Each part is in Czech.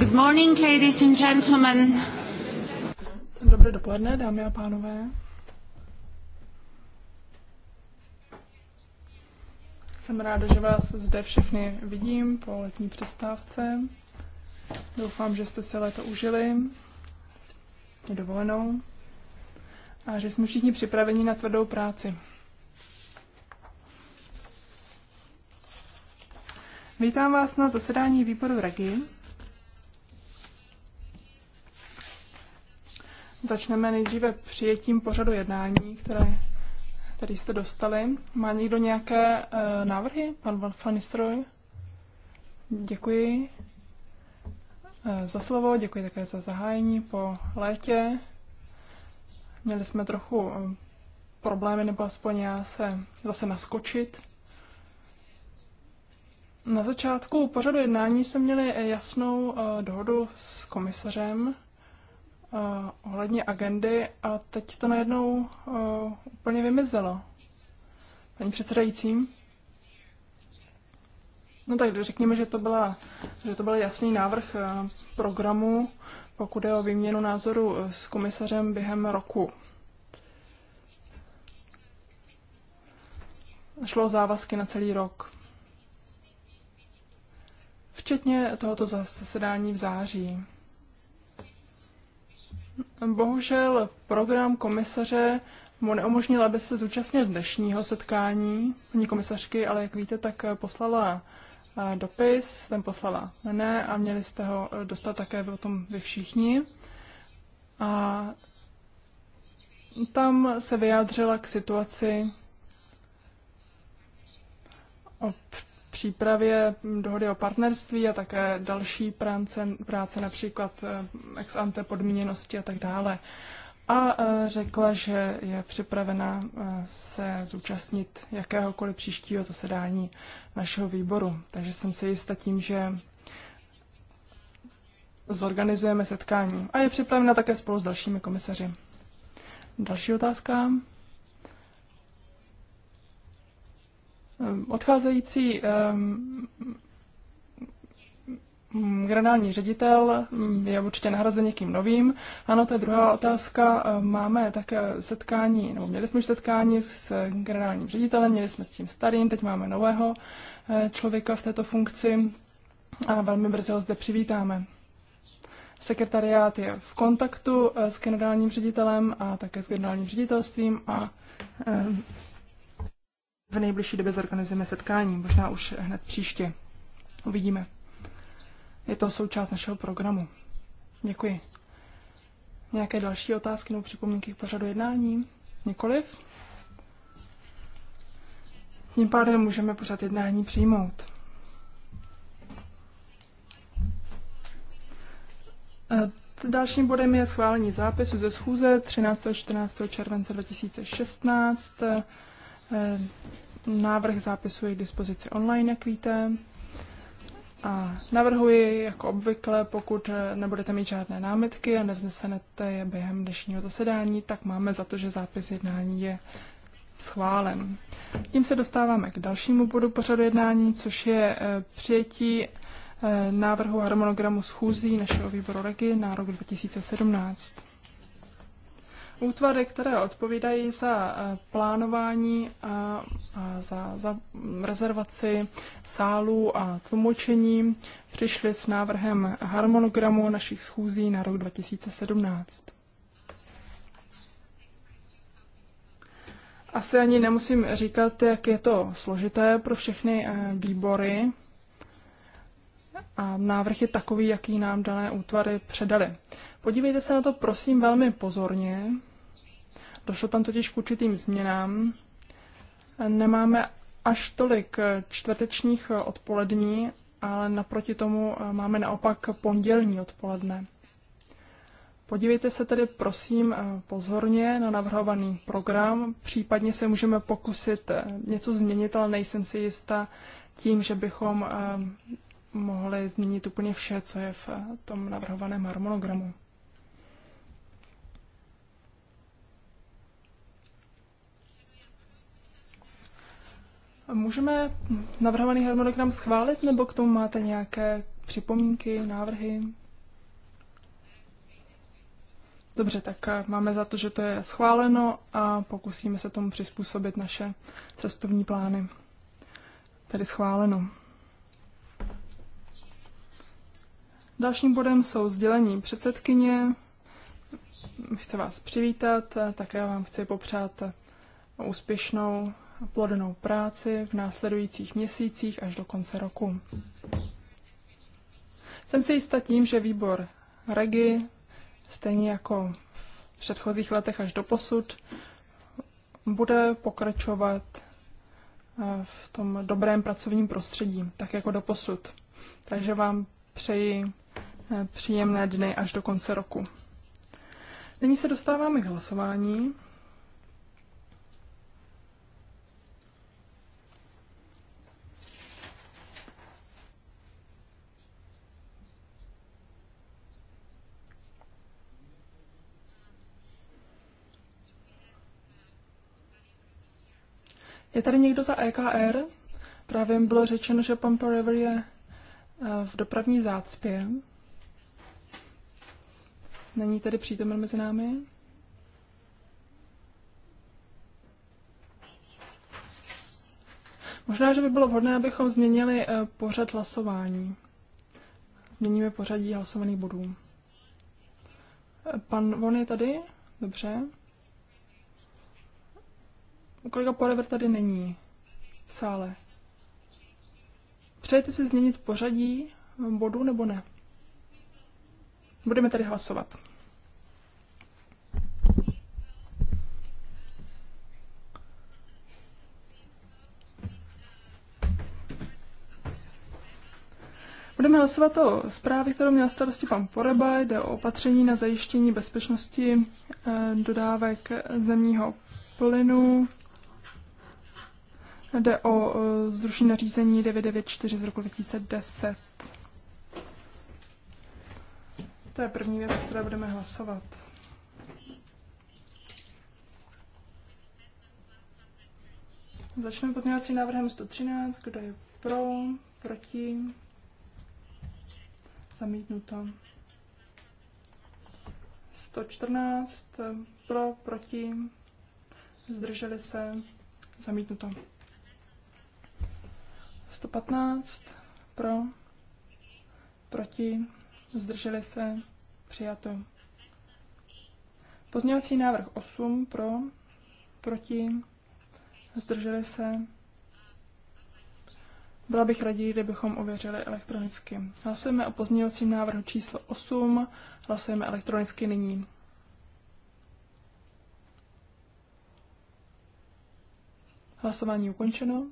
Good morning, ladies and gentlemen. Dobré dopoledne, dámy a pánové. Jsem ráda, že vás zde všechny vidím po letní přestávce. Doufám, že jste se léto užili, dovolenou a že jsme všichni připraveni na tvrdou práci. Vítám vás na zasedání výboru REGI Začneme nejdříve přijetím pořadu jednání, které, který jste dostali. Má někdo nějaké uh, návrhy? Pan Van Fanistroj? Děkuji uh, za slovo, děkuji také za zahájení po létě. Měli jsme trochu eh, problémy, nebo aspoň já se zase naskočit. Na začátku pořadu jednání jsme měli jasnou dohodu s komisařem, Eh, ohledně agendy a teď to najednou uh, úplně vymizelo. Paní předsedajícím? No tak řekněme, že to, byla, že to byl jasný návrh eh, programu, pokud je o výměnu názoru s komisařem během roku. Šlo o závazky na celý rok. Včetně tohoto zasedání v září. Bohužel program komisaře mu neumožnil, aby se zúčastnil dnešního setkání paní komisařky, ale jak víte, tak poslala eh, dopis, ten poslala mne a měli jste ho eh, dostat také o tom vy všichni. A tam se vyjádřila k situaci přípravě dohody o partnerství a také další práce, práce například eh, ex ante podmíněnosti a tak dále. A eh, řekla, že je připravena eh, se zúčastnit jakéhokoliv příštího zasedání našeho výboru. Takže jsem si jistá tím, že zorganizujeme setkání. A je připravena také spolu s dalšími komisaři. Další otázka. Ehm, odcházející ehm, generální ředitel je určitě nahrazen někým novým. Ano, to je druhá otázka. Ehm, máme také setkání, nebo měli jsme už setkání s generálním ředitelem, měli jsme s tím starým, teď máme nového eh, člověka v této funkci a velmi brzy ho zde přivítáme. Sekretariát je v kontaktu eh, s generálním ředitelem a také s generálním ředitelstvím a v nejbližší době zorganizujeme setkání, možná už hned příště. Uvidíme. Je to součást našeho programu. Děkuji. Nějaké další otázky nebo připomínky k pořadu jednání? Nikoliv? Tím pádem můžeme pořad jednání přijmout. Dalším bodem je schválení zápisu ze schůze 13. a 14. července 2016. Eh, návrh zápisu je k dispozici online, jak víte. A navrhuji, jako obvykle, pokud eh, nebudete mít žádné námitky a nevznesenete je během dnešního zasedání, tak máme za to, že zápis jednání je schválen. Tím se dostáváme k dalšímu bodu pořadu jednání, což je eh, přijetí návrhu harmonogramu schůzí našeho výboru REGI na rok 2017 útvary, které odpovídají za eh, plánování a, za, za rezervaci sálů a tlumočení, přišly s návrhem harmonogramu našich schůzí na rok 2017. Asi ani nemusím říkat, jak je to složité pro všechny eh, výbory. A návrh je takový, jaký nám dané útvary předali. Podívejte se na to prosím velmi pozorně. Došlo tam totiž k určitým změnám. Nemáme až tolik čtvrtečních odpolední, ale naproti tomu máme naopak pondělní odpoledne. Podívejte se tedy prosím pozorně na navrhovaný program, případně se můžeme pokusit něco změnit, ale nejsem si jistá tím, že bychom eh, mohli změnit úplně vše, co je v tom navrhovaném harmonogramu. Můžeme navrhovaný harmonogram schválit, nebo k tomu máte nějaké připomínky, návrhy? Dobře, tak eh, máme za to, že to je schváleno a pokusíme se tomu přizpůsobit naše cestovní plány. Tedy schváleno. Dalším bodem jsou sdělení předsedkyně. Chci vás přivítat, eh, také vám chci popřát eh, úspěšnou plodnou práci v následujících měsících až do konce roku. Jsem si jistá tím, že výbor Regi, stejně jako v předchozích letech až do posud, bude pokračovat eh, v tom dobrém pracovním prostředí, tak jako do posud. Takže vám přeji eh, příjemné dny až do konce roku. Nyní se dostáváme k hlasování. Je tady někdo za EKR? Právě mi bylo řečeno, že Pampa River je eh, v dopravní zácpě. Není tedy přítomen mezi námi? Možná, že by bylo vhodné, abychom změnili eh, pořad hlasování. Změníme pořadí hlasovaných bodů. Eh, pan Von je tady? Dobře. Kolega Porever tady není v sále. Přejete si změnit pořadí bodu nebo ne? Budeme tady hlasovat. Budeme hlasovat o zprávě, kterou měl starosti pan Poreba. Jde o opatření na zajištění bezpečnosti eh, dodávek zemního plynu Jde o zrušení nařízení 994 z roku 2010. To je první věc, o které budeme hlasovat. Začneme pozměňovacím návrhem 113. Kdo je pro? Proti? Zamítnuto. 114. Pro? Proti? Zdrželi se? Zamítnuto. 115 pro, proti, zdrželi se, přijato. Pozměňovací návrh 8 pro, proti, zdrželi se. Byla bych raději, kdybychom ověřili elektronicky. Hlasujeme o pozměňovacím návrhu číslo 8, hlasujeme elektronicky nyní. Hlasování ukončeno.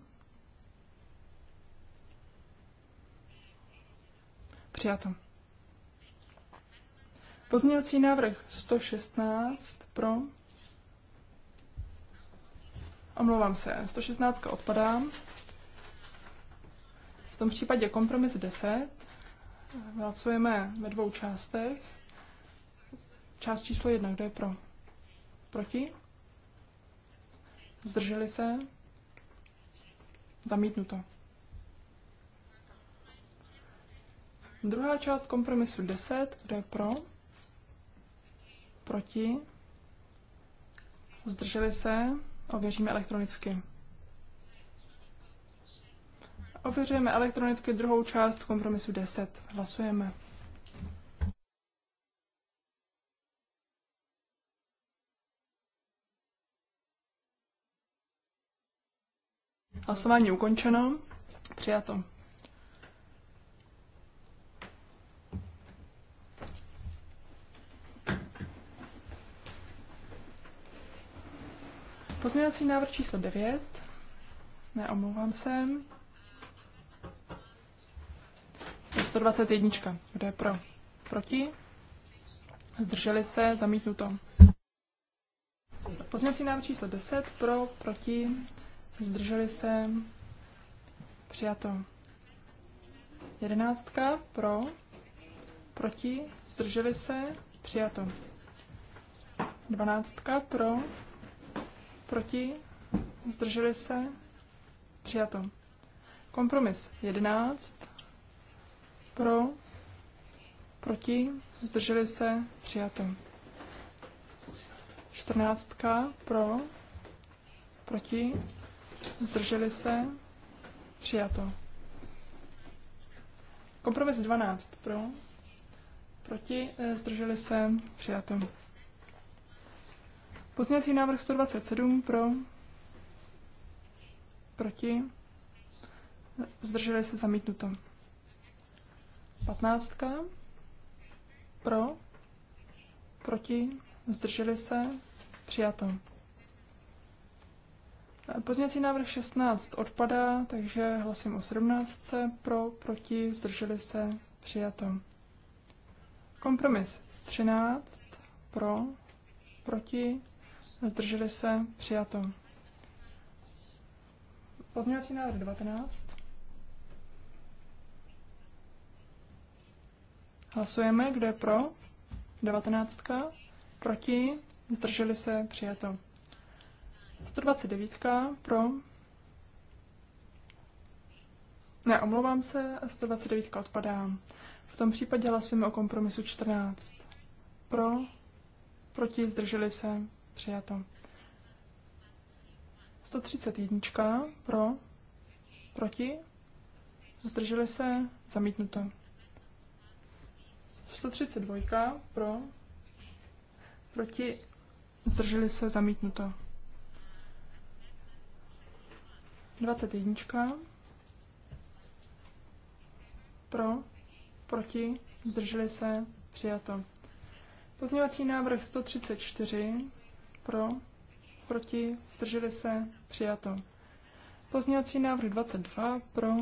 Přijato. Pozměňovací návrh 116 pro. Omlouvám se, 116 odpadám. V tom případě kompromis 10. Hlasujeme ve dvou částech. Část číslo 1, kdo je pro? Proti? Zdrželi se? Zamítnuto. Druhá část kompromisu 10, kdo je pro? Proti? Zdrželi se? Ověříme elektronicky. Ověřujeme elektronicky druhou část kompromisu 10. Hlasujeme. Hlasování ukončeno. Přijato. Pozměňovací návrh číslo 9. Neomlouvám se. 121. Kdo je pro? Proti? Zdrželi se? Zamítnuto. Pozměňovací návrh číslo 10. Pro? Proti? Zdrželi se? Přijato. Jedenáctka. Pro? Proti? Zdrželi se? Přijato. Dvanáctka. Pro? Proti? Zdrželi se? Přijato. Kompromis 11. Pro? Proti? Zdrželi se? Přijato. 14. Pro? Proti? Zdrželi se? Přijato. Kompromis 12. Pro? Proti? Zdrželi se? Přijato. Pozměňovací návrh 127 pro, proti, zdrželi se zamítnuto. 15 pro, proti, zdrželi se, přijato. Pozměňovací návrh 16 odpadá, takže hlasím o 17. Pro, proti, zdrželi se, přijato. Kompromis 13. Pro, proti, Zdrželi se? Přijato. Pozměňovací návrh 19. Hlasujeme, kdo je pro. 19. Proti. Zdrželi se. Přijato. 129. Pro. Ne, omlouvám se, 129 odpadá. V tom případě hlasujeme o kompromisu 14. Pro, proti, zdrželi se, Přijato. 131 pro, proti, zdrželi se, zamítnuto. 132 pro, proti, zdrželi se, zamítnuto. 21 pro, proti, zdrželi se, přijato. Pozměňovací návrh 134 pro, proti, zdrželi se, přijato. Pozměňovací návrh 22 pro,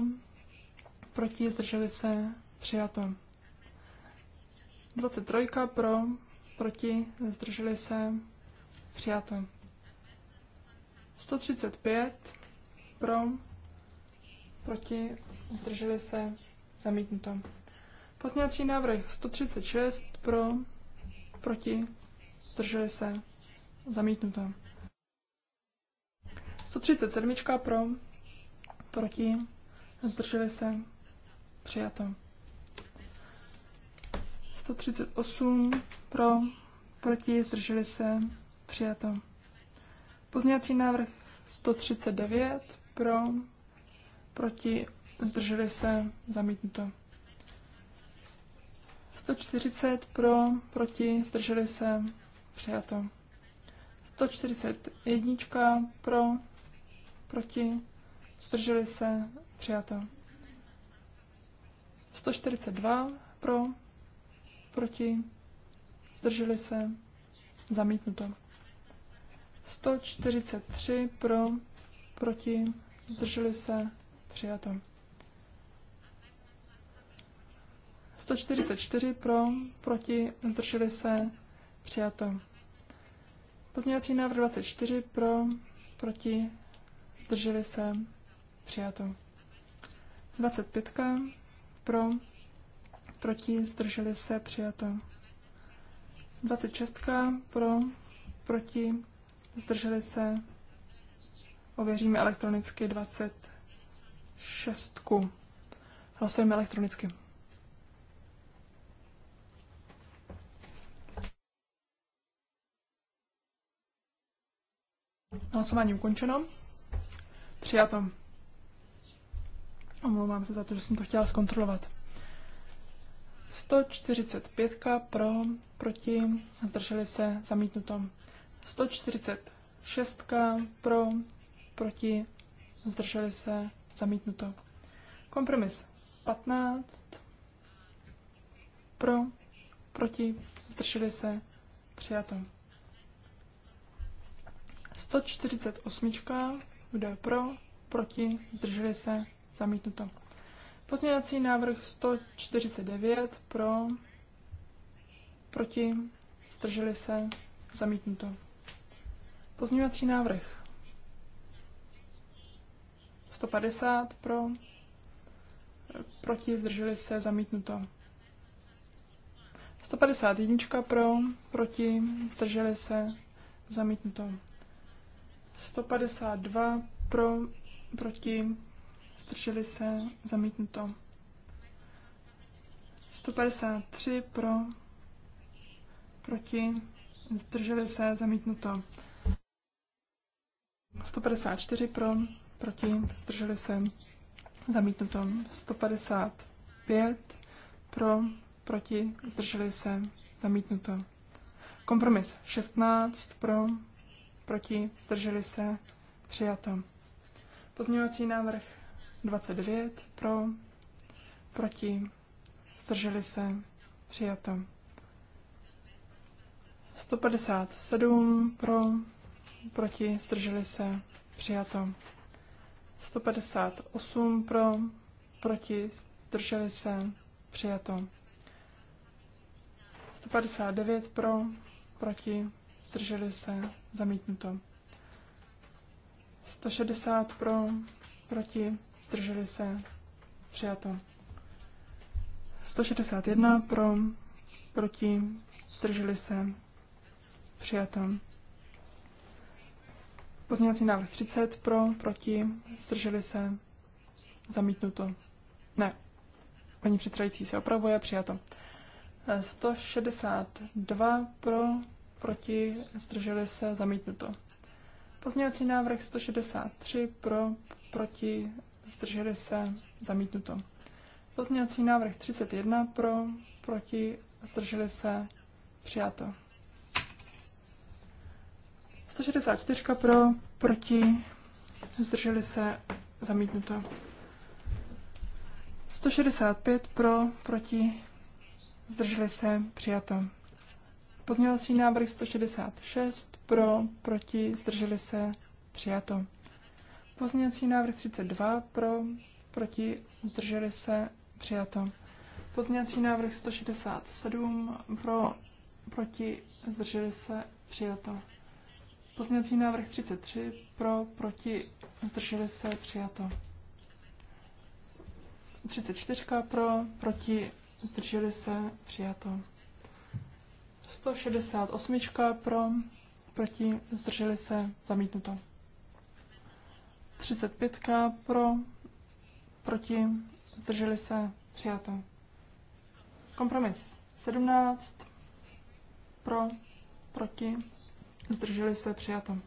proti, zdrželi se, přijato. 23 pro, proti, zdrželi se, přijato. 135 pro, proti, zdrželi se, zamítnuto. Pozměňovací návrh 136 pro, proti, zdrželi se, Zamítnuto. 137 pro, proti, zdrželi se, přijato. 138 pro, proti, zdrželi se, přijato. Pozměňovací návrh 139 pro, proti, zdrželi se, zamítnuto. 140 pro, proti, zdrželi se, přijato. 141 pro, proti, zdrželi se, přijato. 142 pro, proti, zdrželi se, zamítnuto. 143 pro, proti, zdrželi se, přijato. 144 pro, proti, zdrželi se, přijato. Pozměňovací návrh 24 pro, proti, zdrželi se, přijato. 25 pro, proti, zdrželi se, přijato. 26 pro, proti, zdrželi se, ověříme elektronicky 26. Hlasujeme elektronicky. Hlasování ukončeno. Přijato. Omlouvám se za to, že jsem to chtěla zkontrolovat. 145 pro, proti, zdrželi se, zamítnuto. 146 pro, proti, zdrželi se, zamítnuto. Kompromis 15 pro, proti, zdrželi se, přijato. 148. Kdo je pro? Proti? Zdrželi se? Zamítnuto. Pozměňovací návrh 149. Pro? Proti? Zdrželi se? Zamítnuto. Pozměňovací návrh 150 pro, proti zdrželi se zamítnuto. 151 pro, proti zdrželi se zamítnuto. 152 pro, proti, zdrželi se, zamítnuto. 153 pro, proti, zdrželi se, zamítnuto. 154 pro, proti, zdrželi se, zamítnuto. 155 pro, proti, zdrželi se, zamítnuto. Kompromis 16 pro, proti, zdrželi se, přijato. Pozměňovací návrh 29 pro, proti, zdrželi se, přijato. 157 pro, proti, zdrželi se, přijato. 158 pro, proti, zdrželi se, přijato. 159 pro, proti, zdrželi se, Zamítnuto. 160 pro, proti, zdrželi se, přijato. 161 pro, proti, zdrželi se, přijato. Pozměňovací návrh 30 pro, proti, zdrželi se, zamítnuto. Ne, paní předsedající se opravuje, přijato. 162 pro, proti, zdrželi se, zamítnuto. Pozměňovací návrh 163 pro, proti, zdrželi se, zamítnuto. Pozměňovací návrh 31 pro, proti, zdrželi se, přijato. 164 pro, proti, zdrželi se, zamítnuto. 165 pro, proti, zdrželi se, přijato. Pozměňovací návrh 166 pro, proti, zdrželi se, přijato. Pozměňovací návrh 32 pro, proti, zdrželi se, přijato. Pozměňovací návrh 167 pro, proti, zdrželi se, přijato. Pozměňovací návrh 33 pro, proti, zdrželi se, přijato. 34 pro, proti, zdrželi se, přijato. 168 pro, proti, zdrželi se, zamítnuto. 35 pro, proti, zdrželi se, přijato. Kompromis 17 pro, proti, zdrželi se, přijato.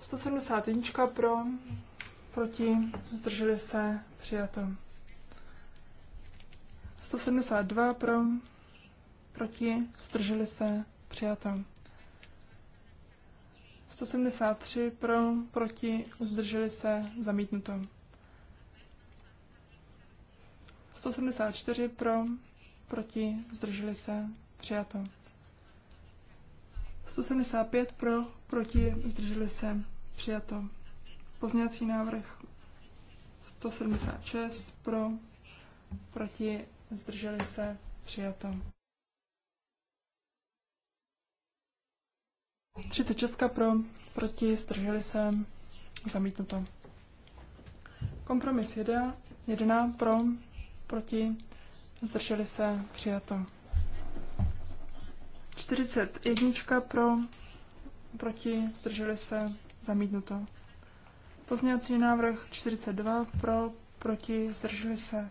171 pro, proti, zdrželi se, přijato. 172 pro, proti, zdrželi se, přijato. 173 pro, proti, zdrželi se, zamítnuto. 174 pro, proti, zdrželi se, přijato. 175 pro, proti, zdrželi se, přijato. Pozměňovací návrh 176 pro, proti, zdrželi se, přijato. 36 pro, proti, zdrželi se, zamítnuto. Kompromis 1, 1 pro, proti, zdrželi se, přijato. 41 pro, proti, zdrželi se, zamítnuto. Pozměňovací návrh 42 pro, proti, zdrželi se,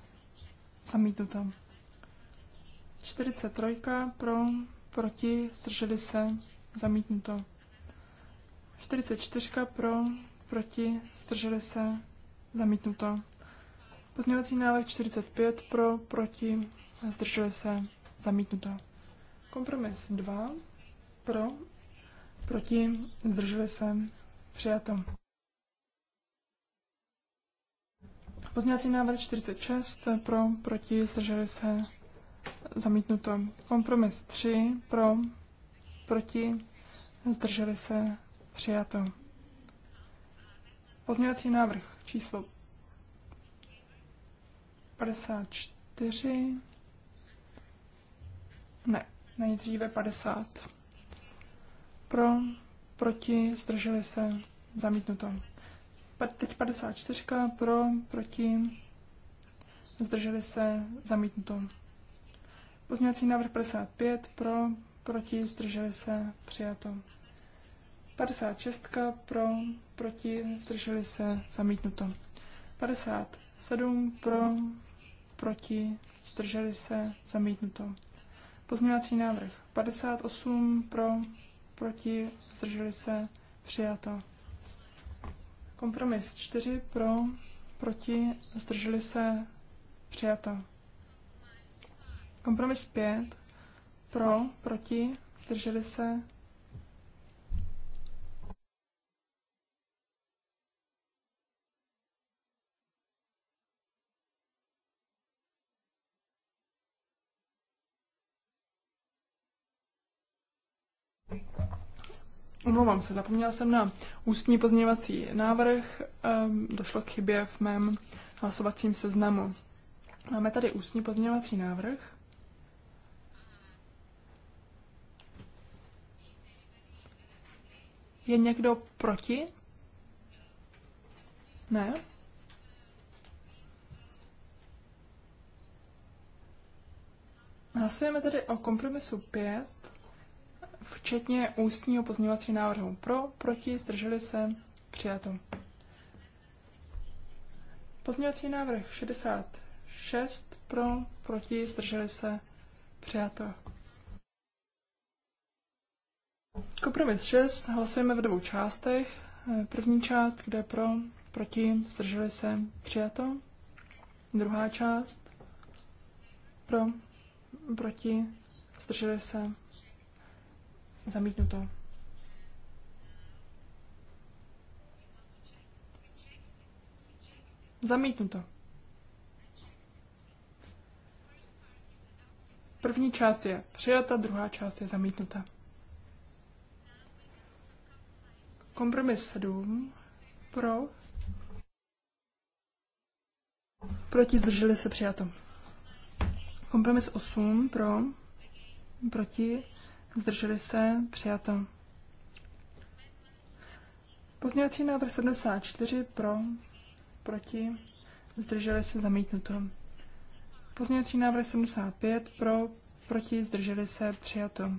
zamítnuto. 43 pro, proti, zdrželi se, Zamítnuto. 44 pro, proti, zdrželi se, zamítnuto. Pozměňovací návrh 45 pro, proti, zdrželi se, zamítnuto. Kompromis 2 pro, proti, zdrželi se, přijato. Pozměňovací návrh 46 pro, proti, zdrželi se, zamítnuto. Kompromis 3 pro, proti, zdrželi se, přijato. Pozměňovací návrh číslo 54, ne, nejdříve 50. Pro, proti, zdrželi se, zamítnuto. Teď 54, pro, proti, zdrželi se, zamítnuto. Pozměňovací návrh 55, pro, proti, zdrželi se, přijato. 56 pro, proti, zdrželi se, zamítnuto. 57 pro, proti, zdrželi se, zamítnuto. Pozměňovací návrh 58 pro, proti, zdrželi se, přijato. Kompromis 4 pro, proti, zdrželi se, přijato. Kompromis 5 pro, proti, zdrželi se. Omlouvám se, zapomněla jsem na ústní pozměňovací návrh. Ehm, došlo k chybě v mém hlasovacím seznamu. Máme tady ústní pozměňovací návrh. Je někdo proti? Ne? Hlasujeme tedy o kompromisu 5, včetně ústního pozměňovacího návrhu. Pro, proti, zdrželi se, přijato. Pozměňovací návrh 66, pro, proti, zdrželi se, přijato. Kompromis 6. Hlasujeme ve dvou částech. Eh, První část, kde pro, proti, zdrželi se, přijato. Druhá část, pro, proti, zdrželi se, zamítnuto. Zamítnuto. První část je přijata, druhá část je zamítnuta. Kompromis 7 pro, proti zdrželi se přijato. Kompromis 8 pro, proti zdrželi se přijato. Pozměňovací návrh 74 pro, proti, zdrželi se zamítnuto. Pozměňovací návrh 75 pro, proti, zdrželi se přijato.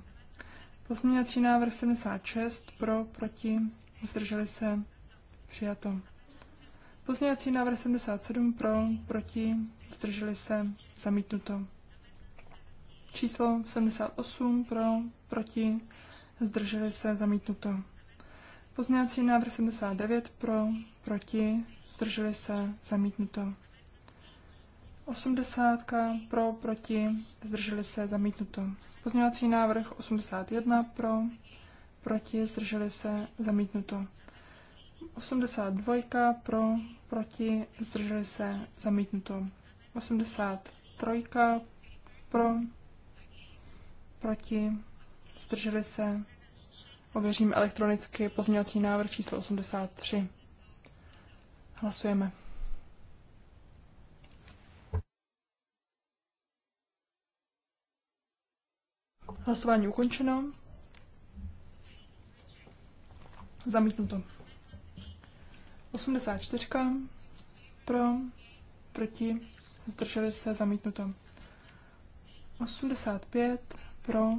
Pozměňovací návrh 76 pro, proti, zdrželi se, přijato. Pozměňovací návrh 77 pro, proti, zdrželi se, zamítnuto. Číslo 78 pro, proti, zdrželi se, zamítnuto. Pozměňovací návrh 79 pro, proti, zdrželi se, zamítnuto. 80 pro, proti, zdrželi se, zamítnuto. Pozměňovací návrh 81 pro, proti, zdrželi se, zamítnuto. 82 pro, proti, zdrželi se, zamítnuto. 83 pro, proti, zdrželi se, ověřím elektronicky pozměňovací návrh číslo 83. Hlasujeme. Hlasování ukončeno. Zamítnuto. 84. Pro, proti, zdrželi se, zamítnuto. 85. Pro,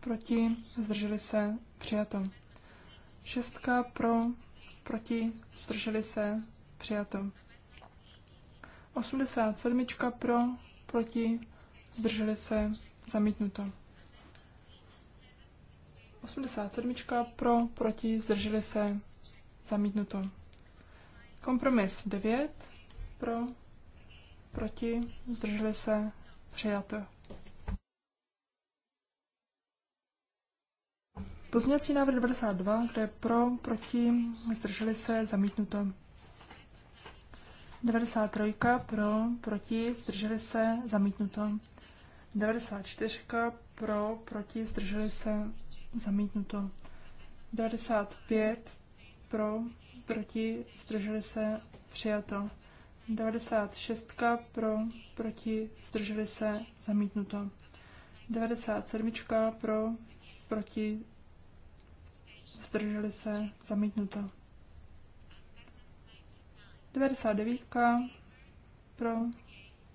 proti, zdrželi se, přijato. 6. Pro, proti, zdrželi se, přijato. 87. Pro, proti, zdrželi se, zamítnuto. 87 pro, proti, zdrželi se, zamítnuto. Kompromis 9 pro, proti, zdrželi se, přijato. Pozměňovací návrh 92, kde je pro, proti, zdrželi se, zamítnuto. 93 pro, proti, zdrželi se, zamítnuto. 94 pro, proti, zdrželi se, Zamítnuto. 95 pro, proti, zdrželi se, přijato. 96 pro, proti, zdrželi se, zamítnuto. 97 pro, proti, zdrželi se, zamítnuto. 99 pro,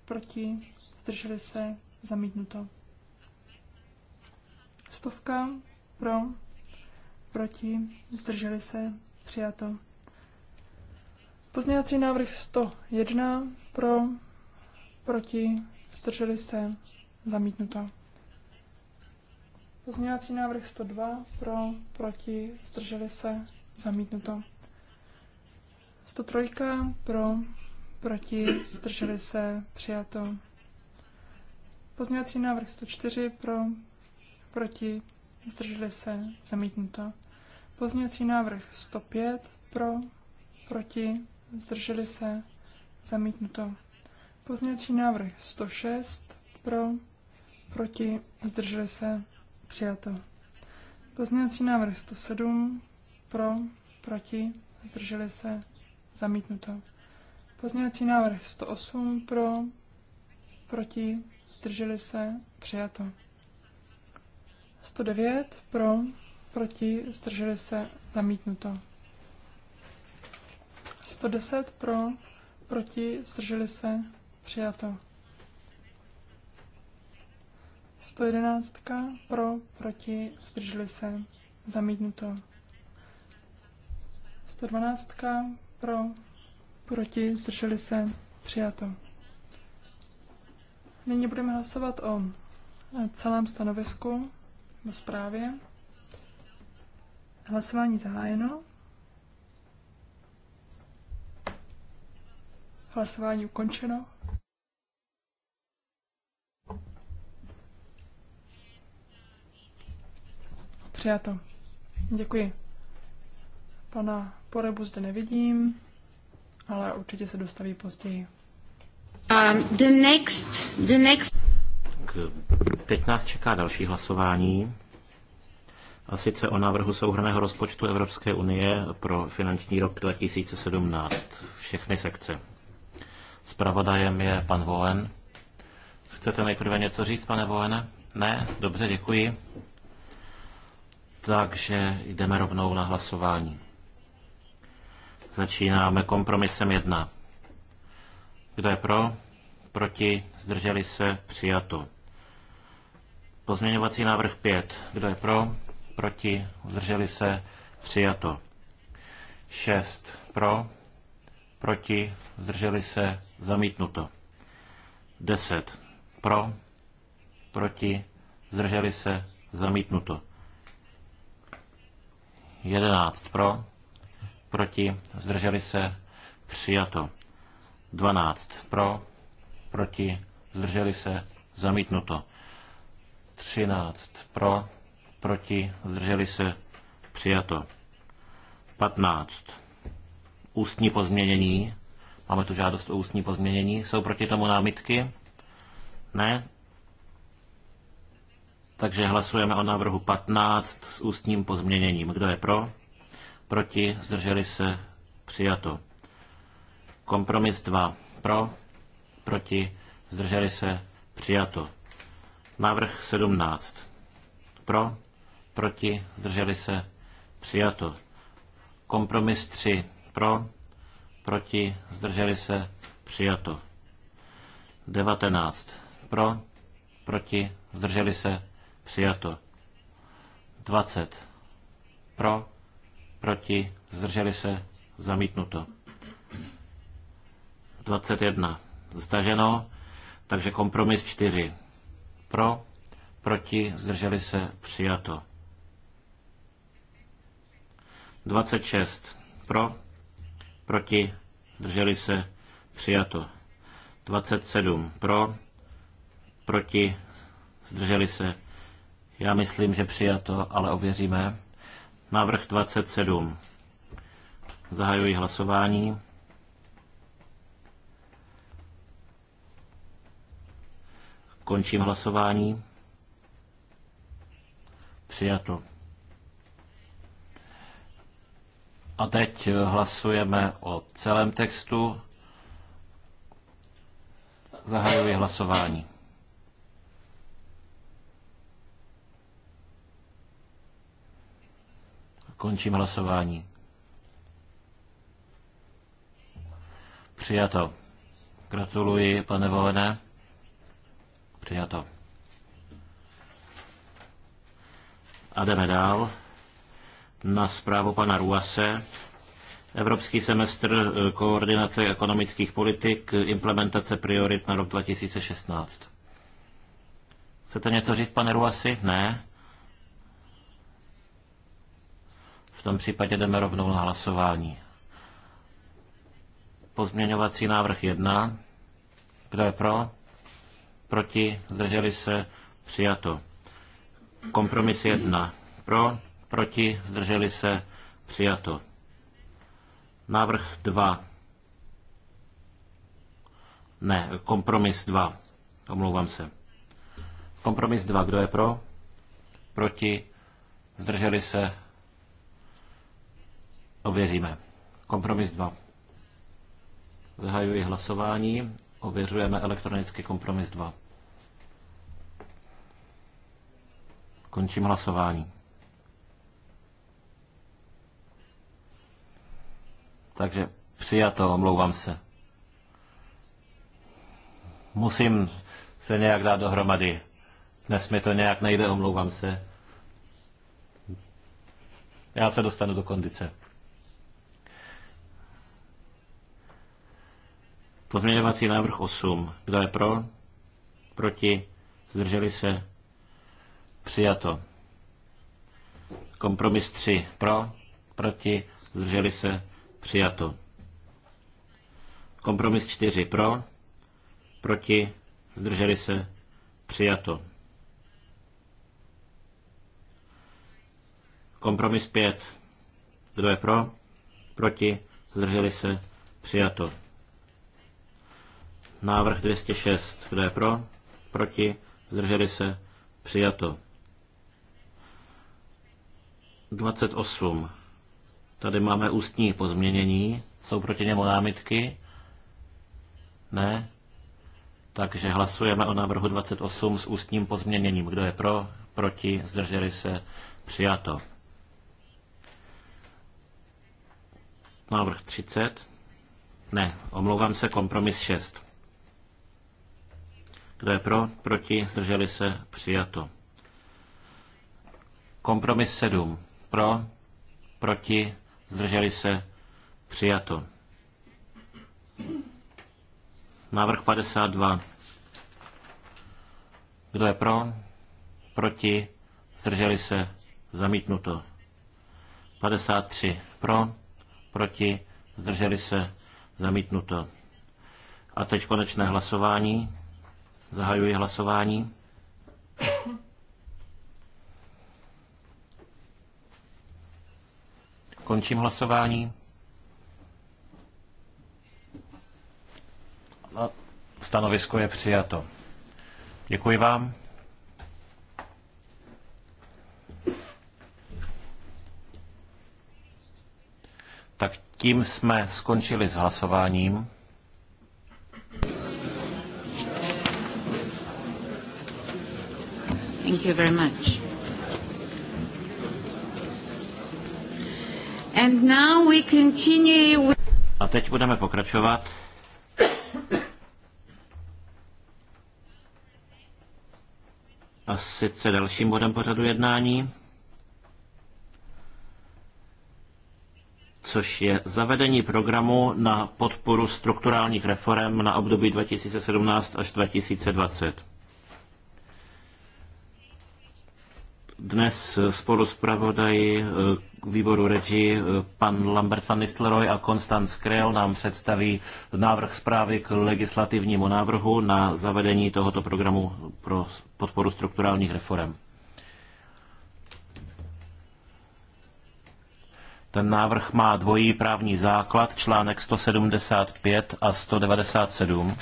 proti, zdrželi se, zamítnuto. Stovka pro, proti, zdrželi se, přijato. Pozměňovací návrh 101 pro, proti, zdrželi se, zamítnuto. Pozměňovací návrh 102 pro, proti, zdrželi se, zamítnuto. 103 pro, proti, zdrželi se, přijato. Pozměňovací návrh 104 pro, proti, zdrželi se, zamítnuto. Pozměňovací návrh 105, pro, proti, zdrželi se, zamítnuto. Pozměňovací návrh 106, pro, proti, zdrželi se, přijato. Pozměňovací návrh 107, pro, proti, zdrželi se, zamítnuto. Pozměňovací návrh 108, pro, proti, zdrželi se, přijato. 109 pro, proti, zdrželi se, zamítnuto. 110 pro, proti, zdrželi se, přijato. 111 pro, proti, zdrželi se, zamítnuto. 112 pro, proti, zdrželi se, přijato. Nyní budeme hlasovat o eh, celém stanovisku do zprávě. Hlasování zahájeno. Hlasování ukončeno. Přijato. Děkuji. Pana Porebu zde nevidím, ale určitě se dostaví později. Um, the next, the next... Eh, teď nás čeká další hlasování. A sice o návrhu souhrného rozpočtu Evropské unie pro finanční rok 2017. Všechny sekce. Spravodajem je pan Volen. Chcete nejprve něco říct, pane Volene? Ne? Dobře, děkuji. Takže jdeme rovnou na hlasování. Začínáme kompromisem 1. Kdo je pro? Proti? Zdrželi se? Přijato. Pozměňovací návrh 5. Kdo je pro? Proti? Zdrželi se? Přijato. 6. Pro? Proti? Zdrželi se? Zamítnuto. 10. Pro? Proti? Zdrželi se? Zamítnuto. 11. Pro? Proti? Zdrželi se? Přijato. 12. Pro? Proti? Zdrželi se? Zamítnuto. 13 pro, proti, zdrželi se, přijato. 15. Ústní pozměnění. Máme tu žádost o ústní pozměnění. Jsou proti tomu námitky? Ne? Takže hlasujeme o návrhu 15 s ústním pozměněním. Kdo je pro? Proti, zdrželi se, přijato. Kompromis 2. Pro, proti, zdrželi se, přijato. Návrh 17. Pro, proti, zdrželi se, přijato. Kompromis 3. Pro, proti, zdrželi se, přijato. 19. Pro, proti, zdrželi se, přijato. 20. Pro, proti, zdrželi se, zamítnuto. 21. Zdaženo, takže kompromis 4. Pro, proti, zdrželi se, přijato. 26. Pro, proti, zdrželi se, přijato. 27. Pro, proti, zdrželi se. Já myslím, že přijato, ale ověříme. Návrh 27. Zahajuji hlasování. Končím hlasování. Přijato. A teď hlasujeme o celém textu. Zahajuji hlasování. Končím hlasování. Přijato. Gratuluji, pane Volené. Přijato. A jdeme dál na zprávu pana Ruase. Evropský semestr eh, koordinace ekonomických politik, implementace priorit na rok 2016. Chcete něco říct, pane Ruasi? Ne? V tom případě jdeme rovnou na hlasování. Pozměňovací návrh 1. Kdo je pro? proti, zdrželi se, přijato. Kompromis 1 pro, proti, zdrželi se, přijato. Návrh 2. Ne, kompromis 2. Omlouvám se. Kompromis 2. Kdo je pro? Proti? Zdrželi se? Ověříme. Kompromis 2. Zahajuji hlasování Ověřujeme elektronický kompromis 2. Končím hlasování. Takže přijato, omlouvám se. Musím se nějak dát dohromady. Dnes mi to nějak nejde, omlouvám se. Já se dostanu do kondice. Pozměňovací návrh 8. Kdo je pro? Proti? Zdrželi se? Přijato. Kompromis 3. Pro? Proti? Zdrželi se? Přijato. Kompromis 4. Pro? Proti? Zdrželi se? Přijato. Kompromis 5. Kdo je pro? Proti? Zdrželi se? Přijato. Návrh 206. Kdo je pro? Proti? Zdrželi se? Přijato. 28. Tady máme ústní pozměnění. Jsou proti němu námitky? Ne? Takže hlasujeme o návrhu 28 s ústním pozměněním. Kdo je pro? Proti? Zdrželi se? Přijato. Návrh 30. Ne, omlouvám se, kompromis 6. Kdo je pro? Proti? Zdrželi se? Přijato. Kompromis 7. Pro? Proti? Zdrželi se? Přijato. Návrh 52. Kdo je pro? Proti? Zdrželi se? Zamítnuto. 53. Pro? Proti? Zdrželi se? Zamítnuto. A teď konečné hlasování. Zahajuji hlasování. Končím hlasování. Stanovisko je přijato. Děkuji vám. Tak tím jsme skončili s hlasováním. Thank you very much. And now we continue with... A teď budeme pokračovat. A sice dalším bodem pořadu jednání, což je zavedení programu na podporu strukturálních reform na období 2017 až 2020. Dnes spolu s pravodají eh, výboru Regi eh, pan Lambert van Nistelrooy a Konstanz Krell nám představí návrh zprávy k legislativnímu návrhu na zavedení tohoto programu pro podporu strukturálních reform. Ten návrh má dvojí právní základ, článek 175 a 197.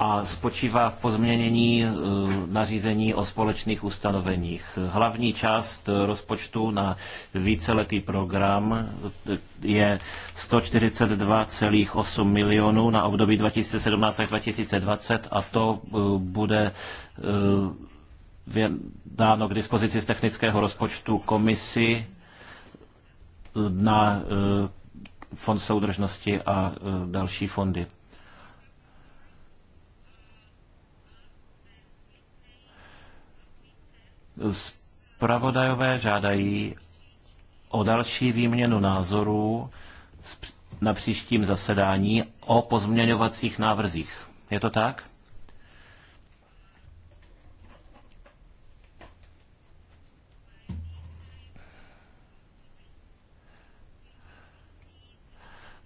a spočívá v pozměnění e, nařízení o společných ustanoveních. Hlavní část e, rozpočtu na víceletý program e, je 142,8 milionů na období 2017 až 2020 a to bude dáno k dispozici z technického rozpočtu komisi na Fond soudržnosti a další fondy. Spravodajové žádají o další výměnu názorů na příštím zasedání o pozměňovacích návrzích. Je to tak?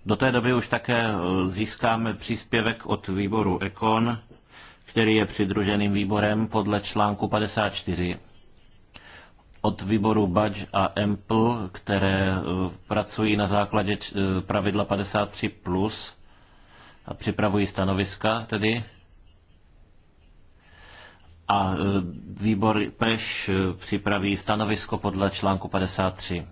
Do té doby už také eh, získáme příspěvek od výboru Ekon, který je přidruženým výborem podle článku 54 od výboru Budge a Empl, které eh, pracují na základě eh, pravidla 53+, plus a připravují stanoviska tedy. A eh, výbor PEŠ připraví stanovisko podle článku 53.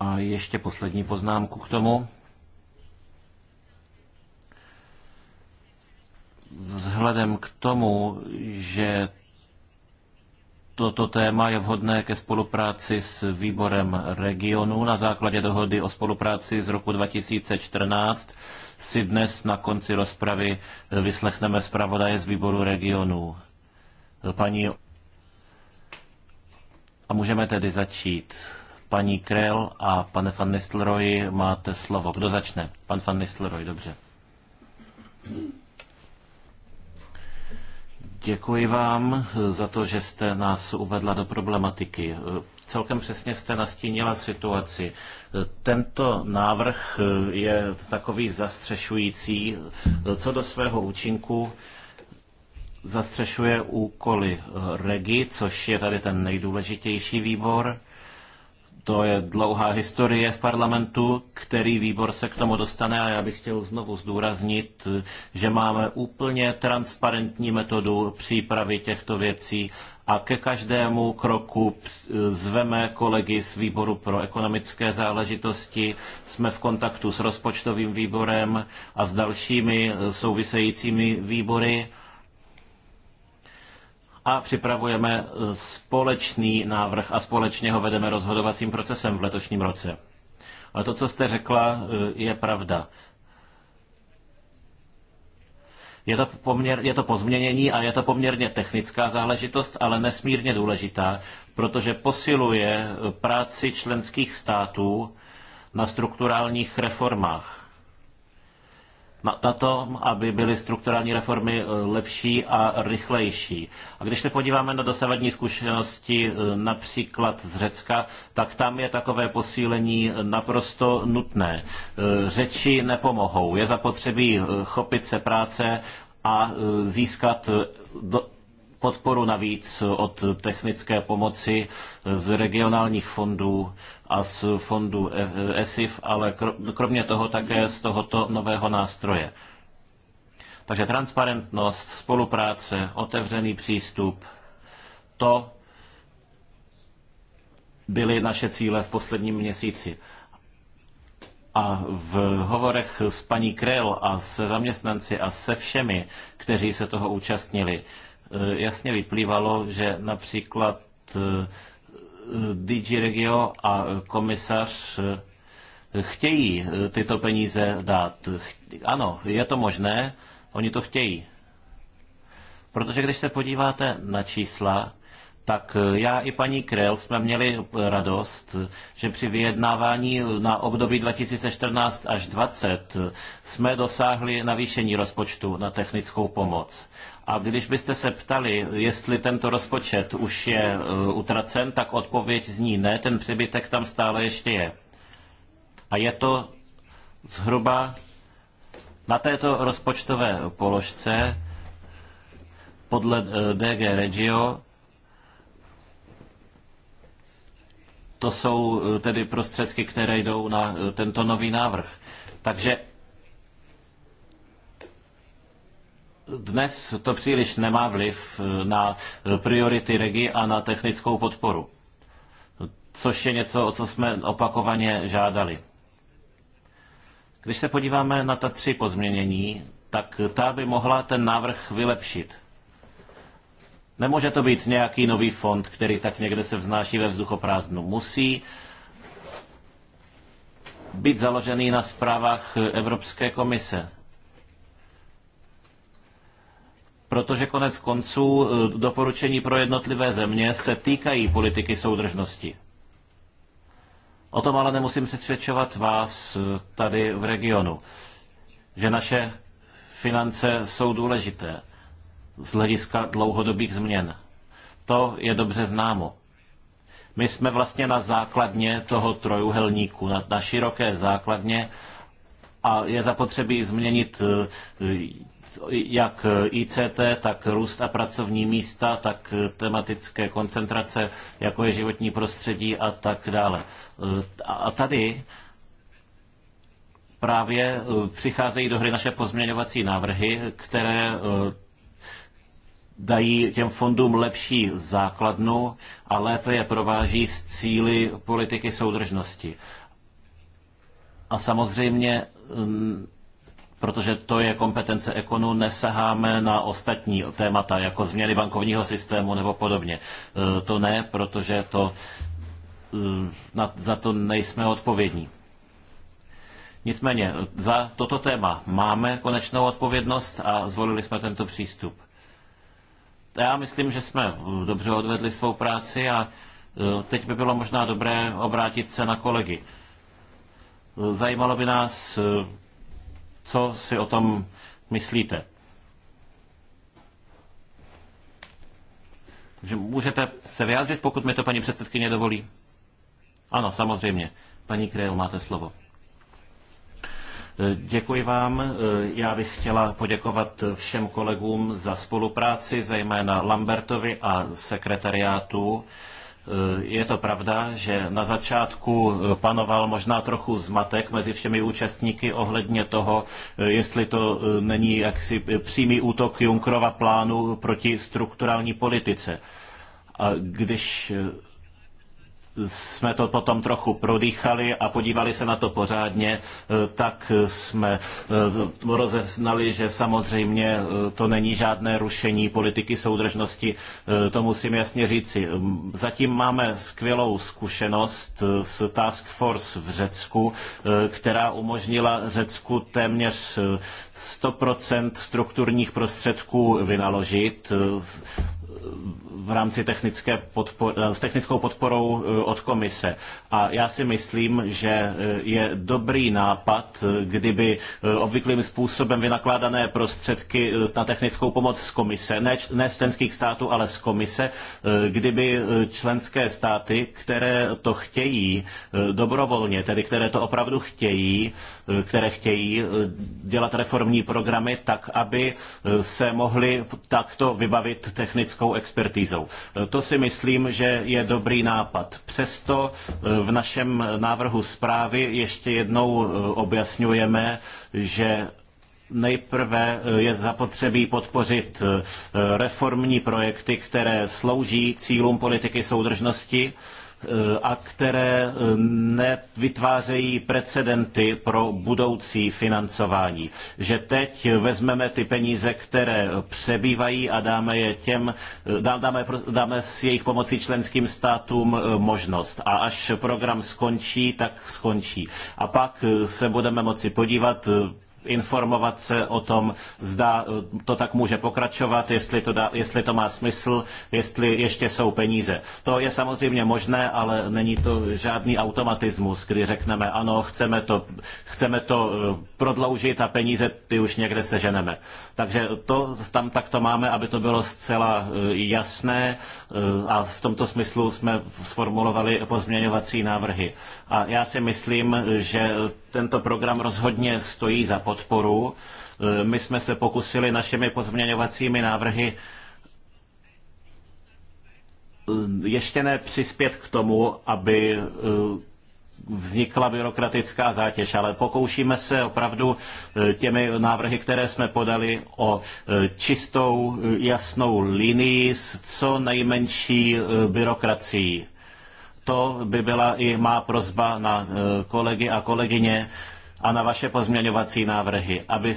A ještě poslední poznámku k tomu. vzhledem k tomu, že toto téma je vhodné ke spolupráci s výborem regionu na základě dohody o spolupráci z roku 2014, si dnes na konci rozpravy vyslechneme zpravodaje z výboru regionu. Paní a můžeme tedy začít. Paní Krell a pane van Nistelrooy, máte slovo. Kdo začne? Pan van Nistelrooy, dobře. Děkuji vám za to, že jste nás uvedla do problematiky. Celkem přesně jste nastínila situaci. Tento návrh je takový zastřešující co do svého účinku zastřešuje úkoly REGI, což je tady ten nejdůležitější výbor. To je dlouhá historie v parlamentu, který výbor se k tomu dostane a já bych chtěl znovu zdůraznit, že máme úplně transparentní metodu přípravy těchto věcí a ke každému kroku zveme kolegy z výboru pro ekonomické záležitosti, jsme v kontaktu s rozpočtovým výborem a s dalšími souvisejícími výbory a připravujeme eh, společný návrh a společně ho vedeme rozhodovacím procesem v letošním roce. Ale to, co jste řekla, eh, je pravda. Je to, poměr, je to pozměnění a je to poměrně technická záležitost, ale nesmírně důležitá, protože posiluje eh, práci členských států na strukturálních reformách na to, aby byly strukturální reformy eh, lepší a rychlejší. A když se podíváme na dosavadní zkušenosti eh, například z Řecka, tak tam je takové posílení eh, naprosto nutné. Řeči nepomohou. Je zapotřebí chopit se práce a získat do podporu navíc od technické pomoci z regionálních fondů a z fondu e- ESIF, ale kromě toho také z tohoto nového nástroje. Takže transparentnost, spolupráce, otevřený přístup, to byly naše cíle v posledním měsíci. A v hovorech s paní Krell a se zaměstnanci a se všemi, kteří se toho účastnili, Eh, jasně vyplývalo, že například eh, DG Regio a komisař eh, chtějí tyto peníze dát. Ano, je to možné, oni to chtějí. Protože když se podíváte na čísla, tak e, já i paní Krell jsme měli e, radost, že při vyjednávání na období 2014 až 2020 e, jsme dosáhli navýšení rozpočtu na technickou pomoc. A když byste se ptali, jestli tento rozpočet už je utracen, tak odpověď zní ne, ten přebytek tam stále ještě je. A je to zhruba na této rozpočtové položce podle DG Regio To jsou eh, tedy prostředky, které jdou na eh, tento nový návrh. Takže dnes to příliš nemá vliv eh, na priority regi a na technickou podporu, což je něco, o co jsme opakovaně žádali. Když se podíváme na ta tři pozměnění, tak ta by mohla ten návrh vylepšit. Nemůže to být nějaký nový fond, který tak někde se vznáší ve vzduchoprázdnu. Musí být založený na zprávách Evropské komise. Protože konec konců eh, doporučení pro jednotlivé země se týkají politiky soudržnosti. O tom ale nemusím přesvědčovat vás eh, tady v regionu, že naše finance jsou důležité z hlediska dlouhodobých změn. To je dobře známo. My jsme vlastně na základně toho trojuhelníku, na, na široké základně a je zapotřebí změnit eh, jak ICT, tak růst a pracovní místa, tak eh, tematické koncentrace, jako je životní prostředí a tak dále. Eh, a tady právě přicházejí do hry naše pozměňovací návrhy, které dají těm fondům lepší základnu a lépe je prováží s cíly politiky soudržnosti. A samozřejmě, mm, protože to je kompetence ekonu, nesaháme na ostatní témata, jako změny bankovního systému nebo podobně. E, to ne, protože to, e, za to nejsme odpovědní. Nicméně za toto téma máme konečnou odpovědnost a zvolili jsme tento přístup. Já myslím, že jsme hm, dobře odvedli svou práci a e, teď by bylo možná dobré obrátit se na kolegy. E, zajímalo by nás, e, co si o tom myslíte. Takže můžete se vyjádřit, pokud mi to paní předsedkyně dovolí? Ano, samozřejmě. Paní Krejl, máte slovo. Děkuji vám. Já bych chtěla poděkovat všem kolegům za spolupráci, zejména Lambertovi a sekretariátu. Je to pravda, že na začátku panoval možná trochu zmatek mezi všemi účastníky ohledně toho, jestli to není jaksi přímý útok Junkrova plánu proti strukturální politice. A když jsme to potom trochu prodýchali a podívali se na to pořádně, e, tak jsme e, rozeznali, že samozřejmě e, to není žádné rušení politiky soudržnosti, to musím jasně říci. Zatím máme skvělou zkušenost s Task Force v Řecku, která umožnila Řecku téměř 100% strukturních prostředků vynaložit v rámci technické podpor, eh, s technickou podporou eh, od komise. A já si myslím, že eh, je dobrý nápad, kdyby obvyklým způsobem vynakládané prostředky na technickou pomoc z komise, ne, ne z členských států, ale z komise, kdyby členské státy, které to chtějí dobrovolně, tedy které to opravdu chtějí, které chtějí dělat reformní programy, tak aby se mohly takto vybavit technickou expertizu krizou. To si myslím, že je dobrý nápad. Přesto eh, v našem návrhu zprávy ještě jednou eh, objasňujeme, že Nejprve eh, je zapotřebí podpořit reformní projekty, které slouží cílům politiky soudržnosti Eh, a které eh, nevytvářejí precedenty pro budoucí financování. Že teď vezmeme ty peníze, které přebývají a dáme je těm, eh, dáme, dáme s jejich pomocí členským státům možnost. A až program skončí, tak skončí. A pak se budeme moci podívat, informovat se o tom, zda eh, to tak může pokračovat, jestli to, dá, jestli to má smysl, jestli ještě jsou peníze. To je samozřejmě možné, ale není to žádný automatismus, kdy řekneme ano, chceme to, chceme to eh, prodloužit a peníze ty už někde seženeme. Takže to tam takto máme, aby to bylo zcela eh, jasné a v tomto smyslu jsme sformulovali pozměňovací návrhy. A já si myslím, že tento program rozhodně stojí za pod podporu. E, my jsme se pokusili našimi pozměňovacími návrhy e, ještě ne přispět k tomu, aby e, vznikla byrokratická zátěž, ale pokoušíme se opravdu těmi návrhy, které jsme podali, o čistou, jasnou linii s co nejmenší byrokracií. To by byla i má prozba na kolegy a kolegyně, a na vaše pozměňovací návrhy, aby,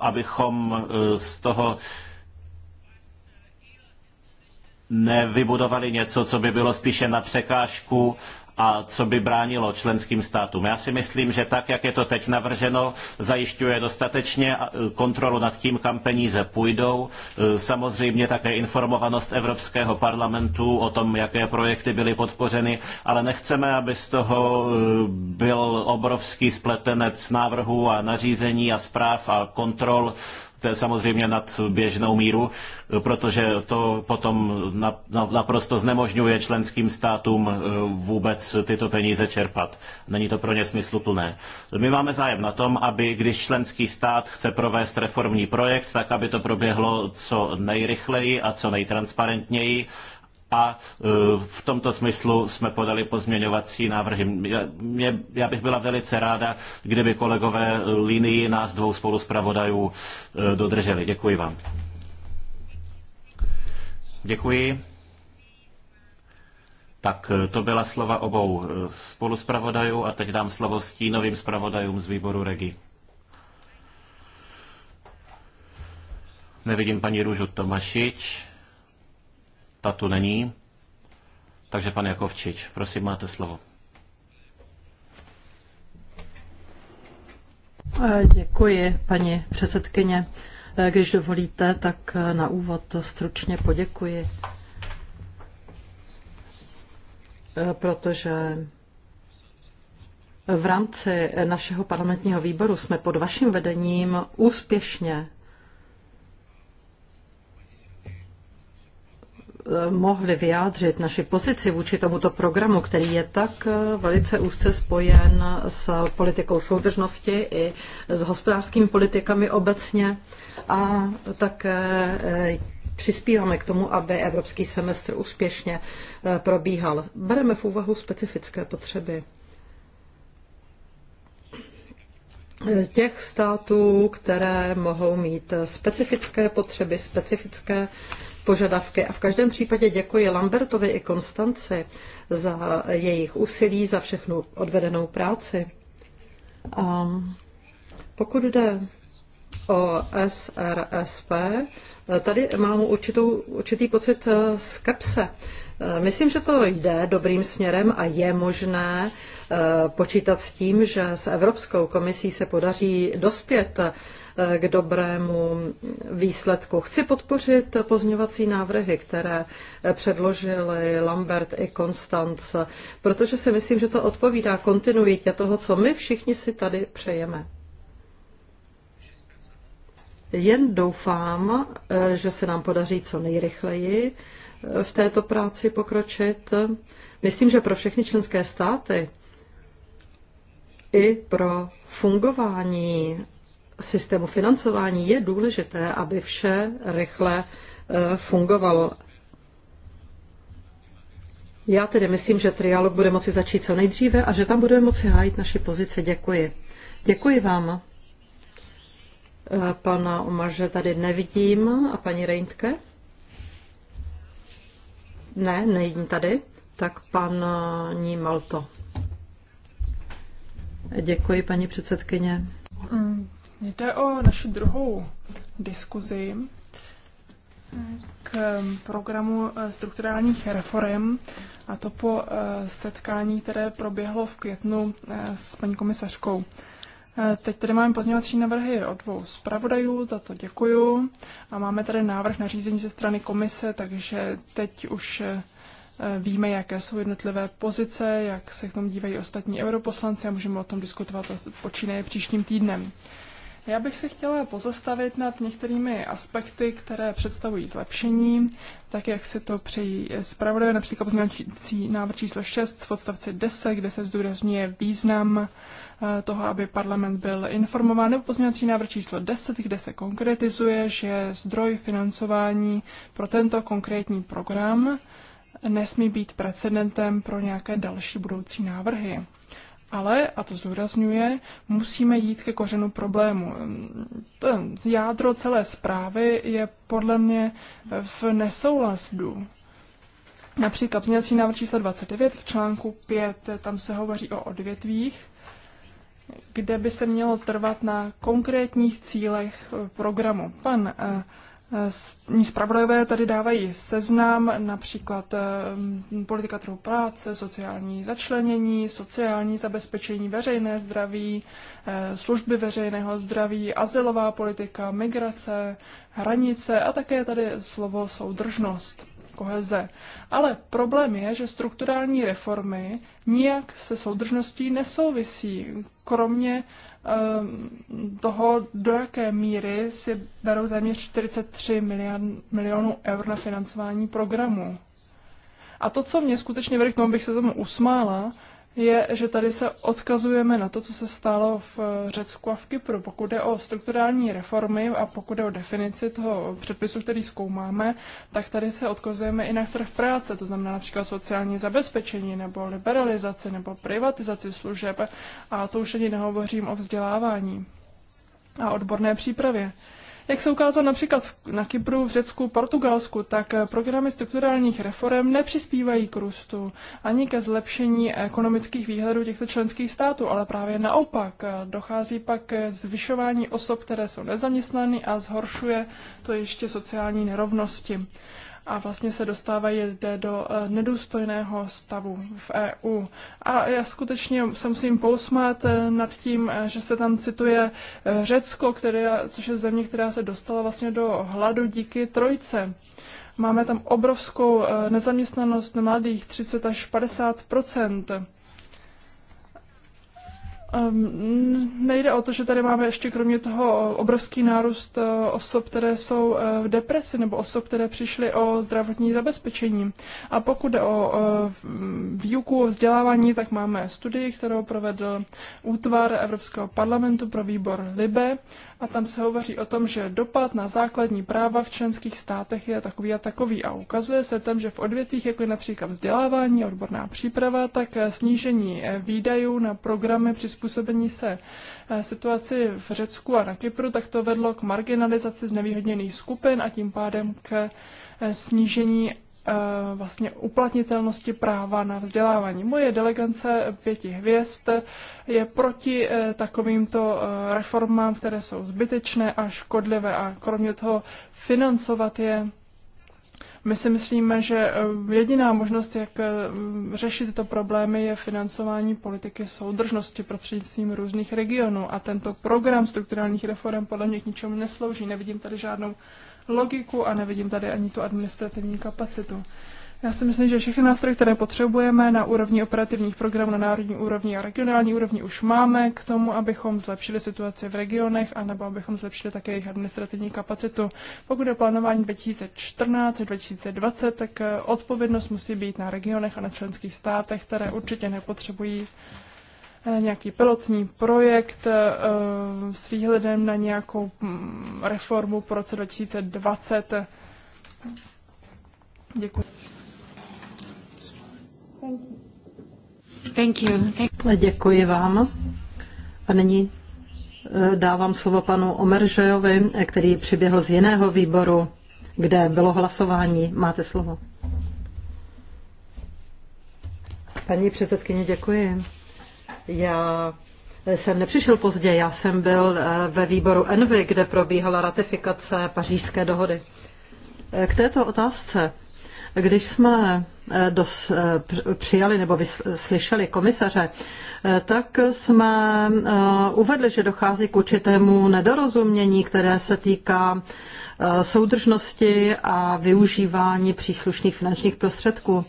abychom e, z toho nevybudovali něco, co by bylo spíše na překážku a co by bránilo členským státům. Já si myslím, že tak, jak je to teď navrženo, zajišťuje dostatečně e, kontrolu nad tím, kam peníze půjdou. E, samozřejmě také informovanost Evropského parlamentu o tom, jaké projekty byly podpořeny, ale nechceme, aby z toho e, byl obrovský spletenec návrhů a nařízení a zpráv a kontrol samozřejmě nad běžnou míru, protože to potom naprosto znemožňuje členským státům eh, vůbec tyto peníze čerpat. Není to pro ně smysluplné. My máme zájem na tom, aby když členský stát chce provést reformní projekt, tak aby to proběhlo co nejrychleji a co nejtransparentněji a e, v tomto smyslu jsme podali pozměňovací návrhy. Mě, já bych byla velice ráda, kdyby kolegové linii nás dvou spolu zpravodajů e, dodrželi. Děkuji vám. Děkuji. Tak e, to byla slova obou spoluspravodajů a teď dám slovo stínovým zpravodajům z výboru Regi. Nevidím paní Růžu Tomašič. Ta tu není. Takže pan Jakovčič, prosím, máte slovo. Eh, děkuji, paní předsedkyně. Eh, když dovolíte, tak eh, na úvod stručně poděkuji, protože v rámci našeho parlamentního výboru jsme pod vaším vedením úspěšně Eh, mohli vyjádřit naši pozici vůči tomuto programu, který je tak eh, velice úzce spojen s politikou soudržnosti i s hospodářskými politikami obecně a také eh, přispíváme k tomu, aby evropský semestr úspěšně probíhal. Bereme v úvahu specifické potřeby těch států, které mohou mít specifické potřeby, specifické požadavky. A v každém případě děkuji Lambertovi i Konstanci za jejich úsilí, za všechnu odvedenou práci. A pokud jde o SRSP, tady mám určitou, určitý pocit eh, skepse. Eh, myslím, že to jde dobrým směrem a je možné eh, počítat s tím, že s Evropskou komisí se podaří dospět Eh, k dobrému výsledku. Chci podpořit pozňovací návrhy, které eh, předložili Lambert i Konstanc, protože si myslím, že to odpovídá kontinuitě toho, co my všichni si tady přejeme. Jen doufám, eh, že se nám podaří co nejrychleji v této práci pokročit. Myslím, že pro všechny členské státy i pro fungování systému financování je důležité, aby vše rychle eh, fungovalo. Já tedy myslím, že trialog bude moci začít co nejdříve a že tam budeme moci hájit naši pozici. Děkuji. Děkuji vám. Eh, pana Omaže tady nevidím a paní Reintke? Ne, nejím tady. Tak pan Ní Malto. Děkuji, paní předsedkyně. Mm. Jde o naši druhou diskuzi k programu eh, strukturálních reform, a to po eh, setkání, které proběhlo v květnu eh, s paní komisařkou. Teď tady máme pozměňovací návrhy od dvou zpravodajů, za to děkuju. A máme tady návrh na řízení ze strany komise, takže teď už víme, jaké jsou jednotlivé pozice, jak se k tomu dívají ostatní europoslanci a můžeme o tom diskutovat počínaje příštím týdnem. Já bych se chtěla pozastavit nad některými aspekty, které představují zlepšení, tak jak se to přejí zpravodaj, například pozměňovací návrh číslo 6 v odstavci 10, kde se zdůrazňuje význam eh, toho, aby parlament byl informován, nebo pozměňovací návrh číslo 10, kde se konkretizuje, že zdroj financování pro tento konkrétní program nesmí být precedentem pro nějaké další budoucí návrhy ale, a to zúrazňuje, musíme jít ke kořenu problému. To jádro celé zprávy je podle mě v nesouladu. Například pozměňovací návrh číslo 29 v článku 5, tam se hovoří o odvětvích, kde by se mělo trvat na konkrétních cílech programu. Pan eh, Eh, Spravodajové tady dávají seznam, například eh, politika trhu práce, sociální začlenění, sociální zabezpečení, veřejné zdraví, eh, služby veřejného zdraví, azylová politika, migrace, hranice a také tady slovo soudržnost, koheze. Ale problém je, že strukturální reformy nijak se soudržností nesouvisí, kromě Ehm, toho, do jaké míry si berou téměř 43 milion, milionů eur na financování programu. A to, co mě skutečně vedlo k tomu, bych se tomu usmála, je, že tady se odkazujeme na to, co se stalo v eh, Řecku a v Kypru. Pokud jde o strukturální reformy a pokud jde o definici toho předpisu, který zkoumáme, tak tady se odkazujeme i na trh práce, to znamená například sociální zabezpečení nebo liberalizaci nebo privatizaci služeb a to už ani nehovořím o vzdělávání a odborné přípravě. Jak se ukázalo například na Kypru, v Řecku, Portugalsku, tak eh, programy strukturálních reform nepřispívají k růstu ani ke zlepšení ekonomických výhledů těchto členských států, ale právě naopak eh, dochází pak k zvyšování osob, které jsou nezaměstnány a zhoršuje to ještě sociální nerovnosti a vlastně se dostávají lidé do eh, nedůstojného stavu v EU. A já skutečně se musím pousmát eh, nad tím, eh, že se tam cituje Řecko, které, což je země, která se dostala vlastně do hladu díky trojce. Máme tam obrovskou nezaměstnanost mladých, 30 až 50 Um, nejde o to, že tady máme ještě kromě toho obrovský nárůst uh, osob, které jsou uh, v depresi nebo osob, které přišly o zdravotní zabezpečení. A pokud jde o uh, výuku, o vzdělávání, tak máme studii, kterou provedl útvar Evropského parlamentu pro výbor LIBE a tam se hovoří o tom, že dopad na základní práva v členských státech je takový a takový a ukazuje se tam, že v odvětvích, jako je například vzdělávání, odborná příprava, tak eh, snížení eh, výdajů na programy přizpůsobení se eh, situaci v Řecku a na Kypru, tak to vedlo k marginalizaci znevýhodněných skupin a tím pádem k snížení Eh, vlastně uplatnitelnosti práva na vzdělávání. Moje delegance pěti hvězd je proti eh, takovýmto eh, reformám, které jsou zbytečné a škodlivé a kromě toho financovat je my si myslíme, že jediná možnost, jak řešit tyto problémy, je financování politiky soudržnosti prostřednictvím různých regionů. A tento program strukturálních reform podle mě k ničemu neslouží. Nevidím tady žádnou logiku a nevidím tady ani tu administrativní kapacitu. Já si myslím, že všechny nástroje, které potřebujeme na úrovni operativních programů, na národní úrovni a regionální úrovni, už máme k tomu, abychom zlepšili situaci v regionech a nebo abychom zlepšili také jejich administrativní kapacitu. Pokud je plánování 2014 2020, tak eh, odpovědnost musí být na regionech a na členských státech, které určitě nepotřebují Eh, nějaký pilotní projekt eh, s výhledem na nějakou mm, reformu po roce 2020. Děkuji. Thank you. Thank you. Děkuji vám. A nyní eh, dávám slovo panu Omeržejovi, který přiběhl z jiného výboru, kde bylo hlasování. Máte slovo. Paní předsedkyně, děkuji. Já jsem nepřišel pozdě, já jsem byl eh, ve výboru Envy, kde probíhala ratifikace pařížské dohody. Eh, k této otázce, když jsme eh, dos, přijali nebo slyšeli komisaře, tak jsme uvedli, že dochází k určitému nedorozumění, které se týká soudržnosti a využívání příslušných finančních prostředků.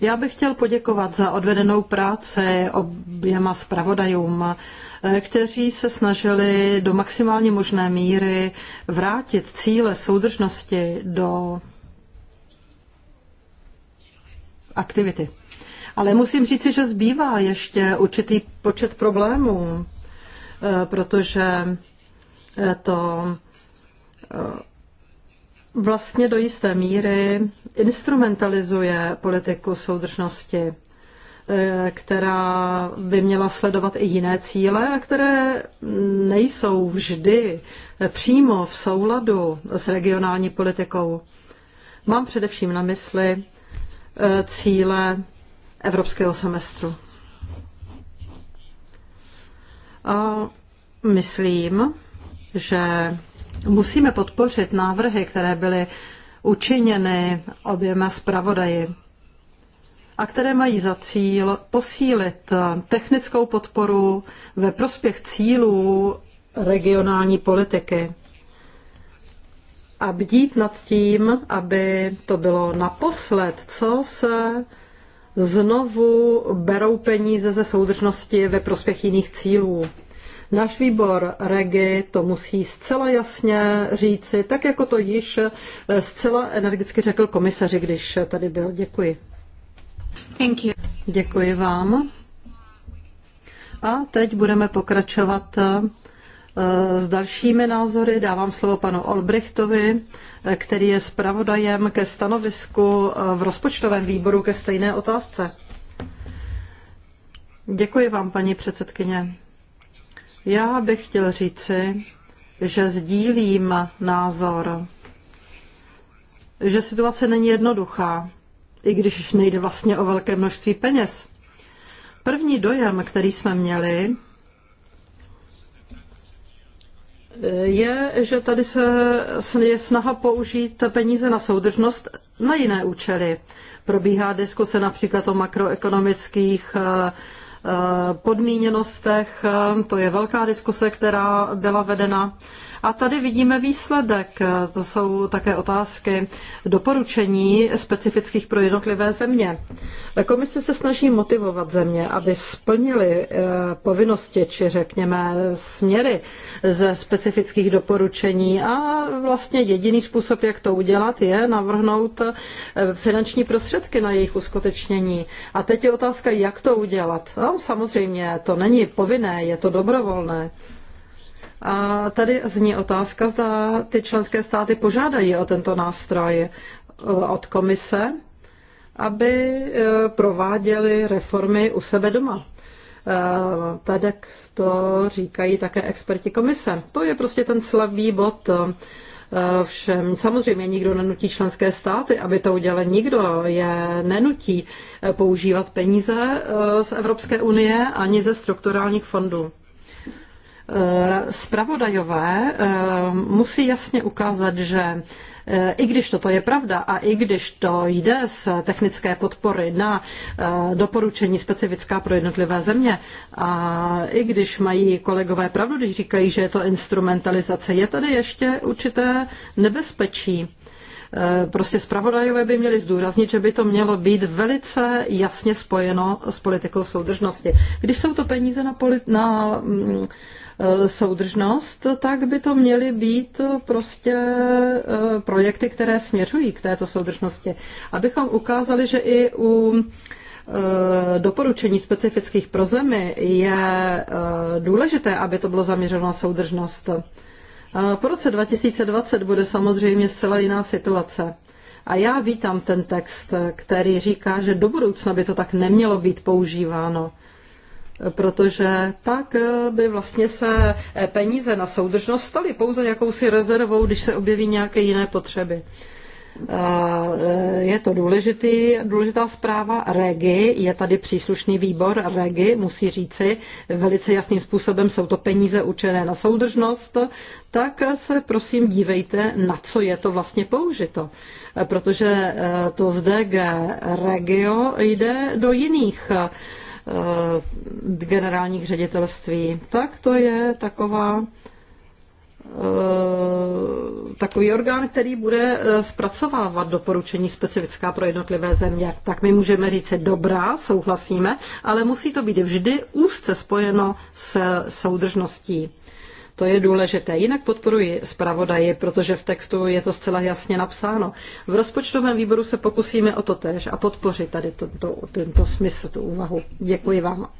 Já bych chtěl poděkovat za odvedenou práci oběma zpravodajům, eh, kteří se snažili do maximální možné míry vrátit cíle soudržnosti do aktivity. Ale musím říci, že zbývá ještě určitý počet problémů, eh, protože eh, to vlastně do jisté míry instrumentalizuje politiku soudržnosti, eh, která by měla sledovat i jiné cíle, a které nejsou vždy přímo v souladu s regionální politikou. Mám především na mysli eh, cíle evropského semestru. A myslím, že Musíme podpořit návrhy, které byly učiněny oběma zpravodaji a které mají za cíl posílit technickou podporu ve prospěch cílů regionální politiky a bdít nad tím, aby to bylo naposled, co se znovu berou peníze ze soudržnosti ve prospěch jiných cílů. Náš výbor REGI to musí zcela jasně říci, tak jako to již eh, zcela energicky řekl komisaři, když tady byl. Děkuji. Thank you. Děkuji vám. A teď budeme pokračovat eh, s dalšími názory dávám slovo panu Olbrichtovi, eh, který je zpravodajem ke stanovisku v rozpočtovém výboru ke stejné otázce. Děkuji vám, paní předsedkyně. Já bych chtěl říci, že sdílím názor, že situace není jednoduchá, i když nejde vlastně o velké množství peněz. První dojem, který jsme měli, je, že tady se je snaha použít peníze na soudržnost na jiné účely. Probíhá diskuse například o makroekonomických uh, Eh, podmíněnostech. Eh, to je velká diskuse, která byla vedena. A tady vidíme výsledek. To jsou také otázky doporučení specifických pro jednotlivé země. Komise se snaží motivovat země, aby splnili eh, povinnosti, či řekněme směry ze specifických doporučení a vlastně jediný způsob, jak to udělat, je navrhnout eh, finanční prostředky na jejich uskutečnění. A teď je otázka, jak to udělat. No, samozřejmě to není povinné, je to dobrovolné. A tady zní otázka, zda ty členské státy požádají o tento nástroj e, od komise, aby e, prováděli reformy u sebe doma. E, tady to říkají také experti komise. To je prostě ten slabý bod všem. Samozřejmě nikdo nenutí členské státy, aby to udělal Nikdo je nenutí používat peníze z Evropské unie ani ze strukturálních fondů. Spravodajové eh, eh, musí jasně ukázat, že eh, i když toto je pravda a i když to jde z technické podpory na doporučení specifická pro jednotlivé země a i když mají kolegové pravdu, když říkají, že je to instrumentalizace, je tady ještě určité nebezpečí. Prostě zpravodajové by měli zdůraznit, že by to mělo být velice jasně spojeno s politikou soudržnosti. Když jsou to peníze na, polit, na mm, Eh, soudržnost, tak by to měly být prostě eh, projekty, které směřují k této soudržnosti. Abychom ukázali, že i u eh, doporučení specifických pro zemi je důležité, aby to bylo zaměřeno na soudržnost. Po roce 2020 bude samozřejmě zcela jiná situace. A já vítám ten text, který říká, že do budoucna by to tak nemělo být používáno protože pak eh, by vlastně se eh, peníze na soudržnost staly pouze jakousi rezervou, když se objeví nějaké jiné potřeby. Eh, je to důležitý, důležitá zpráva. Regi je tady příslušný výbor. Regi musí říci velice jasným způsobem, jsou to peníze učené na soudržnost, tak se prosím dívejte, na co je to vlastně použito. Protože to z DG Regio jde do jiných Eh, generálních ředitelství, tak to je taková eh, takový orgán, který bude eh, zpracovávat doporučení specifická pro jednotlivé země. Tak my můžeme říct že dobrá, souhlasíme, ale musí to být vždy úzce spojeno s soudržností. To je důležité. Jinak podporuji zpravodaji, protože v textu je to zcela jasně napsáno. V rozpočtovém výboru se pokusíme o to tež a podpořit tady tento, tento smysl, tu úvahu. Děkuji vám.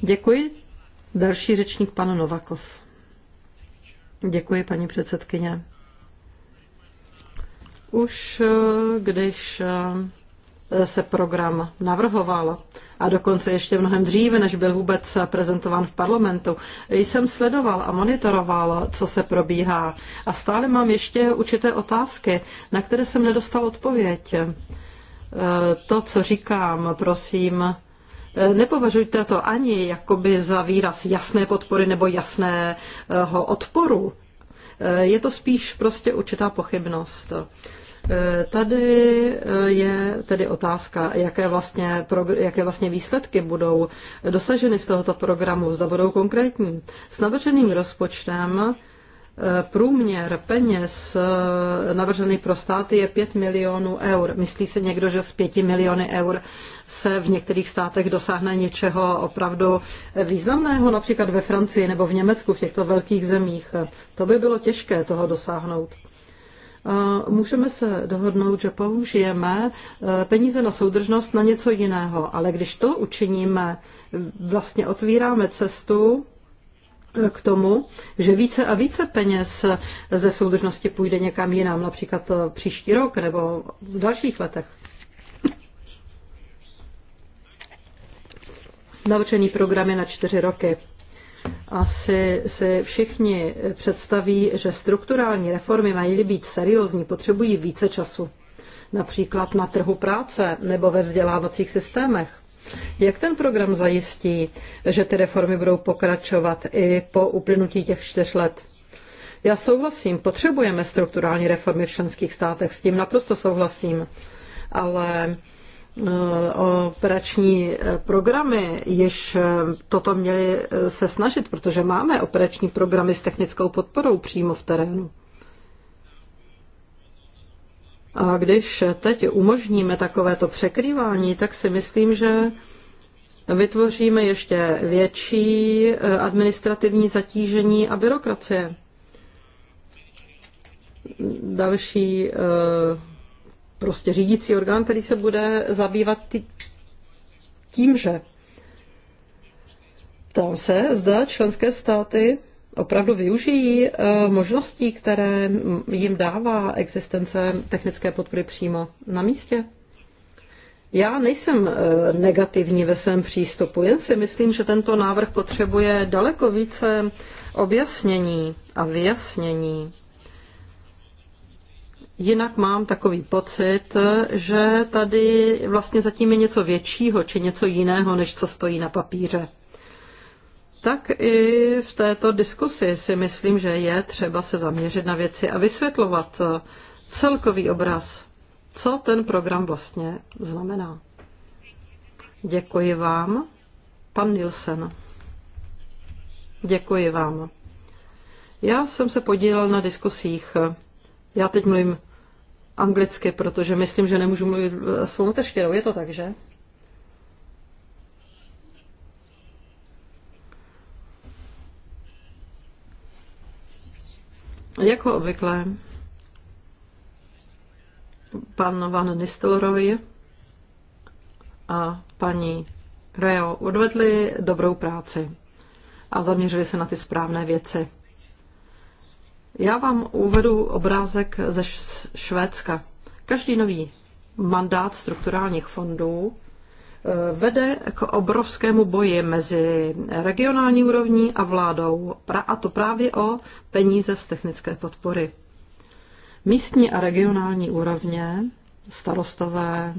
Děkuji. Další řečník, pan Novakov. Děkuji, paní předsedkyně. Už eh, když eh, se program navrhoval a dokonce ještě mnohem dříve, než byl vůbec prezentován v parlamentu, jsem sledoval a monitoroval, co se probíhá a stále mám ještě určité otázky, na které jsem nedostal odpověď. E, to, co říkám, prosím, e, nepovažujte to ani jakoby za výraz jasné podpory nebo jasného odporu. E, je to spíš prostě určitá pochybnost. Eh, tady eh, je tedy otázka, jaké vlastně, jaké vlastně výsledky budou dosaženy z tohoto programu, zda budou konkrétní. S navrženým rozpočtem eh, průměr peněz navržený pro státy je 5 milionů eur. Myslí se někdo, že z 5 miliony eur se v některých státech dosáhne něčeho opravdu významného, například ve Francii nebo v Německu, v těchto velkých zemích. To by bylo těžké toho dosáhnout můžeme se dohodnout, že použijeme e, peníze na soudržnost na něco jiného. Ale když to učiníme, vlastně otvíráme cestu e, k tomu, že více a více peněz ze soudržnosti půjde někam jinam, například e, příští rok nebo v dalších letech. Navrčený program je na čtyři roky. Asi si všichni představí, že strukturální reformy mají být seriózní, potřebují více času. Například na trhu práce nebo ve vzdělávacích systémech. Jak ten program zajistí, že ty reformy budou pokračovat i po uplynutí těch čtyř let? Já souhlasím, potřebujeme strukturální reformy v členských státech, s tím naprosto souhlasím, ale Eh, operační eh, programy již eh, toto měli se snažit, protože máme operační programy s technickou podporou přímo v terénu. A když teď umožníme takovéto překrývání, tak si myslím, že vytvoříme ještě větší administrativní zatížení a byrokracie. Další prostě řídící orgán, který se bude zabývat tím, že tam se, zda členské státy opravdu využijí eh, možností, které jim dává existence technické podpory přímo na místě. Já nejsem eh, negativní ve svém přístupu, jen si myslím, že tento návrh potřebuje daleko více objasnění a vyjasnění. Jinak mám takový pocit, že tady vlastně zatím je něco většího či něco jiného, než co stojí na papíře. Tak i v této diskusi si myslím, že je třeba se zaměřit na věci a vysvětlovat eh, celkový obraz, co ten program vlastně znamená. Děkuji vám. Pan Nilsen. Děkuji vám. Já jsem se podílel na diskusích. Já teď mluvím anglicky, protože myslím, že nemůžu mluvit eh, svou mateřštinou. Je to tak, že? Jako obvykle, pan Van Nistelrooy a paní Reo odvedli dobrou práci a zaměřili se na ty správné věci. Já vám uvedu obrázek ze Švédska. Každý nový mandát strukturálních fondů eh, vede k obrovskému boji mezi regionální úrovní a vládou, a to právě o peníze z technické podpory. Místní a regionální úrovně, starostové,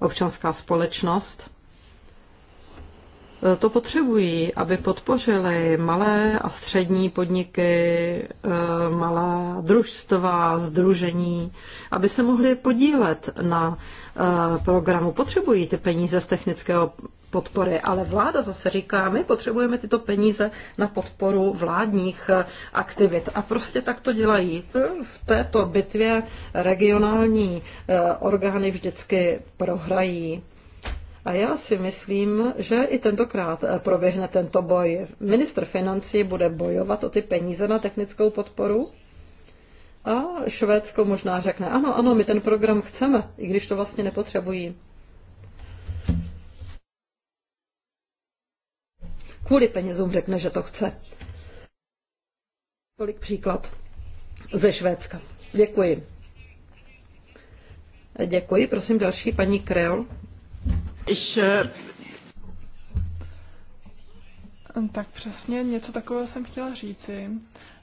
občanská společnost to potřebují, aby podpořili malé a střední podniky, eh, malá družstva, združení, aby se mohli podílet na eh, programu. Potřebují ty peníze z technického podpory, ale vláda zase říká, my potřebujeme tyto peníze na podporu vládních eh, aktivit. A prostě tak to dělají. V této bitvě regionální orgány vždycky prohrají. A já si myslím, že i tentokrát eh, proběhne tento boj. Ministr financí bude bojovat o ty peníze na technickou podporu a Švédsko možná řekne, ano, ano, my ten program chceme, i když to vlastně nepotřebují. Kvůli penězům řekne, že to chce. Tolik příklad ze Švédska. Děkuji. Děkuji, prosím další paní Kreol. Ich, eh, tak přesně něco takového jsem chtěla říci.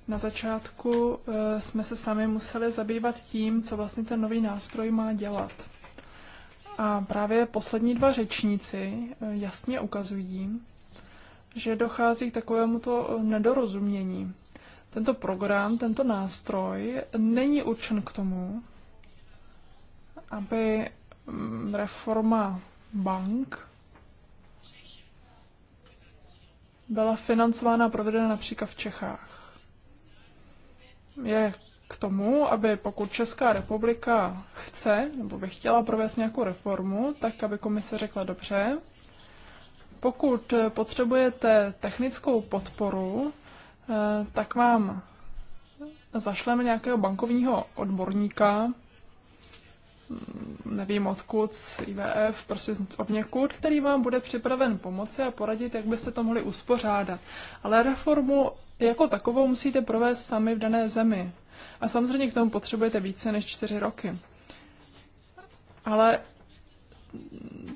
Na začátku eh, jsme se sami museli zabývat tím, co vlastně ten nový nástroj má dělat. A právě poslední dva řečníci eh, jasně ukazují, že dochází k takovému to nedorozumění. Tento program, tento nástroj není určen k tomu, aby mm, reforma bank byla financována a provedena například v Čechách. Je k tomu, aby pokud Česká republika chce nebo by chtěla provést nějakou reformu, tak aby komise řekla dobře, pokud potřebujete technickou podporu, eh, tak vám zašleme nějakého bankovního odborníka, nevím odkud, z IVF, prostě od někud, který vám bude připraven pomoci a poradit, jak byste to mohli uspořádat. Ale reformu jako takovou musíte provést sami v dané zemi. A samozřejmě k tomu potřebujete více než čtyři roky. Ale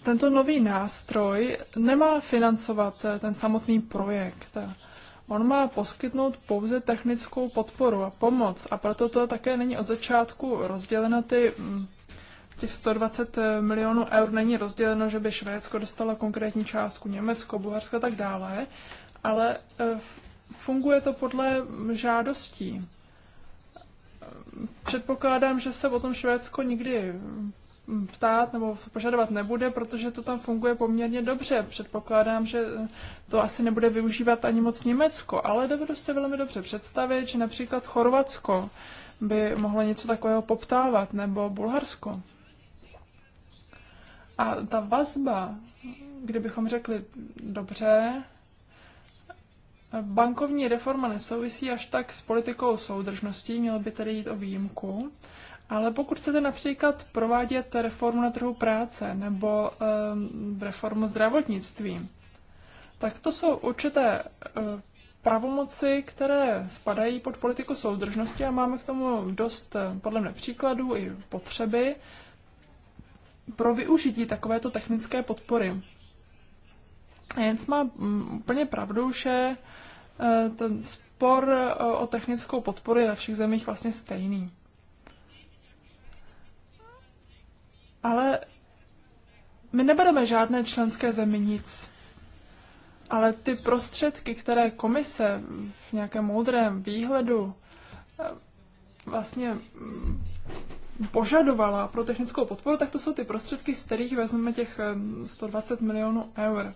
tento nový nástroj nemá financovat ten samotný projekt. On má poskytnout pouze technickou podporu a pomoc a proto to také není od začátku rozděleno ty mm, těch 120 eh, milionů eur není rozděleno, že by Švédsko dostalo konkrétní částku, Německo, Bulharsko a tak dále, ale eh, funguje to podle žádostí. Předpokládám, že se o tom Švédsko nikdy mm, ptát nebo požadovat nebude, protože to tam funguje poměrně dobře. Předpokládám, že eh, to asi nebude využívat ani moc Německo, ale dovedu se velmi dobře představit, že například Chorvatsko by mohlo něco takového poptávat, nebo Bulharsko. A ta vazba, kdybychom řekli dobře, bankovní reforma nesouvisí až tak s politikou soudržností, mělo by tedy jít o výjimku, ale pokud chcete například provádět reformu na trhu práce nebo um, reformu zdravotnictví, tak to jsou určité uh, pravomoci, které spadají pod politiku soudržnosti a máme k tomu dost e, podle mne příkladů i potřeby, pro využití takovéto technické podpory. Jens má mm, úplně pravdu, že e, ten spor e, o technickou podporu je ve všech zemích vlastně stejný. Ale my nebereme žádné členské zemi nic. Ale ty prostředky, které komise v nějakém moudrém výhledu e, vlastně mm, požadovala pro technickou podporu, tak to jsou ty prostředky, z kterých vezmeme těch 120 eh, milionů eur.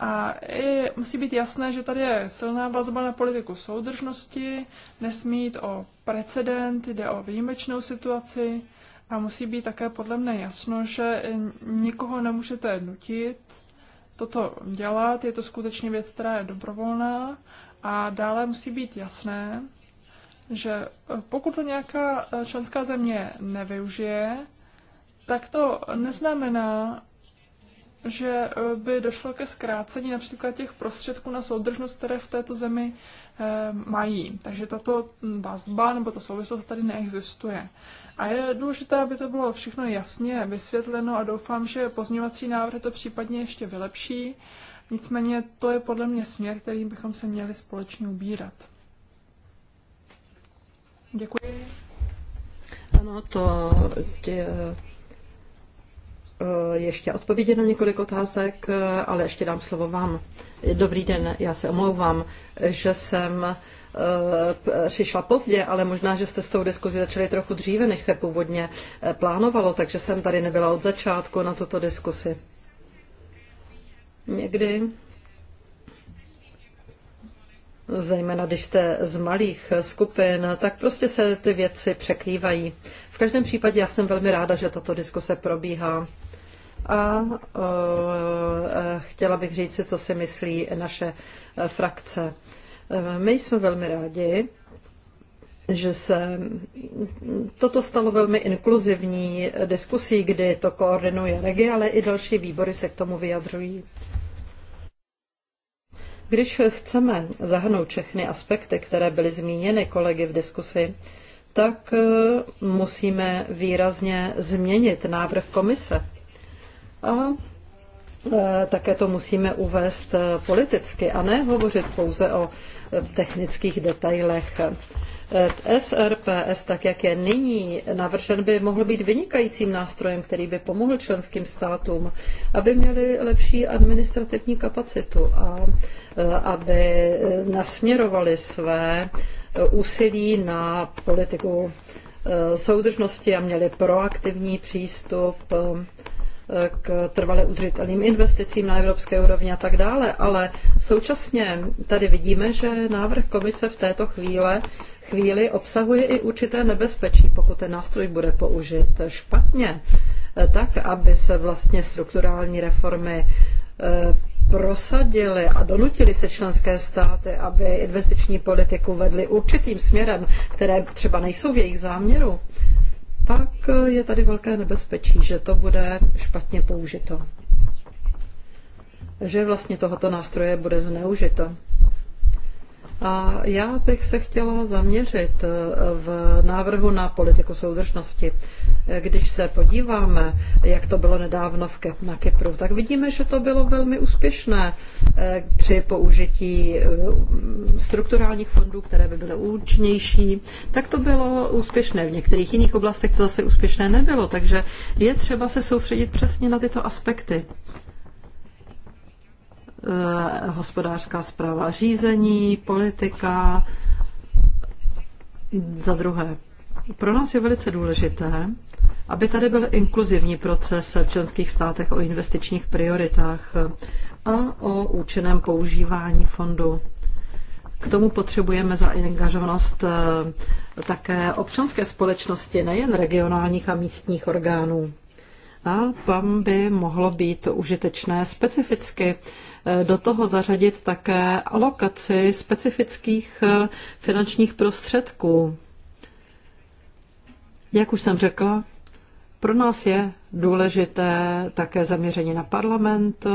A je, musí být jasné, že tady je silná vazba na politiku soudržnosti, nesmí jít o precedent, jde o výjimečnou situaci a musí být také podle mne jasno, že eh, nikoho nemůžete nutit toto dělat, je to skutečně věc, která je dobrovolná a dále musí být jasné, že eh, pokud to nějaká eh, členská země nevyužije, tak to neznamená, že eh, by došlo ke zkrácení například těch prostředků na soudržnost, které v této zemi mají. Takže tato hm, vazba nebo ta souvislost tady neexistuje. A je důležité, aby to bylo všechno jasně vysvětleno a doufám, že pozměňovací návrh to případně ještě vylepší. Nicméně to je podle mě směr, kterým bychom se měli společně ubírat. Děkuji. Ano, to tě, eh, ještě odpovědi na několik otázek, eh, ale ještě dám slovo vám. Dobrý den, já se omlouvám, že jsem eh, přišla pozdě, ale možná, že jste s tou diskuzi začali trochu dříve, než se původně plánovalo, takže jsem tady nebyla od začátku na tuto diskusi. Někdy zejména když jste z malých skupin, tak prostě se ty věci překrývají. V každém případě já jsem velmi ráda, že tato diskuse probíhá. A eh, chtěla bych říct si, co si myslí naše frakce. Eh, my jsme velmi rádi, že se toto stalo velmi inkluzivní diskusí, kdy to koordinuje regie, ale i další výbory se k tomu vyjadřují. Když chceme zahrnout všechny aspekty, které byly zmíněny kolegy v diskusi, tak eh, musíme výrazně změnit návrh komise. A eh, také to musíme uvést eh, politicky a ne hovořit pouze o technických detailech. SRPS, tak jak je nyní navržen, by mohl být vynikajícím nástrojem, který by pomohl členským státům, aby měli lepší administrativní kapacitu a aby nasměrovali své úsilí na politiku soudržnosti a měli proaktivní přístup k trvale udržitelným investicím na evropské úrovni a tak dále, ale současně tady vidíme, že návrh komise v této chvíle, chvíli obsahuje i určité nebezpečí, pokud ten nástroj bude použit špatně, eh, tak, aby se vlastně strukturální reformy eh, prosadili a donutili se členské státy, aby investiční politiku vedly určitým směrem, které třeba nejsou v jejich záměru, pak je tady velké nebezpečí, že to bude špatně použito. Že vlastně tohoto nástroje bude zneužito. A já bych se chtěla zaměřit eh, v návrhu na politiku soudržnosti. Eh, když se podíváme, jak to bylo nedávno v Kep, na Kypru, tak vidíme, že to bylo velmi úspěšné eh, při použití strukturálních fondů, které by byly účinnější. Tak to bylo úspěšné. V některých jiných oblastech to zase úspěšné nebylo, takže je třeba se soustředit přesně na tyto aspekty. Eh, hospodářská zpráva řízení, politika. Za druhé, pro nás je velice důležité, aby tady byl inkluzivní proces v členských státech o investičních prioritách a o účinném používání fondu. K tomu potřebujeme zaangažovanost eh, také občanské společnosti, nejen regionálních a místních orgánů. A tam by mohlo být užitečné specificky Eh, do toho zařadit také alokaci specifických eh, finančních prostředků. Jak už jsem řekla, pro nás je důležité také zaměření na parlament,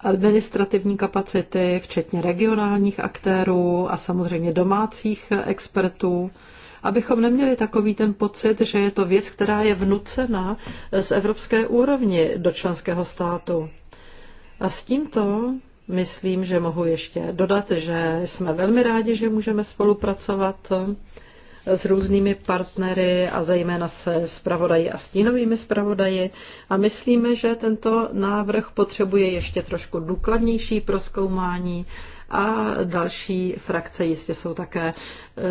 administrativní kapacity, včetně regionálních aktérů a samozřejmě domácích expertů, abychom neměli takový ten pocit, že je to věc, která je vnucena z evropské úrovni do členského státu. A s tímto myslím, že mohu ještě dodat, že jsme velmi rádi, že můžeme spolupracovat s různými partnery a zejména se spravodají a stínovými spravodaji a myslíme, že tento návrh potřebuje ještě trošku důkladnější proskoumání a další frakce jistě jsou také eh,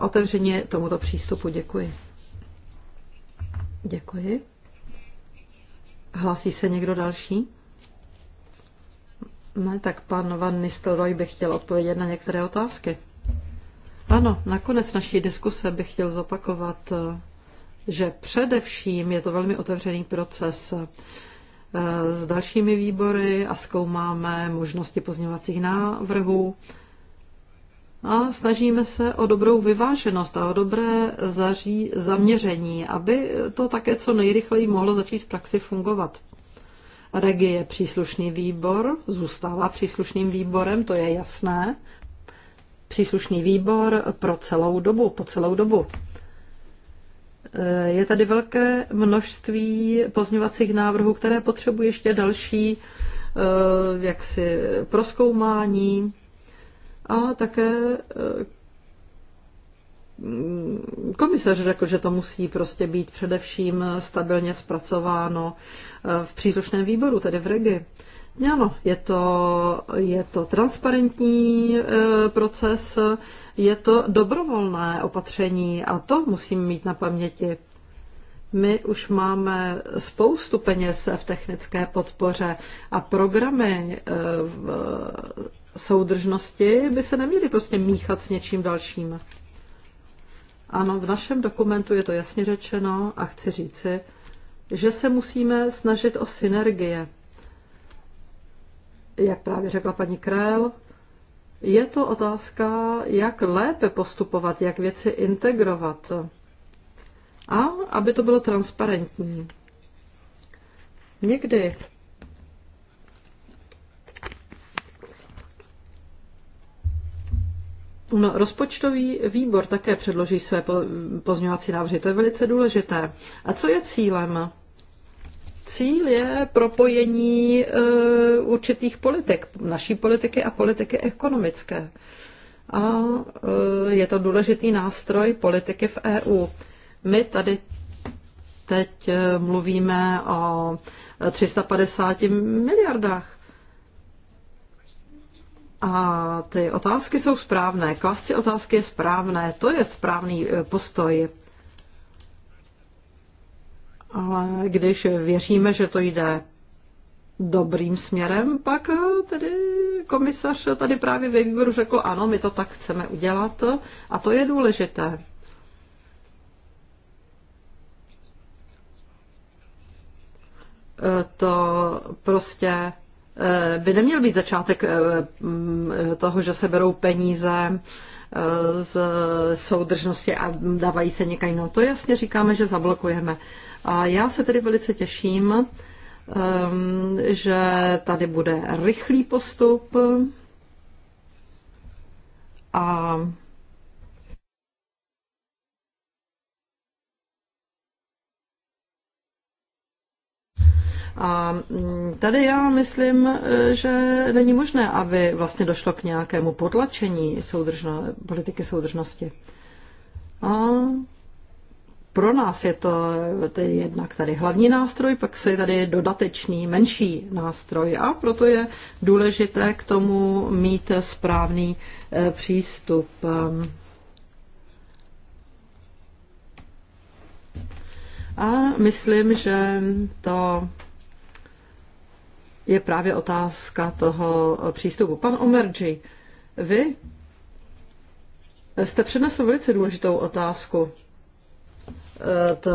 otevřeně tomuto přístupu. Děkuji. Děkuji. Hlásí se někdo další? Ne, tak pan Van Nistelrooy by chtěl odpovědět na některé otázky. Ano, nakonec naší diskuse bych chtěl zopakovat, eh, že především je to velmi otevřený proces eh, s dalšími výbory a zkoumáme možnosti pozměňovacích návrhů a snažíme se o dobrou vyváženost a o dobré zaří, zaměření, aby to také co nejrychleji mohlo začít v praxi fungovat. Regie, je příslušný výbor, zůstává příslušným výborem, to je jasné. Příslušný výbor pro celou dobu, po celou dobu. Eh, je tady velké množství pozměvacích návrhů, které potřebují ještě další eh, jaksi eh, proskoumání a také Mm, komisař řekl, že to musí prostě být především stabilně zpracováno eh, v příslušném výboru, tedy v regi. Ano, je to, je to transparentní eh, proces, je to dobrovolné opatření a to musím mít na paměti. My už máme spoustu peněz v technické podpoře a programy eh, v soudržnosti by se neměly prostě míchat s něčím dalším. Ano, v našem dokumentu je to jasně řečeno a chci říci, že se musíme snažit o synergie. Jak právě řekla paní Krél, je to otázka, jak lépe postupovat, jak věci integrovat a aby to bylo transparentní. Někdy No, rozpočtový výbor také předloží své pozměňovací návrhy, to je velice důležité. A co je cílem? Cíl je propojení e, určitých politik, naší politiky a politiky ekonomické. A e, je to důležitý nástroj politiky v EU. My tady teď e, mluvíme o 350 e, miliardách a ty otázky jsou správné. Klasci otázky je správné. To je správný e, postoj. Ale když věříme, že to jde dobrým směrem, pak e, tedy komisař tady právě ve výboru řekl, ano, my to tak chceme udělat a to je důležité. E, to prostě Eh, by neměl být začátek eh, mm, eh, toho, že se berou peníze z soudržnosti a dávají se někam jinam. To jasně říkáme, že zablokujeme. A já se tedy velice těším, ehm, že tady bude rychlý postup a A mm, tady já myslím, e, že není možné, aby vlastně došlo k nějakému potlačení soudržno, politiky soudržnosti. A pro nás je to tedy jednak tady hlavní nástroj, pak se tady dodatečný menší nástroj a proto je důležité k tomu mít správný e, přístup. A myslím, že to je právě otázka toho přístupu. Pan Omerji, vy jste přinesl velice důležitou otázku. Eh, ta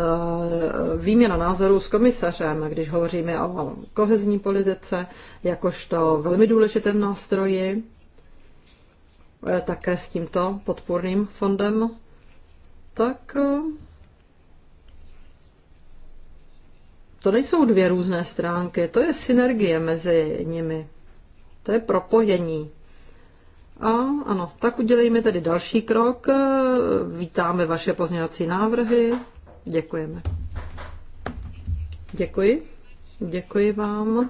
výměna názorů s komisařem, když hovoříme o kohezní politice, jakožto velmi důležitém nástroji, eh, také s tímto podpůrným fondem, tak eh, to nejsou dvě různé stránky, to je synergie mezi nimi. To je propojení. A ano, tak udělejme tedy další krok. Vítáme vaše pozměňovací návrhy. Děkujeme. Děkuji. Děkuji vám.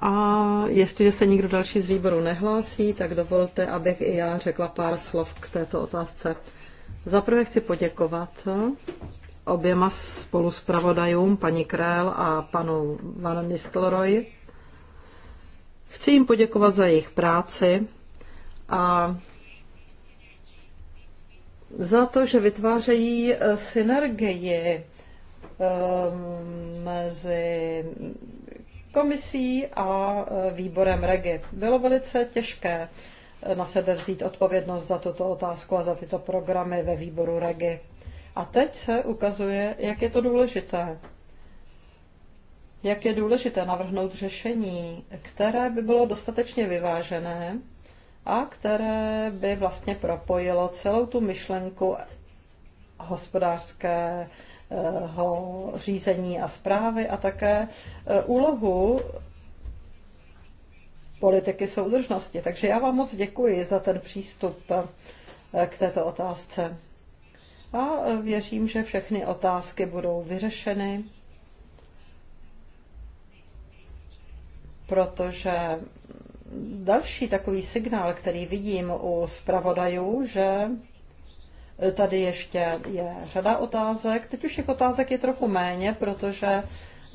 A jestliže se nikdo další z výboru nehlásí, tak dovolte, abych i já řekla pár slov k této otázce. Zaprvé chci poděkovat oběma spoluspravodajům, paní Krél a panu Van Nistelrooy. Chci jim poděkovat za jejich práci a za to, že vytvářejí eh, synergii eh, mezi komisí a eh, výborem REGI. Bylo velice těžké na sebe vzít odpovědnost za tuto otázku a za tyto programy ve výboru REGI. A teď se ukazuje, jak je to důležité. Jak je důležité navrhnout řešení, které by bylo dostatečně vyvážené a které by vlastně propojilo celou tu myšlenku hospodářského řízení a zprávy a také e, úlohu politiky soudržnosti. Takže já vám moc děkuji za ten přístup e, k této otázce a věřím, že všechny otázky budou vyřešeny, protože další takový signál, který vidím u zpravodajů, že tady ještě je řada otázek. Teď už těch otázek je trochu méně, protože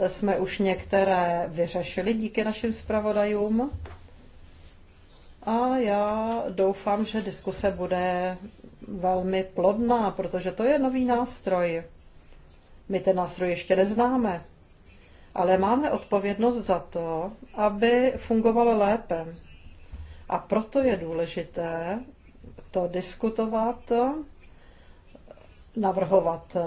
jsme už některé vyřešili díky našim zpravodajům. A já doufám, že diskuse bude velmi plodná, protože to je nový nástroj. My ten nástroj ještě neznáme, ale máme odpovědnost za to, aby fungovalo lépe. A proto je důležité to diskutovat, navrhovat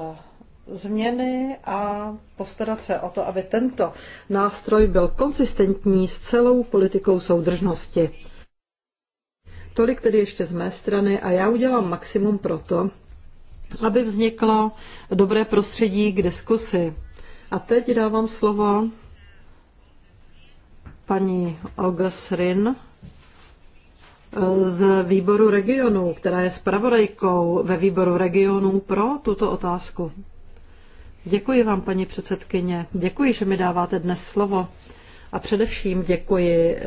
změny a postarat se o to, aby tento nástroj byl konsistentní s celou politikou soudržnosti. Tolik tedy ještě z mé strany a já udělám maximum pro to, aby vzniklo dobré prostředí k diskusi. A teď dávám slovo paní Ogasrin eh, z výboru regionů, která je zpravodajkou ve výboru regionů pro tuto otázku. Děkuji vám, paní předsedkyně. Děkuji, že mi dáváte dnes slovo. A především děkuji eh,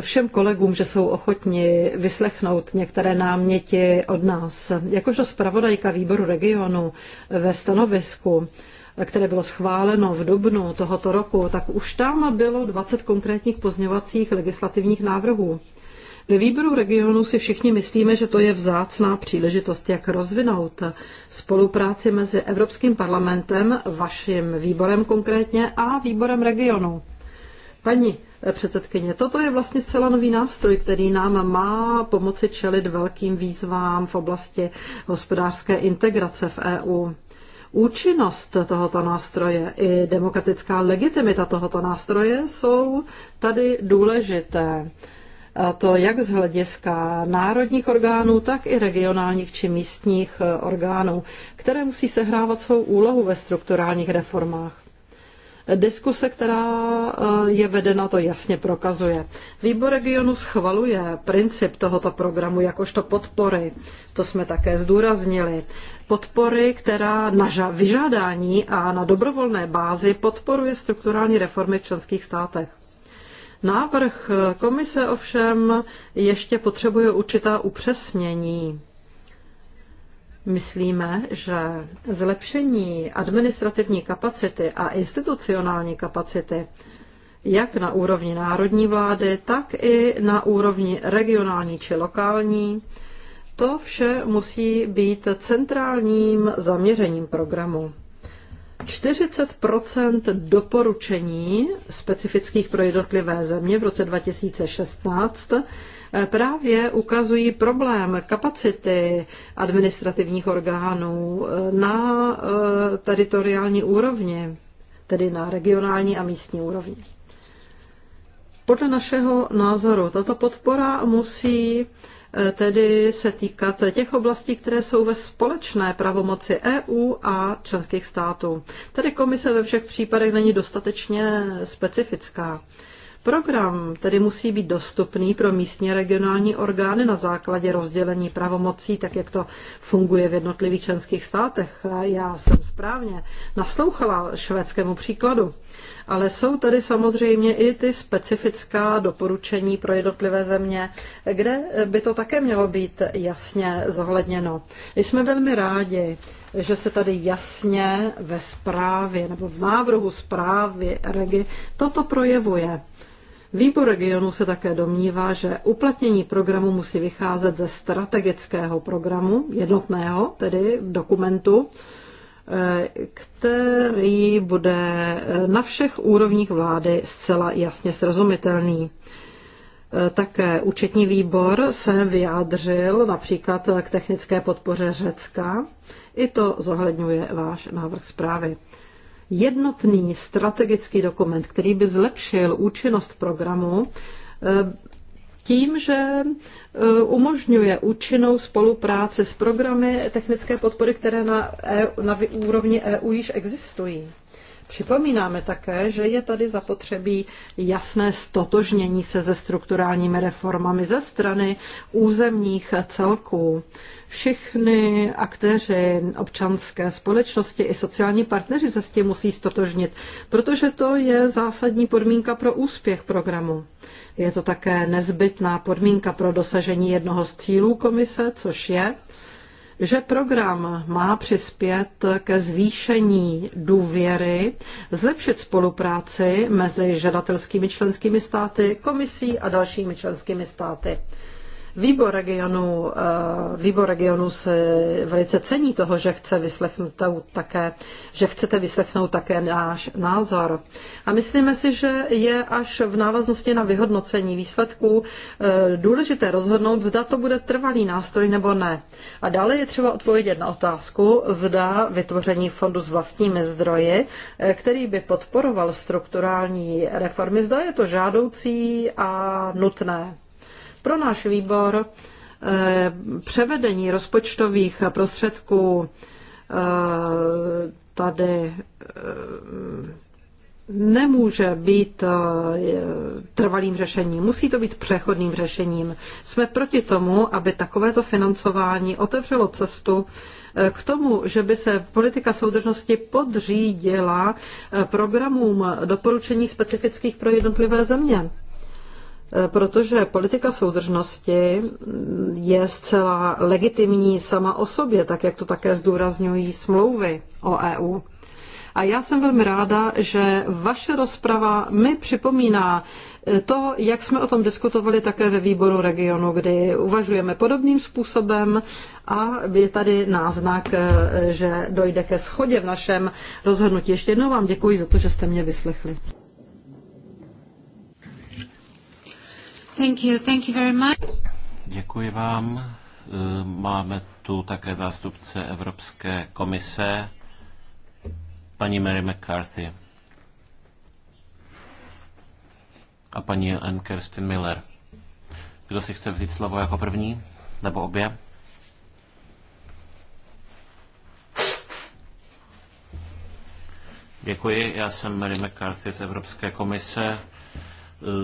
všem kolegům, že jsou ochotni vyslechnout některé náměti od nás. Jakožto zpravodajka výboru regionu ve stanovisku, které bylo schváleno v dubnu tohoto roku, tak už tam bylo 20 konkrétních pozňovacích legislativních návrhů. Ve výboru regionu si všichni myslíme, že to je vzácná příležitost, jak rozvinout spolupráci mezi Evropským parlamentem, vaším výborem konkrétně a výborem regionu. Paní předsedkyně. Toto je vlastně zcela nový nástroj, který nám má pomoci čelit velkým výzvám v oblasti hospodářské integrace v EU. Účinnost tohoto nástroje i demokratická legitimita tohoto nástroje jsou tady důležité. A to jak z hlediska národních orgánů, tak i regionálních či místních orgánů, které musí sehrávat svou úlohu ve strukturálních reformách. Diskuse, která e, je vedena, to jasně prokazuje. Výbor regionu schvaluje princip tohoto programu jakožto podpory. To jsme také zdůraznili. Podpory, která na vyžádání a na dobrovolné bázi podporuje strukturální reformy v členských státech. Návrh komise ovšem ještě potřebuje určitá upřesnění Myslíme, že zlepšení administrativní kapacity a institucionální kapacity jak na úrovni národní vlády, tak i na úrovni regionální či lokální, to vše musí být centrálním zaměřením programu. 40 doporučení specifických pro jednotlivé země v roce 2016 Eh, právě ukazují problém kapacity administrativních orgánů eh, na eh, teritoriální úrovni, tedy na regionální a místní úrovni. Podle našeho názoru tato podpora musí tedy se týkat těch oblastí, které jsou ve společné pravomoci EU a členských států. Tady komise ve všech případech není dostatečně specifická. Program tedy musí být dostupný pro místní a regionální orgány na základě rozdělení pravomocí, tak jak to funguje v jednotlivých členských státech. Já jsem správně naslouchala švédskému příkladu. Ale jsou tady samozřejmě i ty specifická doporučení pro jednotlivé země, kde by to také mělo být jasně zohledněno. Jsme velmi rádi, že se tady jasně ve zprávě nebo v návrhu zprávy REGI toto projevuje. Výbor regionu se také domnívá, že uplatnění programu musí vycházet ze strategického programu, jednotného tedy dokumentu, eh, který bude eh, na všech úrovních vlády zcela jasně srozumitelný. Eh, také účetní výbor se vyjádřil například k technické podpoře Řecka. I to zohledňuje váš návrh zprávy jednotný strategický dokument, který by zlepšil účinnost programu eh, tím, že eh, umožňuje účinnou spolupráci s programy technické podpory, které na, EU, na úrovni EU již existují. Připomínáme také, že je tady zapotřebí jasné stotožnění se ze strukturálními reformami ze strany územních celků. Všichni aktéři občanské společnosti i sociální partneři se s tím musí stotožnit, protože to je zásadní podmínka pro úspěch programu. Je to také nezbytná podmínka pro dosažení jednoho z cílů komise, což je že program má přispět ke zvýšení důvěry, zlepšit spolupráci mezi žadatelskými členskými státy, komisí a dalšími členskými státy. Výbor regionu, eh, výbor regionu se velice cení toho, že chce vyslechnout také, že chcete vyslechnout také náš názor. A myslíme si, že je až v návaznosti na vyhodnocení výsledků eh, důležité rozhodnout, zda to bude trvalý nástroj nebo ne. A dále je třeba odpovědět na otázku, zda vytvoření fondu s vlastními zdroji, eh, který by podporoval strukturální reformy, zda je to žádoucí a nutné. Pro náš výbor eh, převedení rozpočtových prostředků eh, tady eh, nemůže být trvalým řešením, musí to být přechodným řešením. Jsme proti tomu, aby takovéto financování otevřelo cestu k tomu, že by se politika soudržnosti podřídila programům doporučení specifických pro jednotlivé země. Eh, protože politika soudržnosti je zcela legitimní sama o sobě, tak jak to také zdůrazňují smlouvy o EU. A já jsem velmi ráda, že vaše rozprava mi připomíná eh, to, jak jsme o tom diskutovali také ve výboru regionu, kdy uvažujeme podobným způsobem a je tady náznak, eh, že dojde ke schodě v našem rozhodnutí. Ještě jednou vám děkuji za to, že jste mě vyslechli. Thank you, thank you very much. Děkuji vám. Eh, máme tu také zástupce Evropské komise, paní Mary McCarthy a paní Ann Kirsten Miller. Kdo si chce vzít slovo jako první? Nebo obě? Děkuji, já jsem Mary McCarthy z Evropské komise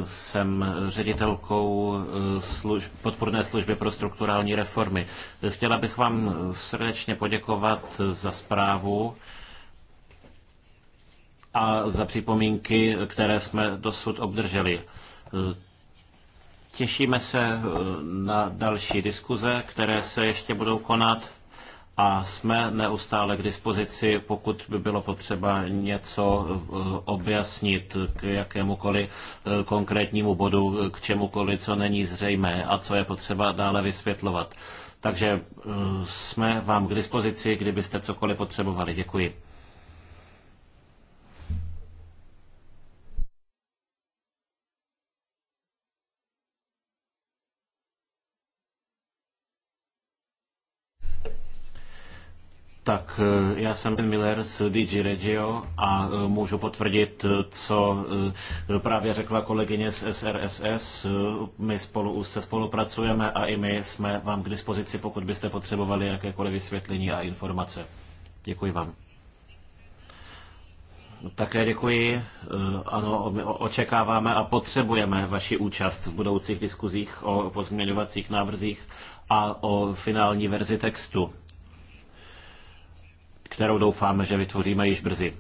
jsem ředitelkou eh, služb, podporné služby pro strukturální reformy. Chtěla bych vám srdečně poděkovat za zprávu a za připomínky, které jsme dosud obdrželi. Těšíme se eh, na další diskuze, které se ještě budou konat a jsme neustále k dispozici, pokud by bylo potřeba něco eh, objasnit k jakémukoliv eh, konkrétnímu bodu, k čemukoliv, co není zřejmé a co je potřeba dále vysvětlovat. Takže eh, jsme vám k dispozici, kdybyste cokoliv potřebovali. Děkuji. Tak eh, já jsem Ben Miller z DG Regio a eh, můžu potvrdit, eh, co právě řekla kolegyně z SRSS. My spolu úzce spolupracujeme a i my jsme vám k dispozici, pokud byste potřebovali jakékoliv vysvětlení a informace. Děkuji vám. Také děkuji. Ano, očekáváme a potřebujeme vaši účast v budoucích diskuzích o pozměňovacích návrzích a o finální verzi textu kterou doufáme, že vytvoříme již brzy.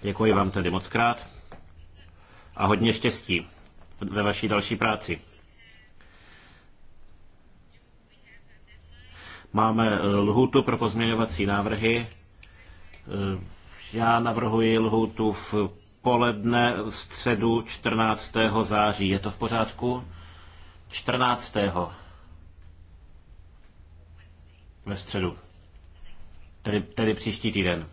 Děkuji vám tedy moc krát a hodně štěstí ve vaší další práci. Máme eh, lhůtu pro pozměňovací návrhy. Eh, já navrhuji lhůtu v poledne v středu 14. září. Je to v pořádku? 14. ve středu tedy, tedy příští týden.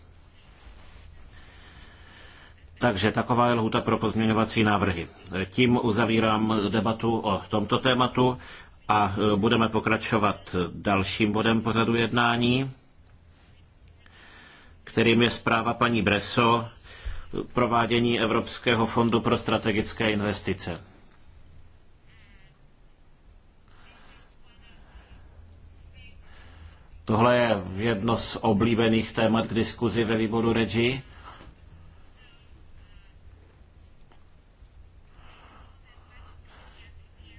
Takže taková je lhuta pro pozměňovací návrhy. Tím uzavírám debatu o tomto tématu a e, budeme pokračovat dalším bodem pořadu jednání, kterým je zpráva paní Breso provádění Evropského fondu pro strategické investice. Tohle je jedno z oblíbených témat k diskuzi ve výboru Regi.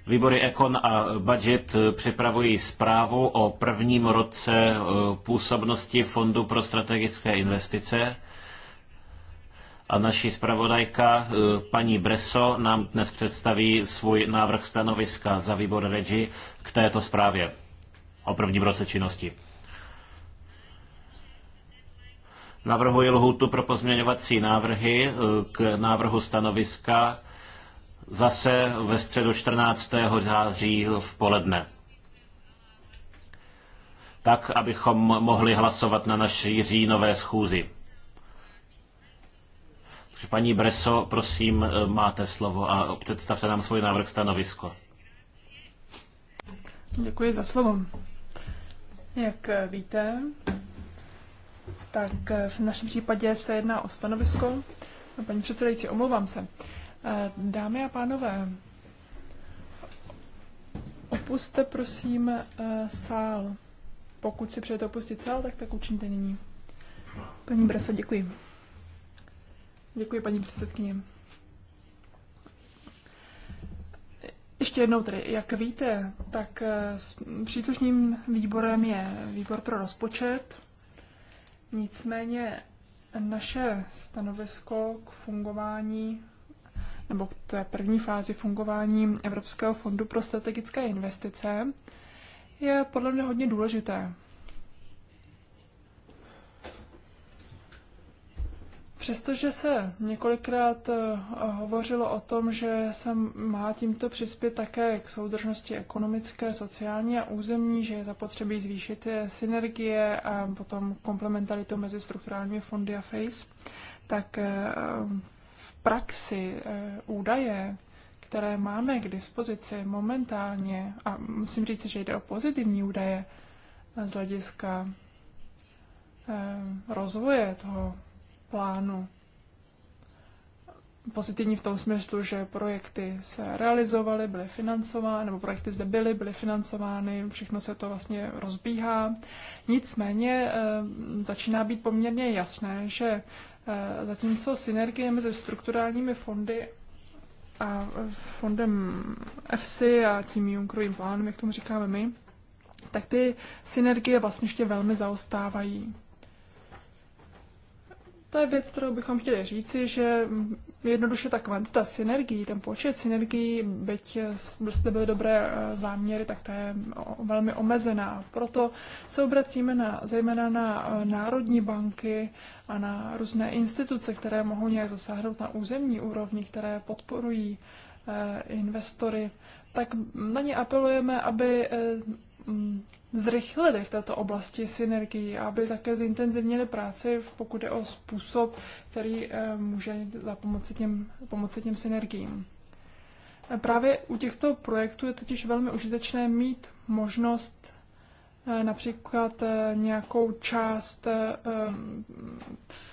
Výbory Ekon a Budget připravují zprávu o prvním roce eh, působnosti Fondu pro strategické investice. A naší zpravodajka eh, paní Breso nám dnes představí svůj návrh stanoviska za výbor Regi k této zprávě o prvním roce činnosti. Navrhuji lhůtu pro pozměňovací návrhy e, k návrhu stanoviska zase ve středu 14. září v poledne. Tak, abychom mohli hlasovat na naší říjnové schůzi. Takže paní Breso, prosím, e, máte slovo a představte nám svůj návrh stanovisko. Děkuji za slovo. Jak víte, tak eh, v našem případě se jedná o stanovisko. Paní předsedající, omlouvám se. Eh, dámy a pánové, opuste prosím eh, sál. Pokud si přejete opustit sál, tak tak učiníte nyní. Paní Breso, děkuji. Děkuji, paní předsedkyně. Ještě jednou tedy, jak víte, tak s příslušným výborem je výbor pro rozpočet. Nicméně naše stanovisko k fungování nebo k té první fázi fungování Evropského fondu pro strategické investice je podle mě hodně důležité. Přestože se několikrát eh, hovořilo o tom, že se má tímto přispět také k soudržnosti ekonomické, sociální a územní, že je zapotřebí zvýšit eh, synergie a potom komplementaritu mezi strukturálními fondy a FACE, tak eh, v praxi údaje, které máme k dispozici momentálně, a musím říct, že jde o pozitivní údaje z hlediska rozvoje toho plánu. Pozitivní v tom smyslu, že projekty se realizovaly, byly financovány, nebo projekty zde byly, byly financovány, všechno se to vlastně rozbíhá. Nicméně eh, začíná být poměrně jasné, že eh, zatímco synergie mezi strukturálními fondy a eh, fondem EFSI a tím Junckerovým plánem, jak tomu říkáme my, tak ty synergie vlastně ještě velmi zaostávají. To je věc, kterou bychom chtěli říci, že jednoduše ta kvantita synergií, ten počet synergií, byť zde byly dobré eh, záměry, tak ta je velmi omezená. Proto se obracíme na, zejména na eh, národní banky a na různé instituce, které mohou nějak zasáhnout na územní úrovni, které podporují eh, investory, tak na ně apelujeme, aby Mm, zrychlili v této oblasti synergii, aby také zintenzivnili práci, pokud je o způsob, který eh, může za pomoci těm, pomoci těm synergiím. Právě u těchto projektů je totiž velmi užitečné mít možnost Eh, například eh, nějakou část eh,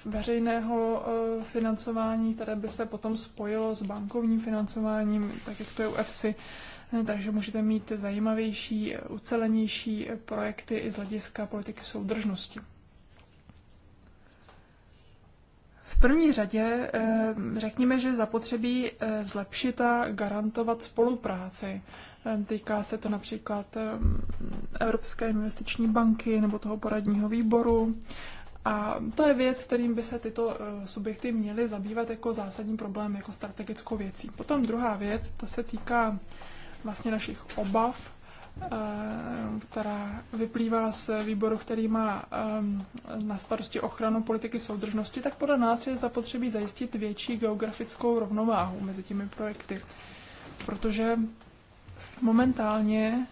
veřejného financování, které by se potom spojilo s bankovním financováním, tak jak to je u EFSI. Takže můžete mít zajímavější, ucelenější projekty i z hlediska politiky soudržnosti. V první řadě eh, řekněme, že zapotřebí eh, zlepšit a garantovat spolupráci. Eh, týká se to například Evropské investiční banky nebo toho poradního výboru. A to je věc, kterým by se tyto subjekty měly zabývat jako zásadní problém, jako strategickou věcí. Potom druhá věc, ta se týká vlastně našich obav Eh, která vyplývá z výboru, který má eh, na starosti ochranu politiky soudržnosti, tak podle nás je zapotřebí zajistit větší geografickou rovnováhu mezi těmi projekty. Protože momentálně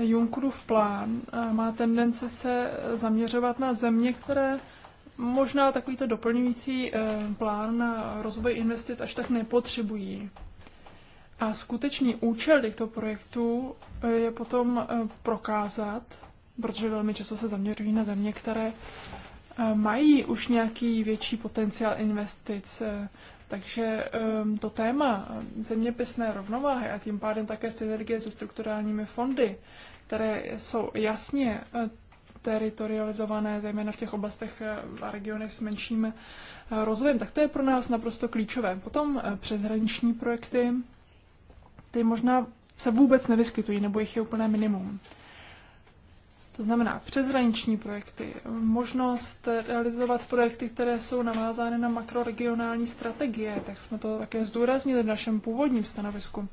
Junckerův plán eh, má tendence se zaměřovat na země, které možná takovýto doplňující plán na rozvoj investic až tak nepotřebují. A skutečný účel těchto projektů je potom eh, prokázat, protože velmi často se zaměřují na země, které eh, mají už nějaký větší potenciál investic. Eh, takže ehm, to téma zeměpisné rovnováhy a tím pádem také synergie se strukturálními fondy, které jsou jasně teritorializované, zejména v těch oblastech a regionech s menším rozvojem, tak to je pro nás naprosto klíčové. Potom přeshraniční projekty, ty možná se vůbec nevyskytují, nebo jich je úplné minimum. To znamená přezraniční projekty, možnost realizovat projekty, které jsou navázány na makroregionální strategie, tak jsme to také zdůraznili v našem původním stanovisku.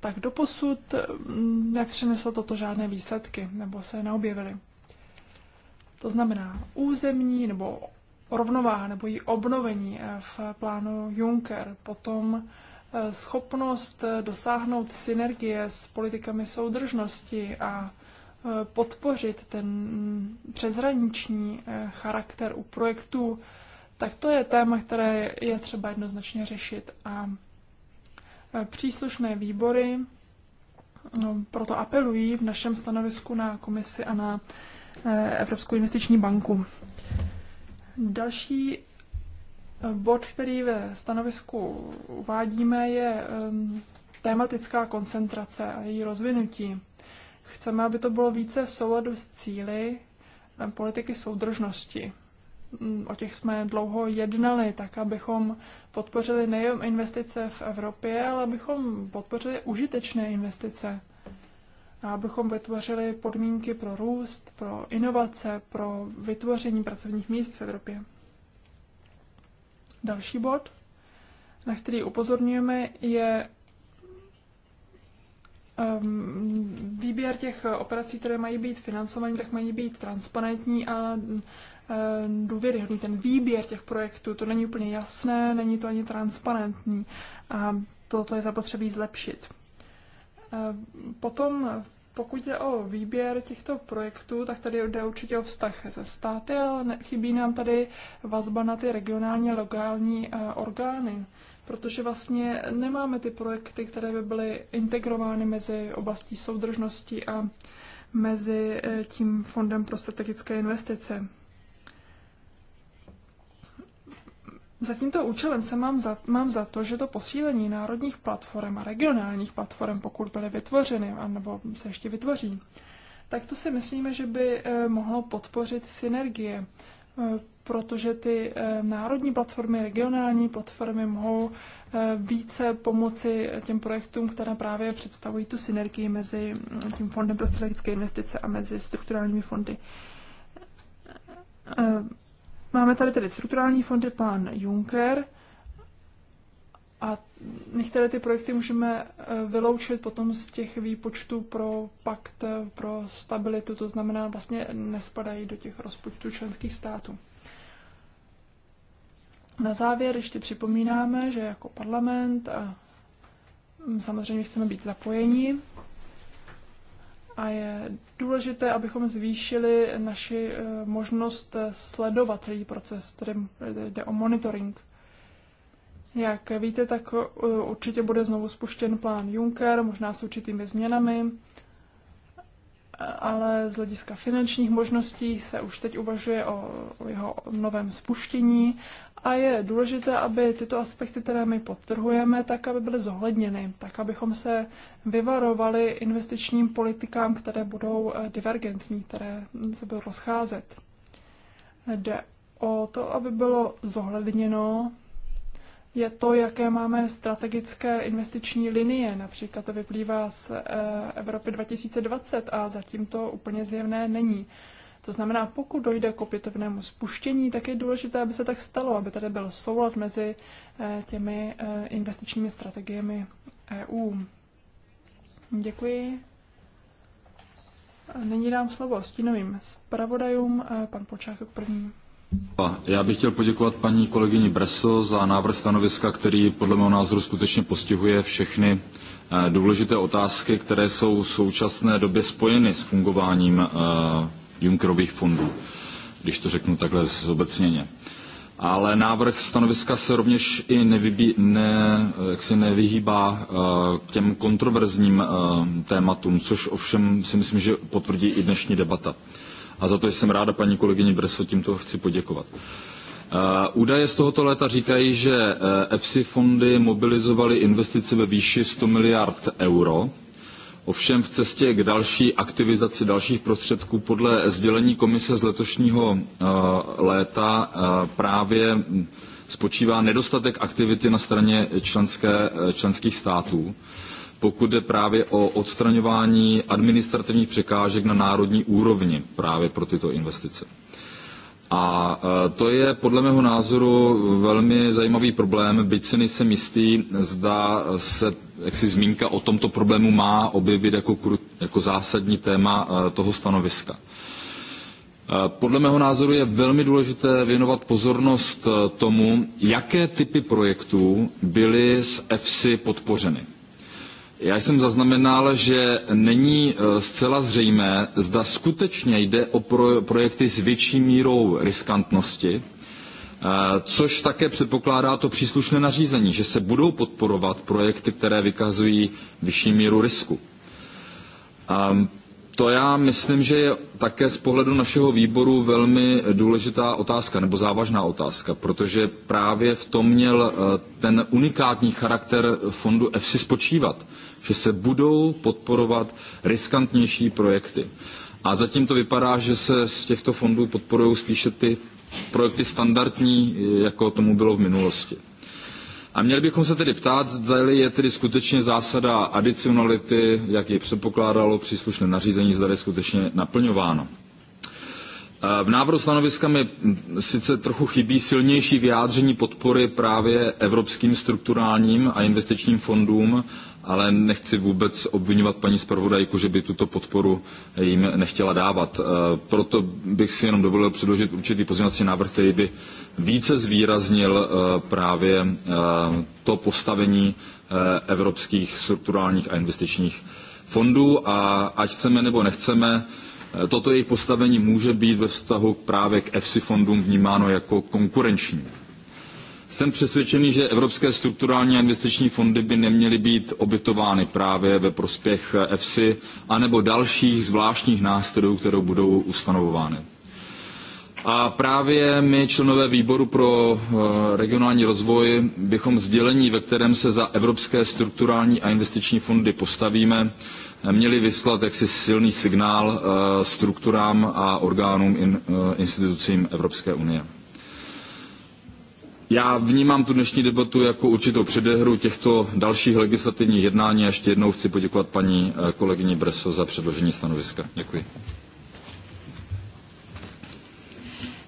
Tak doposud nepřineslo mm, toto žádné výsledky, nebo se neobjevily. To znamená územní nebo rovnováha nebo její obnovení eh, v plánu Juncker, potom schopnost eh, dosáhnout synergie s politikami soudržnosti a eh, podpořit ten mm, přezraniční eh, charakter u projektů, tak to je téma, které je třeba jednoznačně řešit. A příslušné výbory no, proto apelují v našem stanovisku na komisi a na Evropskou investiční banku. Další Bod, který ve stanovisku uvádíme, je tématická koncentrace a její rozvinutí. Chceme, aby to bylo více v souladu s cíly politiky soudržnosti. Mm, o těch jsme dlouho jednali, tak abychom podpořili nejen investice v Evropě, ale abychom podpořili užitečné investice. A abychom vytvořili podmínky pro růst, pro inovace, pro vytvoření pracovních míst v Evropě. Další bod, na který upozorňujeme, je ehm, výběr těch operací, které mají být financované, tak mají být transparentní a ehm, důvěryhodný. Ten výběr těch projektů, to není úplně jasné, není to ani transparentní a toto je zapotřebí zlepšit. Ehm, potom pokud je o výběr těchto projektů, tak tady jde určitě o vztah ze státy, ale chybí nám tady vazba na ty regionální lokální eh, orgány, protože vlastně nemáme ty projekty, které by byly integrovány mezi oblastí soudržnosti a mezi eh, tím Fondem pro strategické investice. Za tímto účelem se mám za, mám za to, že to posílení národních platform a regionálních platform, pokud byly vytvořeny, nebo se ještě vytvoří, tak to si myslíme, že by eh, mohlo podpořit synergie, eh, protože ty eh, národní platformy, regionální platformy mohou více pomoci těm projektům, které právě představují tu synergii mezi mm, tím Fondem pro strategické investice a mezi strukturálními fondy Máme tady tedy strukturální fondy pan Juncker a některé ty projekty můžeme eh, vyloučit potom z těch výpočtů pro pakt eh, pro stabilitu, to znamená vlastně nespadají do těch rozpočtů členských států. Na závěr ještě připomínáme, že jako parlament a mm, samozřejmě chceme být zapojeni a je důležité, abychom zvýšili naši eh, možnost eh, sledovat celý proces, tedy jde o monitoring. Jak víte, tak eh, určitě bude znovu spuštěn plán Juncker, možná s určitými změnami, ale z hlediska finančních možností se už teď uvažuje o, o jeho novém spuštění a je důležité, aby tyto aspekty, které my podtrhujeme, tak aby byly zohledněny, tak abychom se vyvarovali investičním politikám, které budou eh, divergentní, které se budou rozcházet. Jde o to, aby bylo zohledněno je to, jaké máme strategické investiční linie. Například to vyplývá z eh, Evropy 2020 a zatím to úplně zjevné není. To znamená, pokud dojde k opětovnému spuštění, tak je důležité, aby se tak stalo, aby tady byl soulad mezi eh, těmi eh, investičními strategiemi EU. Děkuji. Nyní dám slovo stínovým zpravodajům, pan Počák jako první. Já bych chtěl poděkovat paní kolegyni Breso za návrh stanoviska, který podle mého názoru skutečně postihuje všechny eh, důležité otázky, které jsou v současné době spojeny s fungováním eh, Junckerových fondů, když to řeknu takhle zobecněně. Ale návrh stanoviska se rovněž i nevybí, ne, nevyhýbá eh, k těm kontroverzním tématům, což ovšem si myslím, že potvrdí i dnešní debata a za to jsem ráda paní kolegyni Breso tímto chci poděkovat. Eh, údaje z tohoto léta říkají, že eh, EPSI fondy mobilizovaly investice ve výši 100 miliard euro. Ovšem v cestě k další aktivizaci dalších prostředků podle sdělení komise z letošního eh, léta právě hm, spočívá nedostatek aktivity na straně členské, členských států pokud jde právě o odstraňování administrativních překážek na národní úrovni právě pro tyto investice. A e, to je podle mého názoru velmi zajímavý problém, byť se nejsem jistý, zda se jaksi zmínka o tomto problému má objevit jako, jako zásadní téma e, toho stanoviska. E, podle mého názoru je velmi důležité věnovat pozornost tomu, jaké typy projektů byly z EFSI podpořeny já jsem zaznamenal, že není eh, zcela zřejmé, zda skutečně jde o projekty s větší mírou riskantnosti, eh, což také předpokládá to příslušné nařízení, že se budou podporovat projekty, které vykazují vyšší míru risku. Ehm, to já myslím, že je také z pohledu našeho výboru velmi důležitá otázka nebo závažná otázka, protože právě v tom měl eh, ten unikátní charakter fondu EFSI spočívat, že se budou podporovat riskantnější projekty. A zatím to vypadá, že se z těchto fondů podporují spíše ty projekty standardní, jako tomu bylo v minulosti. A měli bychom se tedy ptát, zda je tedy skutečně zásada adicionality, jak ji předpokládalo příslušné nařízení, zda je skutečně naplňováno. Eh, v návrhu stanoviska mi sice trochu chybí silnější vyjádření podpory právě evropským strukturálním a investičním fondům ale nechci vůbec obvinovat paní zpravodajku, že by tuto podporu jim nechtěla dávat. Eh, proto bych si jenom dovolil předložit určitý pozměňovací návrh, který by více zvýraznil eh, právě eh, to postavení evropských strukturálních a investičních fondů a ať chceme nebo nechceme, toto jejich postavení může být ve vztahu právě k EFSI fondům vnímáno jako konkurenční jsem přesvědčený, že evropské strukturální a investiční fondy by neměly být obytovány právě ve prospěch EFSI anebo dalších zvláštních nástrojů, které budou ustanovovány. A právě my, členové výboru pro eh, regionální rozvoj, bychom sdělení, ve kterém se za evropské strukturální a investiční fondy postavíme, eh, měli vyslat jaksi silný signál eh, strukturám a orgánům institucím Evropské unie. Já vnímám tu dnešní debatu jako určitou předehru těchto dalších legislativních jednání a ještě jednou chci poděkovat paní eh, kolegyni Breso za předložení stanoviska. Děkuji.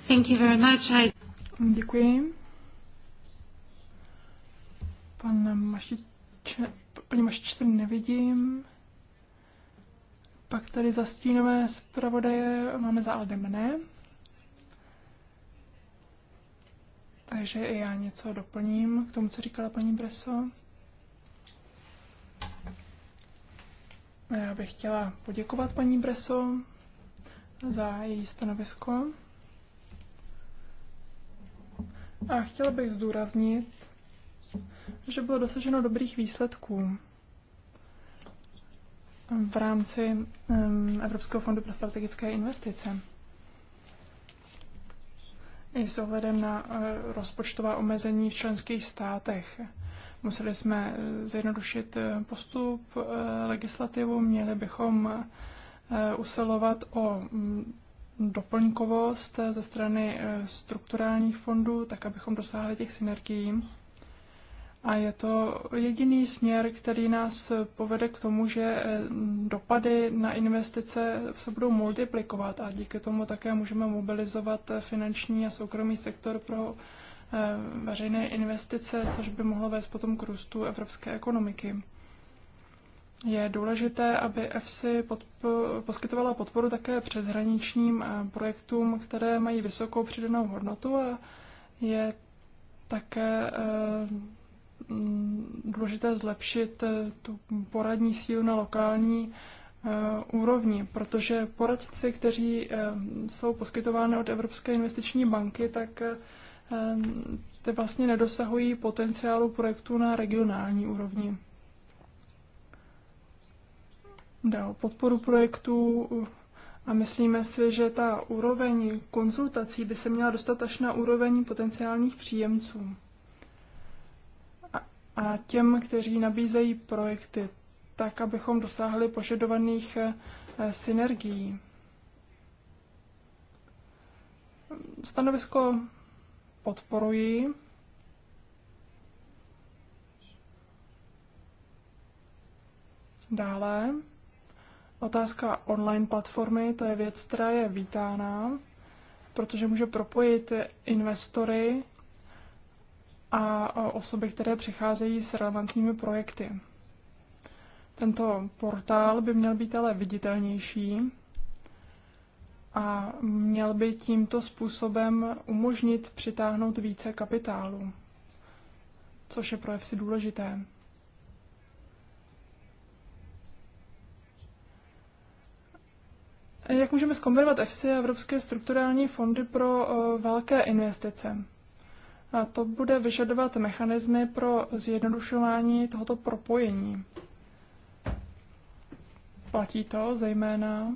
Thank you very much. I... Děkuji. Pan Mašiče, paní Mašiče nevidím. Pak tady za stínové zpravodaje máme za Aldemne. Takže i já něco doplním k tomu, co říkala paní Breso. Já bych chtěla poděkovat paní Breso za její stanovisko. A chtěla bych zdůraznit, že bylo dosaženo dobrých výsledků v rámci Evropského fondu pro strategické investice i s ohledem na eh, rozpočtová omezení v členských státech. Museli jsme eh, zjednodušit eh, postup, legislativu, měli bychom usilovat o mm, doplňkovost ze strany strukturálních fondů, tak abychom dosáhli těch synergií a je to jediný směr, který nás povede k tomu, že eh, dopady na investice se budou multiplikovat a díky tomu také můžeme mobilizovat eh, finanční a soukromý sektor pro eh, veřejné investice, což by mohlo vést potom k růstu evropské ekonomiky. Je důležité, aby EFSI podpo- poskytovala podporu také přeshraničním projektům, které mají vysokou přidanou hodnotu a je také Mm, důležité zlepšit eh, tu poradní sílu na lokální eh, úrovni, protože poradci, kteří eh, jsou poskytováni od Evropské investiční banky, tak ty vlastně nedosahují potenciálu projektu na regionální úrovni. Dál podporu projektů a myslíme si, že ta úroveň konzultací by se měla dostat až na úroveň potenciálních příjemců a těm, kteří nabízejí projekty, tak abychom dosáhli požadovaných eh, synergií. Stanovisko podporuji. Dále otázka online platformy, to je věc, která je vítána, protože může propojit investory a osoby, které přicházejí s relevantními projekty. Tento portál by měl být ale viditelnější a měl by tímto způsobem umožnit přitáhnout více kapitálu, což je pro EFSI důležité. Jak můžeme zkombinovat EFSI a Evropské strukturální fondy pro velké investice? to bude vyžadovat mechanismy pro zjednodušování tohoto propojení. Platí to zejména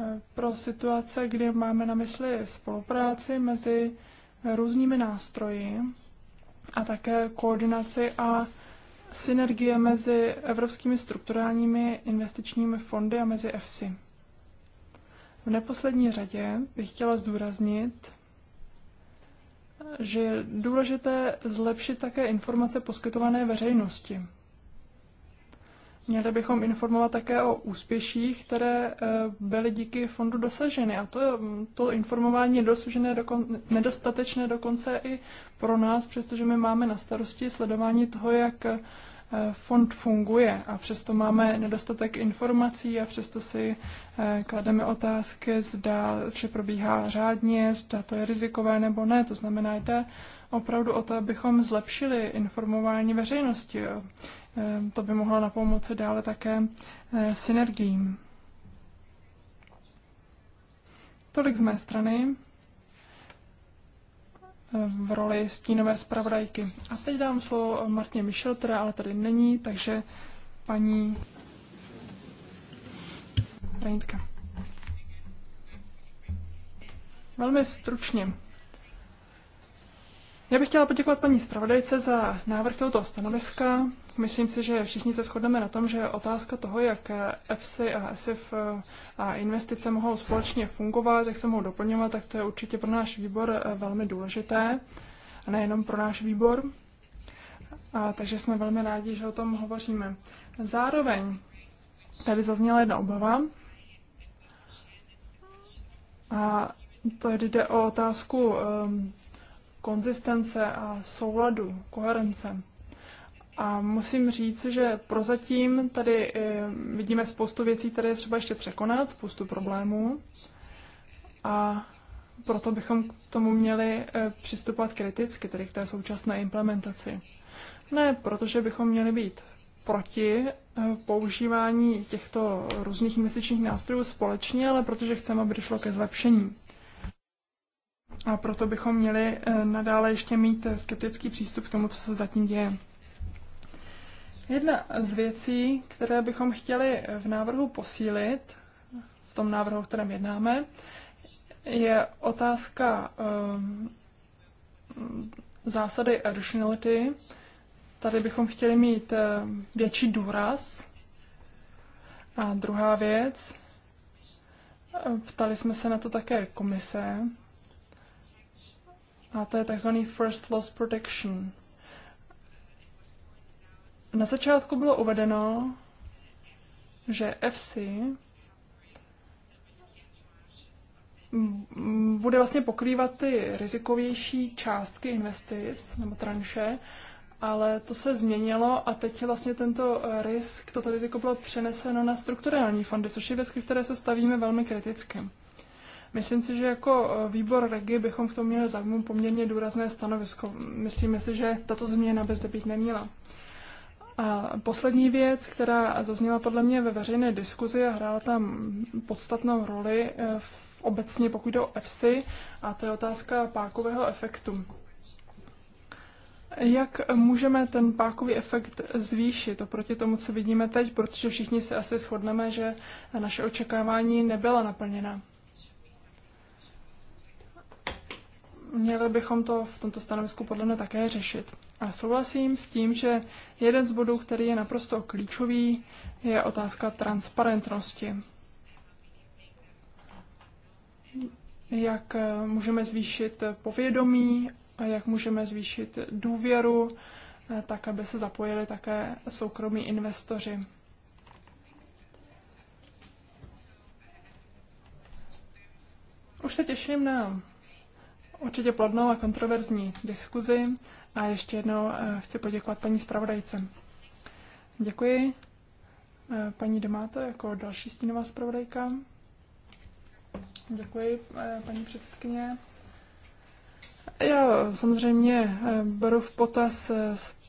eh, pro situace, kdy máme na mysli spolupráci mezi různými nástroji a také koordinaci a synergie mezi evropskými strukturálními investičními fondy a mezi EFSI. V neposlední řadě bych chtěla zdůraznit že je důležité zlepšit také informace poskytované veřejnosti. Měli bychom informovat také o úspěších, které eh, byly díky fondu dosaženy. A to, to informování je dosažené dokon, nedostatečné dokonce i pro nás, přestože my máme na starosti sledování toho, jak Eh, fond funguje a přesto máme nedostatek informací a přesto si eh, klademe otázky, zda vše probíhá řádně, zda to je rizikové nebo ne. To znamená, jde opravdu o to, abychom zlepšili informování veřejnosti. Eh, to by mohlo na dále také synergiím. Tolik z mé strany v roli stínové zpravodajky. A teď dám slovo Martě Michel, která ale tady není, takže paní Rejntka. Velmi stručně. Já bych chtěla poděkovat paní zpravodajce za návrh tohoto stanoviska. Myslím si, že všichni se shodneme na tom, že otázka toho, jak EFSI a ESIF a investice mohou společně fungovat, jak se mohou doplňovat, tak to je určitě pro náš výbor eh, velmi důležité. A nejenom pro náš výbor. A, takže jsme velmi rádi, že o tom hovoříme. Zároveň tady zazněla jedna obava. A to jde o otázku um, konzistence a souladu, koherence. A musím říct, že prozatím tady eh, vidíme spoustu věcí, které je třeba ještě překonat, spoustu problémů. A proto bychom k tomu měli eh, přistupovat kriticky, tedy k té současné implementaci. Ne, protože bychom měli být proti eh, používání těchto různých měsíčních nástrojů společně, ale protože chceme, aby došlo ke zlepšení. A proto bychom měli eh, nadále ještě mít eh, skeptický přístup k tomu, co se zatím děje. Jedna z věcí, které bychom chtěli eh, v návrhu posílit, v tom návrhu, o kterém jednáme, je otázka um, zásady additionality. Tady bychom chtěli mít um, větší důraz. A druhá věc, ptali jsme se na to také komise, a to je takzvaný first loss protection. Na začátku bylo uvedeno, že FC bude vlastně pokrývat ty rizikovější částky investic nebo tranše, ale to se změnilo a teď vlastně tento risk, toto riziko bylo přeneseno na strukturální fondy, což je věc, které se stavíme velmi kriticky. Myslím si, že jako e, výbor regi bychom k tomu měli zaujmout poměrně důrazné stanovisko. Myslíme si, že tato změna by zde být neměla. A poslední věc, která zazněla podle mě ve veřejné diskuzi a hrála tam podstatnou roli e, v obecně, pokud jde o EFSI, a to je otázka pákového efektu. Jak můžeme ten pákový efekt zvýšit oproti tomu, co vidíme teď, protože všichni se asi shodneme, že naše očekávání nebyla naplněna. měli bychom to v tomto stanovisku podle mě také řešit. A souhlasím s tím, že jeden z bodů, který je naprosto klíčový, je otázka transparentnosti. Jak eh, můžeme zvýšit povědomí, a jak můžeme zvýšit důvěru, eh, tak aby se zapojili také soukromí investoři. Už se těším na určitě plodnou a kontroverzní diskuzi a ještě jednou eh, chci poděkovat paní zpravodajce. Děkuji. Eh, paní Demáte jako další stínová zpravodajka. Děkuji, eh, paní předsedkyně. Já samozřejmě beru v potaz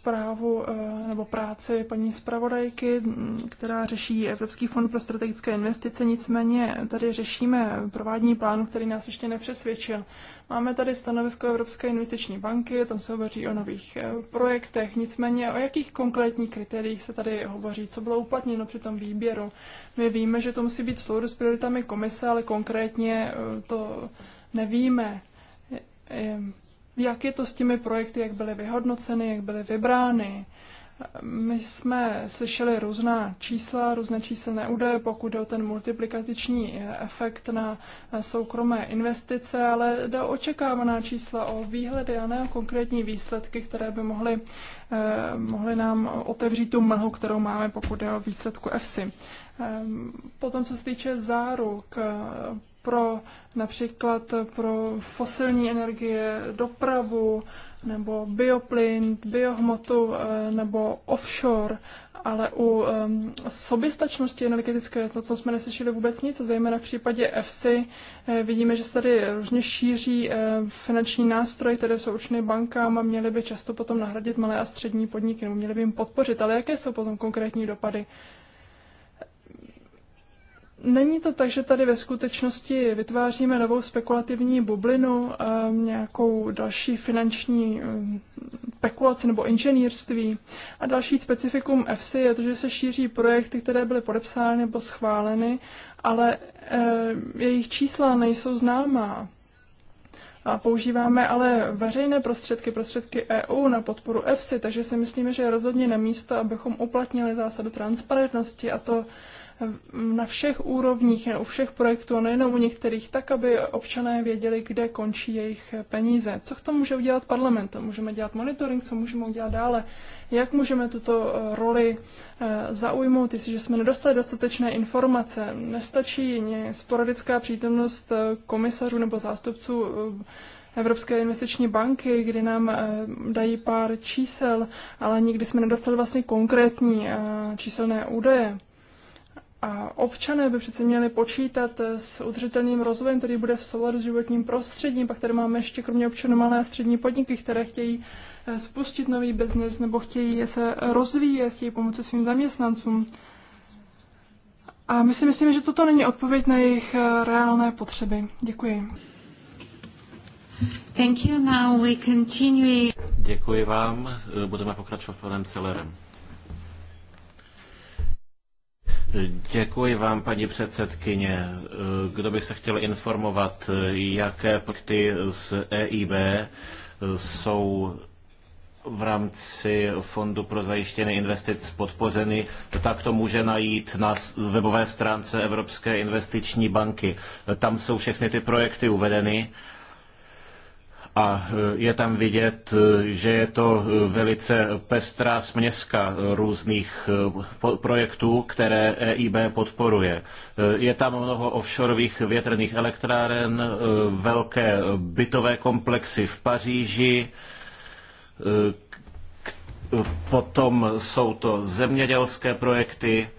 zprávu eh, nebo práci paní zpravodajky, mm, která řeší Evropský fond pro strategické investice. Nicméně tady řešíme provádění plánu, který nás ještě nepřesvědčil. Máme tady stanovisko Evropské investiční banky, tam se hovoří o nových eh, projektech. Nicméně o jakých konkrétních kritériích se tady hovoří, co bylo uplatněno při tom výběru. My víme, že to musí být v souladu s prioritami komise, ale konkrétně eh, to nevíme jak je to s těmi projekty, jak byly vyhodnoceny, jak byly vybrány? My jsme slyšeli různá čísla, různé číselné údaje, pokud jde o ten multiplikativní efekt na soukromé investice, ale jde o očekávaná čísla, o výhledy a ne o konkrétní výsledky, které by mohly, eh, mohly nám otevřít tu mlhu, kterou máme, pokud jde o výsledku EFSI. Ehm, potom, co se týče záruk, pro například pro fosilní energie, dopravu nebo bioplyn, biohmotu eh, nebo offshore, ale u um, soběstačnosti energetické to, to jsme neslyšeli vůbec nic, zejména v případě EFSI eh, vidíme, že se tady různě šíří eh, finanční nástroje, které jsou určeny bankám a měly by často potom nahradit malé a střední podniky, nebo měly by jim podpořit, ale jaké jsou potom konkrétní dopady Není to tak, že tady ve skutečnosti vytváříme novou spekulativní bublinu, ehm, nějakou další finanční ehm, spekulaci nebo inženýrství. A další specifikum EFSI je to, že se šíří projekty, které byly podepsány nebo schváleny, ale ehm, jejich čísla nejsou známá. A používáme ale veřejné prostředky, prostředky EU na podporu EFSI, takže si myslíme, že je rozhodně na místo, abychom uplatnili zásadu transparentnosti a to na všech úrovních, u všech projektů a nejenom u některých, tak, aby občané věděli, kde končí jejich peníze. Co k tomu může udělat parlament? Můžeme dělat monitoring, co můžeme udělat dále? Jak můžeme tuto eh, roli eh, zaujmout, jestliže jsme nedostali dostatečné informace? Nestačí sporadická přítomnost eh, komisařů nebo zástupců Evropské investiční banky, kdy nám dají pár čísel, ale nikdy jsme nedostali vlastně konkrétní číselné údaje. A občané by přece měli počítat s udržitelným rozvojem, který bude v souladu s životním prostředím. Pak tady máme ještě kromě občanů malé a střední podniky, které chtějí eh, spustit nový biznis nebo chtějí se rozvíjet, chtějí pomoci svým zaměstnancům. A my si myslíme, že toto není odpověď na jejich eh, reálné potřeby. Děkuji. Thank you. Now we continue. Děkuji vám. Budeme pokračovat panem Celerem. Děkuji vám, paní předsedkyně. Kdo by se chtěl informovat, jaké projekty z EIB jsou v rámci Fondu pro zajištění investic podpořeny, tak to může najít na webové stránce Evropské investiční banky. Tam jsou všechny ty projekty uvedeny a e, je tam vidět, e, že je to e, velice pestrá směska různých projektů, které EIB podporuje. Je tam mnoho offshoreových větrných elektráren, velké bytové komplexy v Paříži, potom jsou to zemědělské projekty,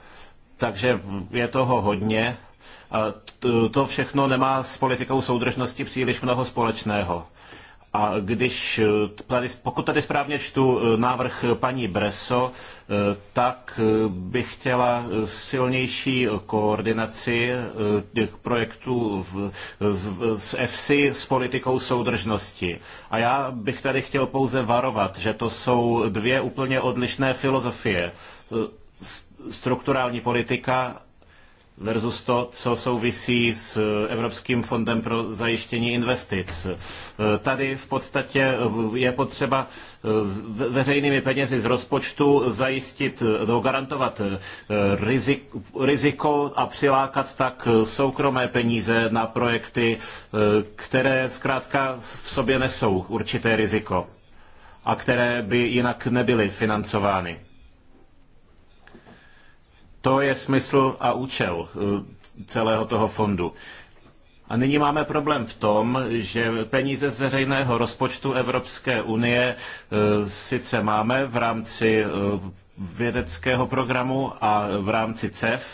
takže je toho hodně. A to všechno nemá s politikou soudržnosti příliš mnoho společného. A když, eh, tady, pokud tady správně čtu eh, návrh paní Breso, eh, tak bych chtěla silnější koordinaci těch projektů z EFSI s politikou soudržnosti. A já bych tady chtěl pouze varovat, že to jsou dvě úplně odlišné filozofie. Strukturální politika versus to, co souvisí s eh, Evropským fondem pro zajištění investic. Eh, tady v podstatě eh, je potřeba veřejnými penězi z rozpočtu zajistit, nebo garantovat riziko a přilákat tak soukromé peníze na projekty, které zkrátka v sobě nesou určité riziko a které by jinak nebyly financovány. To je smysl a účel eh, celého toho fondu. A nyní máme problém v tom, že peníze z veřejného rozpočtu Evropské unie eh, sice máme v rámci eh, vědeckého programu a v rámci CEF,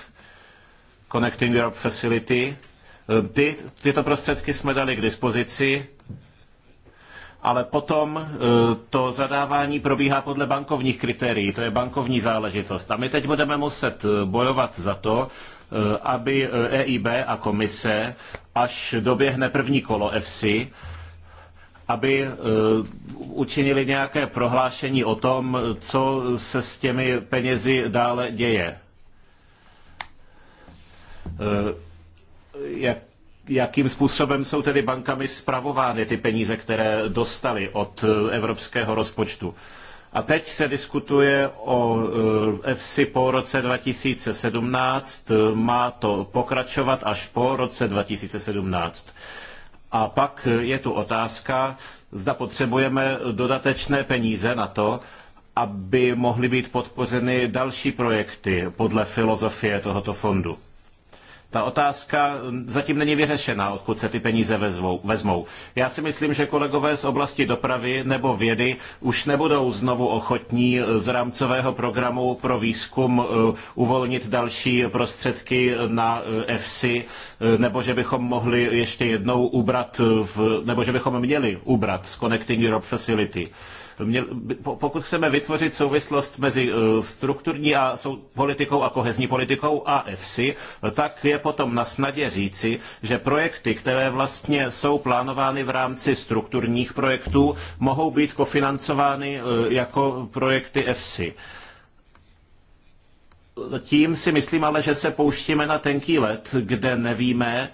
Connecting Europe Facility, ty, tyto prostředky jsme dali k dispozici ale potom e, to zadávání probíhá podle bankovních kritérií, to je bankovní záležitost. A my teď budeme muset e, bojovat za to, e, aby EIB a komise, až doběhne první kolo EFSI, aby učinili nějaké prohlášení o tom, co se s těmi penězi dále děje. Jak jakým způsobem jsou tedy bankami spravovány ty peníze, které dostali od e, evropského rozpočtu. A teď se diskutuje o EFSI po roce 2017. Má to pokračovat až po roce 2017. A pak je tu otázka, zda potřebujeme dodatečné peníze na to, aby mohly být podpořeny další projekty podle filozofie tohoto fondu. Ta otázka zatím není vyřešena, odkud se ty peníze vezmou. Já si myslím, že kolegové z oblasti dopravy nebo vědy už nebudou znovu ochotní z rámcového programu pro výzkum eh, uvolnit další prostředky na EFSI, eh, eh, nebo že bychom mohli ještě jednou ubrat, v, nebo že bychom měli ubrat z Connecting Europe Facility. Pokud chceme vytvořit souvislost mezi eh, strukturní a politikou a kohezní politikou a EFSI, tak je potom na snadě říci, že projekty, které vlastně jsou plánovány v rámci strukturních projektů, mohou být kofinancovány eh, jako projekty EFSI. Tím si myslím ale, že se pouštíme na tenký let, kde nevíme,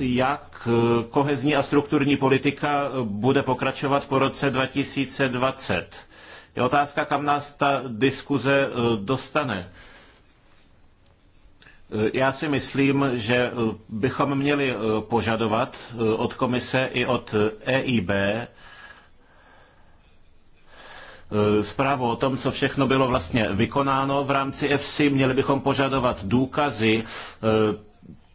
jak eh, kohezní a strukturní politika eh, bude pokračovat po roce 2020. Je otázka, kam nás ta diskuze eh, dostane. Já si myslím, že bychom měli požadovat od komise i od EIB e zprávu o tom, co všechno bylo vlastně vykonáno v rámci EFSI. Měli bychom požadovat důkazy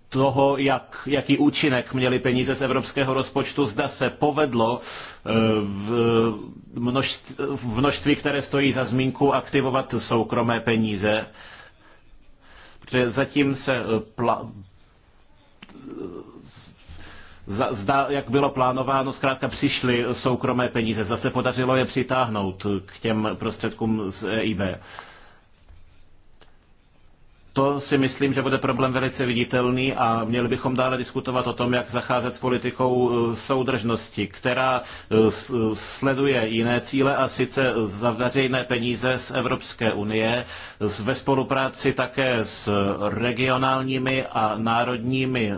toho, jak, jaký účinek měly peníze z evropského rozpočtu, zda se povedlo eh, v množství, v množství, které stojí za zmínku, aktivovat soukromé peníze. Protože zatím se eh, pla... Zda, jak bylo plánováno, zkrátka přišly soukromé peníze. Zda se podařilo je přitáhnout k těm prostředkům z EIB. To si myslím, že bude problém velice viditelný a měli bychom dále diskutovat o tom, jak zacházet s politikou eh, soudržnosti, která eh, sleduje jiné cíle a sice za veřejné peníze z Evropské unie ve spolupráci také s regionálními a národními eh,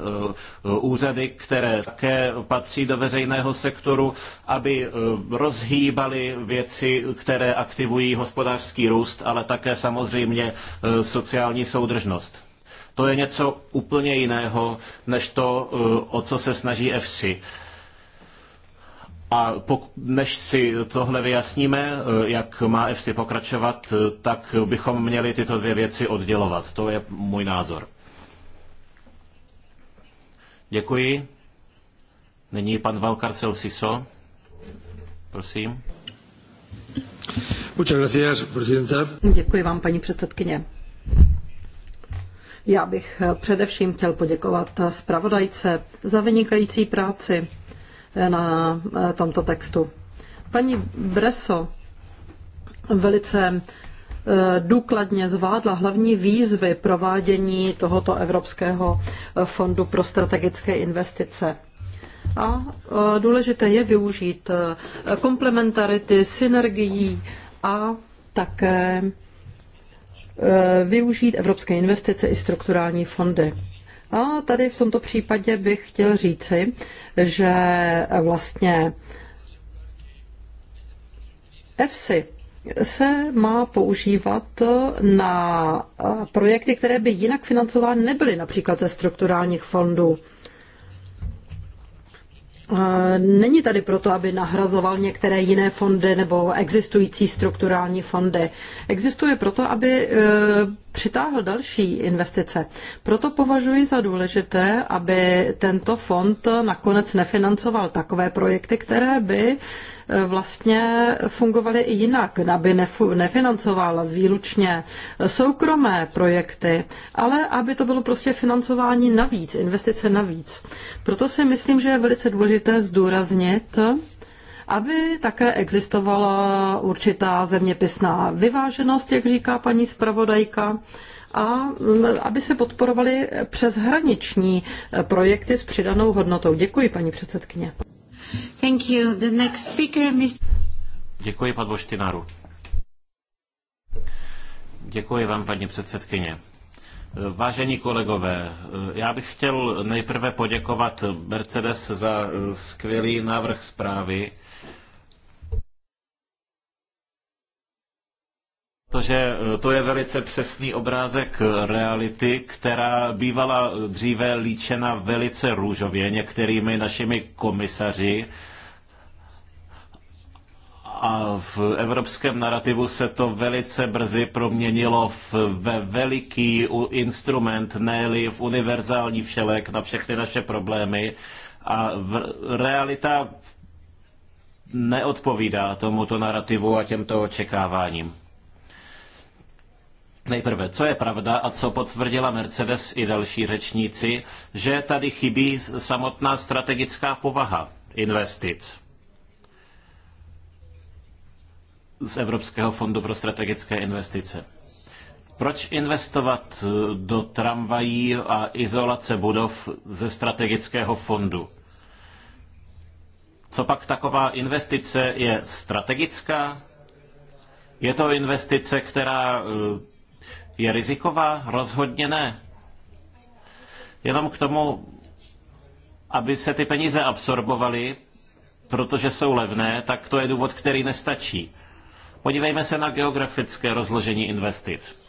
úřady, které také patří do veřejného sektoru, aby rozhýbali věci, které aktivují hospodářský růst, ale také samozřejmě sociální soudržnost soudržnost. To je něco úplně jiného, než to, eh, o co se snaží FC. A než si tohle vyjasníme, eh, jak má FC pokračovat, eh, tak bychom měli tyto dvě věci oddělovat. To je můj názor. Děkuji. Nyní pan Valkarcel Siso. Prosím. Děkuji vám, paní předsedkyně. Já bych eh, především chtěl poděkovat zpravodajce za vynikající práci eh, na eh, tomto textu. Paní Breso velice důkladně zvládla hlavní výzvy provádění tohoto Evropského fondu pro strategické investice. A důležité je využít komplementarity, synergií a také Eh, využít evropské investice i strukturální fondy. A tady v tomto případě bych chtěl říci, že vlastně EFSI se má používat na eh, projekty, které by jinak financovány nebyly, například ze strukturálních fondů není tady proto, aby nahrazoval některé jiné fondy nebo existující strukturální fondy. Existuje proto, aby e, přitáhl další investice. Proto považuji za důležité, aby tento fond nakonec nefinancoval takové projekty, které by vlastně fungovaly i jinak, aby nefinancoval výlučně soukromé projekty, ale aby to bylo prostě financování navíc, investice navíc. Proto si myslím, že je velice důležité zdůraznit, aby také existovala určitá zeměpisná vyváženost, jak říká paní zpravodajka, a aby se podporovaly přeshraniční projekty s přidanou hodnotou. Děkuji, paní předsedkyně. Thank you. The next speaker, Mr. Děkuji, pan Boštináru. Děkuji vám, paní předsedkyně. Vážení kolegové, já bych chtěl nejprve poděkovat Mercedes za eh, skvělý návrh zprávy Protože eh, to je velice přesný obrázek eh, reality, která bývala eh, dříve líčena velice růžově některými našimi komisaři. A v evropském narrativu se to velice brzy proměnilo v, ve veliký instrument, ne v univerzální všelek na všechny naše problémy. A v, realita neodpovídá tomuto narrativu a těmto očekáváním. Nejprve, co je pravda a co potvrdila Mercedes i další řečníci, že tady chybí samotná strategická povaha investic z Evropského fondu pro strategické investice. Proč investovat eh, do tramvají a izolace budov ze strategického fondu? Co pak taková investice je strategická? Je to investice, která eh, je riziková? Rozhodně ne. Jenom k tomu, aby se ty peníze absorbovaly, protože jsou levné, tak to je důvod, který nestačí. Podívejme se na geografické rozložení investic.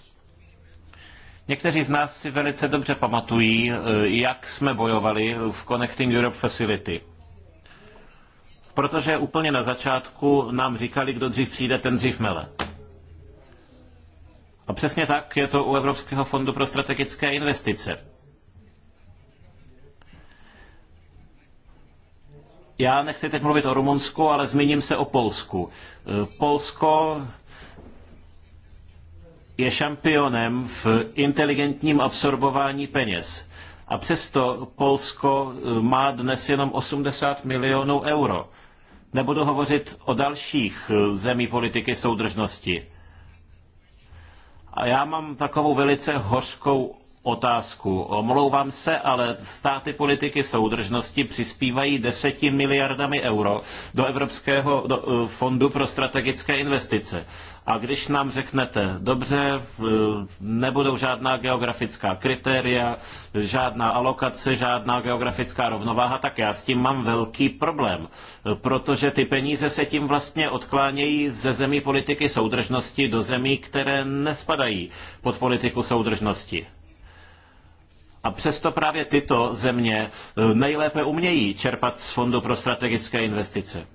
Někteří z nás si velice dobře pamatují, eh, jak jsme bojovali v Connecting Europe Facility. Protože úplně na začátku nám říkali, kdo dřív přijde, ten dřív mele. A přesně tak je to u Evropského fondu pro strategické investice. Já nechci teď mluvit o Rumunsku, ale zmíním se o Polsku. Polsko je šampionem v inteligentním absorbování peněz. A přesto Polsko eh, má dnes jenom 80 milionů euro. Nebudu hovořit o dalších eh, zemí politiky soudržnosti. A já mám takovou velice hořkou otázku. Omlouvám se, ale státy politiky soudržnosti přispívají deseti miliardami euro do Evropského eh, fondu pro strategické investice. A když nám řeknete, dobře, nebudou žádná geografická kritéria, žádná alokace, žádná geografická rovnováha, tak já s tím mám velký problém, protože ty peníze se tím vlastně odklánějí ze zemí politiky soudržnosti do zemí, které nespadají pod politiku soudržnosti. A přesto právě tyto země eh, nejlépe umějí čerpat z Fondu pro strategické investice.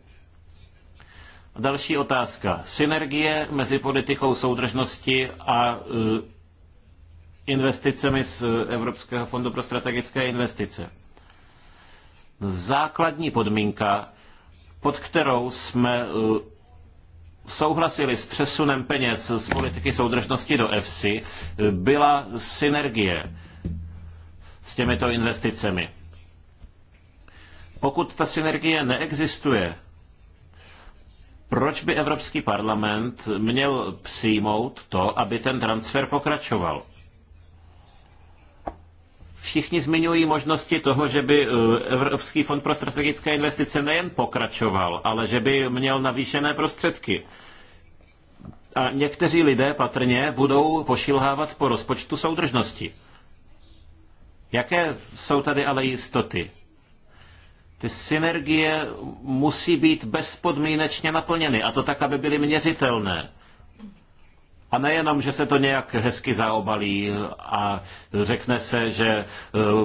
Další otázka. Synergie mezi politikou soudržnosti a e, investicemi z Evropského fondu pro strategické investice. Základní podmínka, pod kterou jsme e, souhlasili s přesunem peněz z politiky soudržnosti do EFSI, e, byla synergie s těmito investicemi. Pokud ta synergie neexistuje, proč by Evropský parlament měl přijmout to, aby ten transfer pokračoval? Všichni zmiňují možnosti toho, že by eh, Evropský fond pro strategické investice nejen pokračoval, ale že by měl navýšené prostředky. A někteří lidé patrně budou pošilhávat po rozpočtu soudržnosti. Jaké jsou tady ale jistoty? ty synergie musí být bezpodmínečně naplněny a to tak, aby byly měřitelné. A nejenom, že se to nějak hezky zaobalí a řekne se, že e,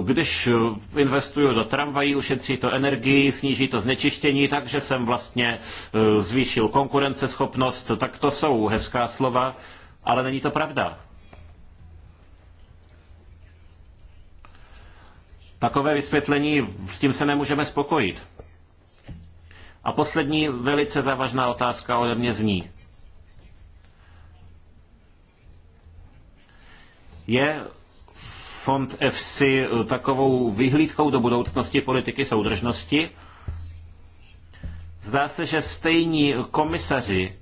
když investuju do tramvají, ušetří to energii, sníží to znečištění, takže jsem vlastně e, zvýšil konkurenceschopnost, tak to jsou hezká slova, ale není to pravda. Takové vysvětlení, s tím se nemůžeme spokojit. A poslední velice závažná otázka ode mě zní. Je fond FC takovou vyhlídkou do budoucnosti politiky soudržnosti? Zdá se, že stejní komisaři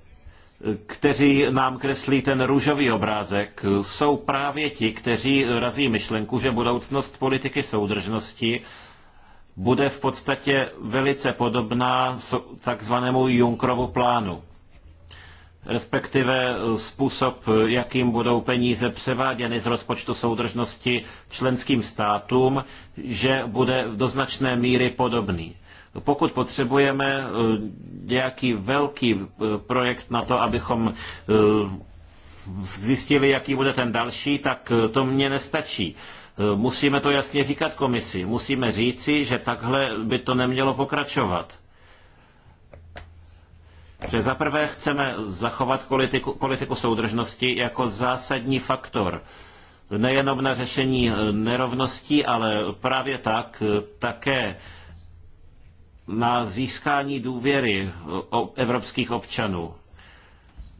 kteří nám kreslí ten růžový obrázek, jsou právě ti, kteří razí myšlenku, že budoucnost politiky soudržnosti bude v podstatě velice podobná takzvanému Junkrovu plánu respektive způsob, jakým budou peníze převáděny z rozpočtu soudržnosti členským státům, že bude do značné míry podobný. No pokud potřebujeme eh, nějaký velký eh, projekt na to, abychom eh, zjistili, jaký bude ten další, tak to mně nestačí. Musíme to jasně říkat komisi. Musíme říci, že takhle by to nemělo pokračovat. Že zaprvé chceme zachovat politiku, politiku soudržnosti jako zásadní faktor nejenom na řešení nerovností, ale právě tak také na získání důvěry evropských občanů.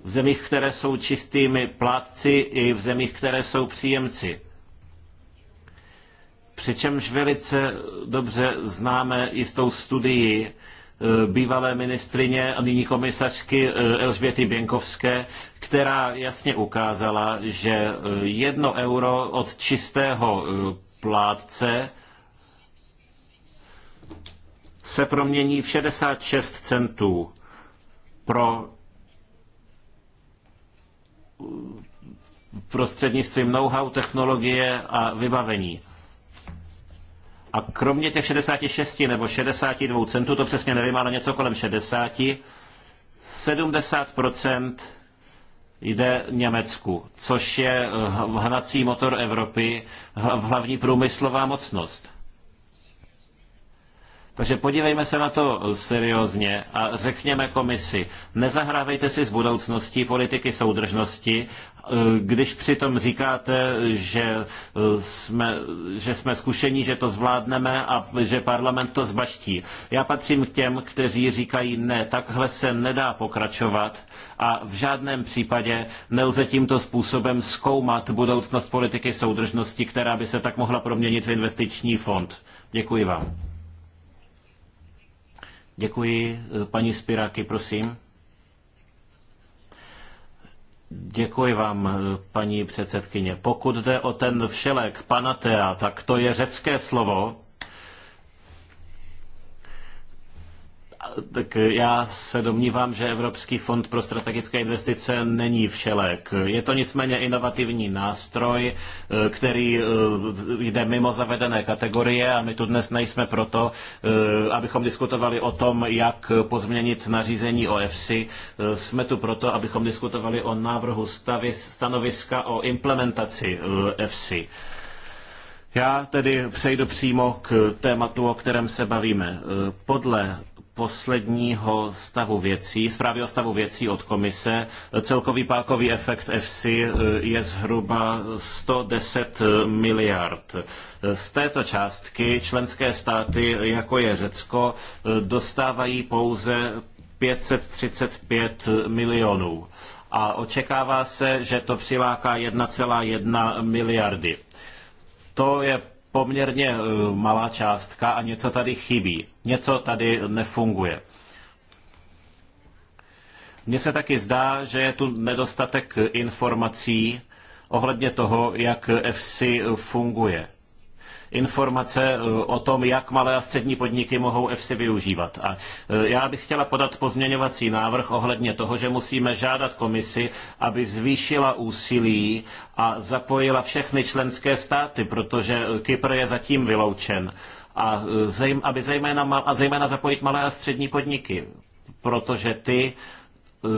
V zemích, které jsou čistými plátci, i v zemích, které jsou příjemci. Přičemž velice dobře známe jistou studii e, bývalé ministrině a nyní komisařky e, Elžběty Běnkovské, která jasně ukázala, že e, jedno euro od čistého plátce se promění v 66 centů pro prostřednictvím know-how, technologie a vybavení. A kromě těch 66 nebo 62 centů, to přesně nevím, ale něco kolem 60, 70% jde Německu, což je hnací motor Evropy, hlavní průmyslová mocnost. Takže podívejme se na to seriózně a řekněme komisi, nezahrávejte si s budoucností politiky soudržnosti, eh, když přitom říkáte, že eh, jsme, že jsme zkušení, že to zvládneme a že parlament to zbaští. Já patřím k těm, kteří říkají ne, takhle se nedá pokračovat a v žádném případě nelze tímto způsobem zkoumat budoucnost politiky soudržnosti, která by se tak mohla proměnit v investiční fond. Děkuji vám. Děkuji. Eh, paní Spiráky, prosím. Děkuji vám, eh, paní předsedkyně. Pokud jde o ten všelek, panatea, tak to je řecké slovo, tak já se domnívám, že Evropský fond pro strategické investice není všelek. Je to nicméně inovativní nástroj, eh, který eh, jde mimo zavedené kategorie a my tu dnes nejsme proto, eh, abychom diskutovali o tom, jak pozměnit nařízení o EFSI. Jsme tu proto, abychom diskutovali o návrhu stanoviska o implementaci EFSI. Já tedy přejdu přímo k tématu, o kterém se bavíme. Podle posledního stavu věcí, zprávy o stavu věcí od komise. Celkový pákový efekt EFSI je zhruba 110 miliard. Z této částky členské státy, jako je Řecko, dostávají pouze 535 milionů a očekává se, že to přiláká 1,1 miliardy. To je poměrně eh, malá částka a něco tady chybí. Něco tady nefunguje. Mně se taky zdá, že je tu nedostatek informací ohledně toho, jak FC funguje informace eh, o tom, jak malé a střední podniky mohou EFSI využívat. A eh, já bych chtěla podat pozměňovací návrh ohledně toho, že musíme žádat komisi, aby zvýšila úsilí a zapojila všechny členské státy, protože eh, Kypr je zatím vyloučen. A aby zejména, a zejména zapojit malé a střední podniky, protože ty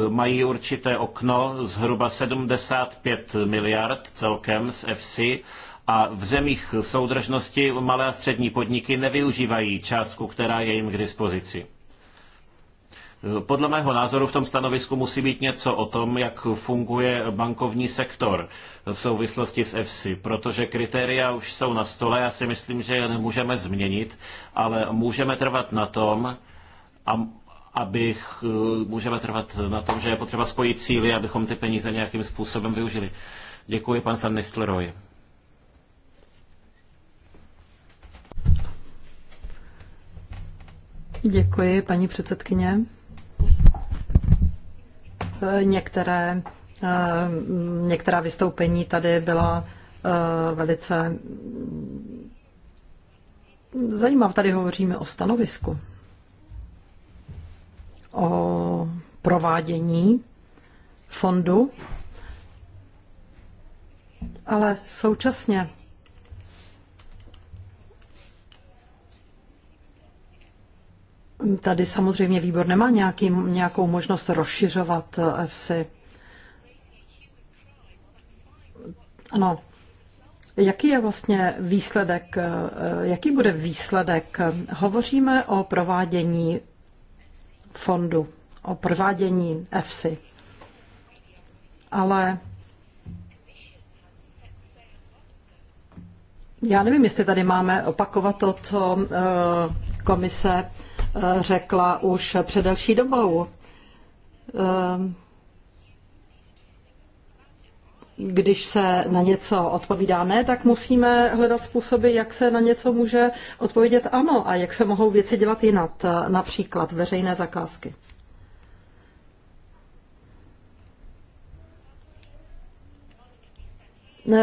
mají určité okno zhruba 75 miliard celkem z EFSI a v zemích soudržnosti malé a střední podniky nevyužívají částku, která je jim k dispozici. Podle mého názoru v tom stanovisku musí být něco o tom, jak funguje bankovní sektor v souvislosti s EFSI, protože kritéria už jsou na stole, já si myslím, že je nemůžeme změnit, ale můžeme trvat na tom, abych, eh, můžeme trvat na tom, že je potřeba spojit síly, abychom ty peníze nějakým způsobem využili. Děkuji, pan van Nistelrooy. Děkuji, paní předsedkyně. Eh, některé, eh, některá vystoupení tady byla eh, velice mm, zajímavé. Tady hovoříme o stanovisku, o provádění fondu, ale současně Tady samozřejmě výbor nemá nějaký, nějakou možnost rozšiřovat EFSI. Eh, ano. Jaký je vlastně výsledek, eh, jaký bude výsledek? Hovoříme o provádění fondu, o provádění EFSI. Ale já nevím, jestli tady máme opakovat to, co eh, komise řekla už před další dobou. Ehm, když se na něco odpovídá ne, tak musíme hledat způsoby, jak se na něco může odpovědět ano a jak se mohou věci dělat jinak, například veřejné zakázky.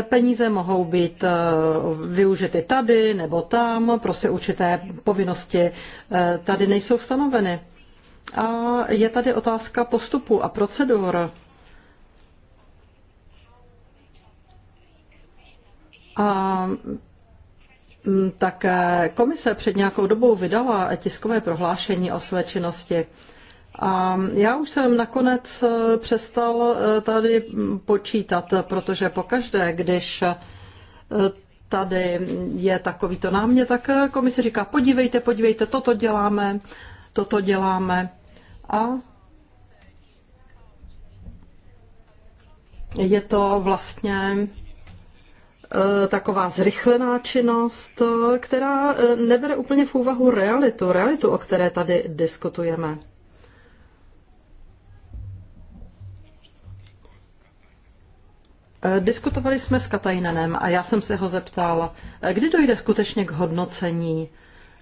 Peníze mohou být eh, využity tady nebo tam, prostě určité povinnosti eh, tady nejsou stanoveny. A je tady otázka postupu a procedur. A mm, tak komise před nějakou dobou vydala tiskové prohlášení o své činnosti a já už jsem nakonec eh, přestal eh, tady počítat, protože pokaždé, když eh, tady je takovýto námět, tak komise říká, podívejte, podívejte, toto děláme, toto děláme. A je to vlastně taková zrychlená činnost, která nebere úplně v úvahu realitu, realitu, o které tady diskutujeme. Eh, diskutovali jsme s Katajnenem a já jsem se ho zeptala, eh, kdy dojde skutečně k hodnocení,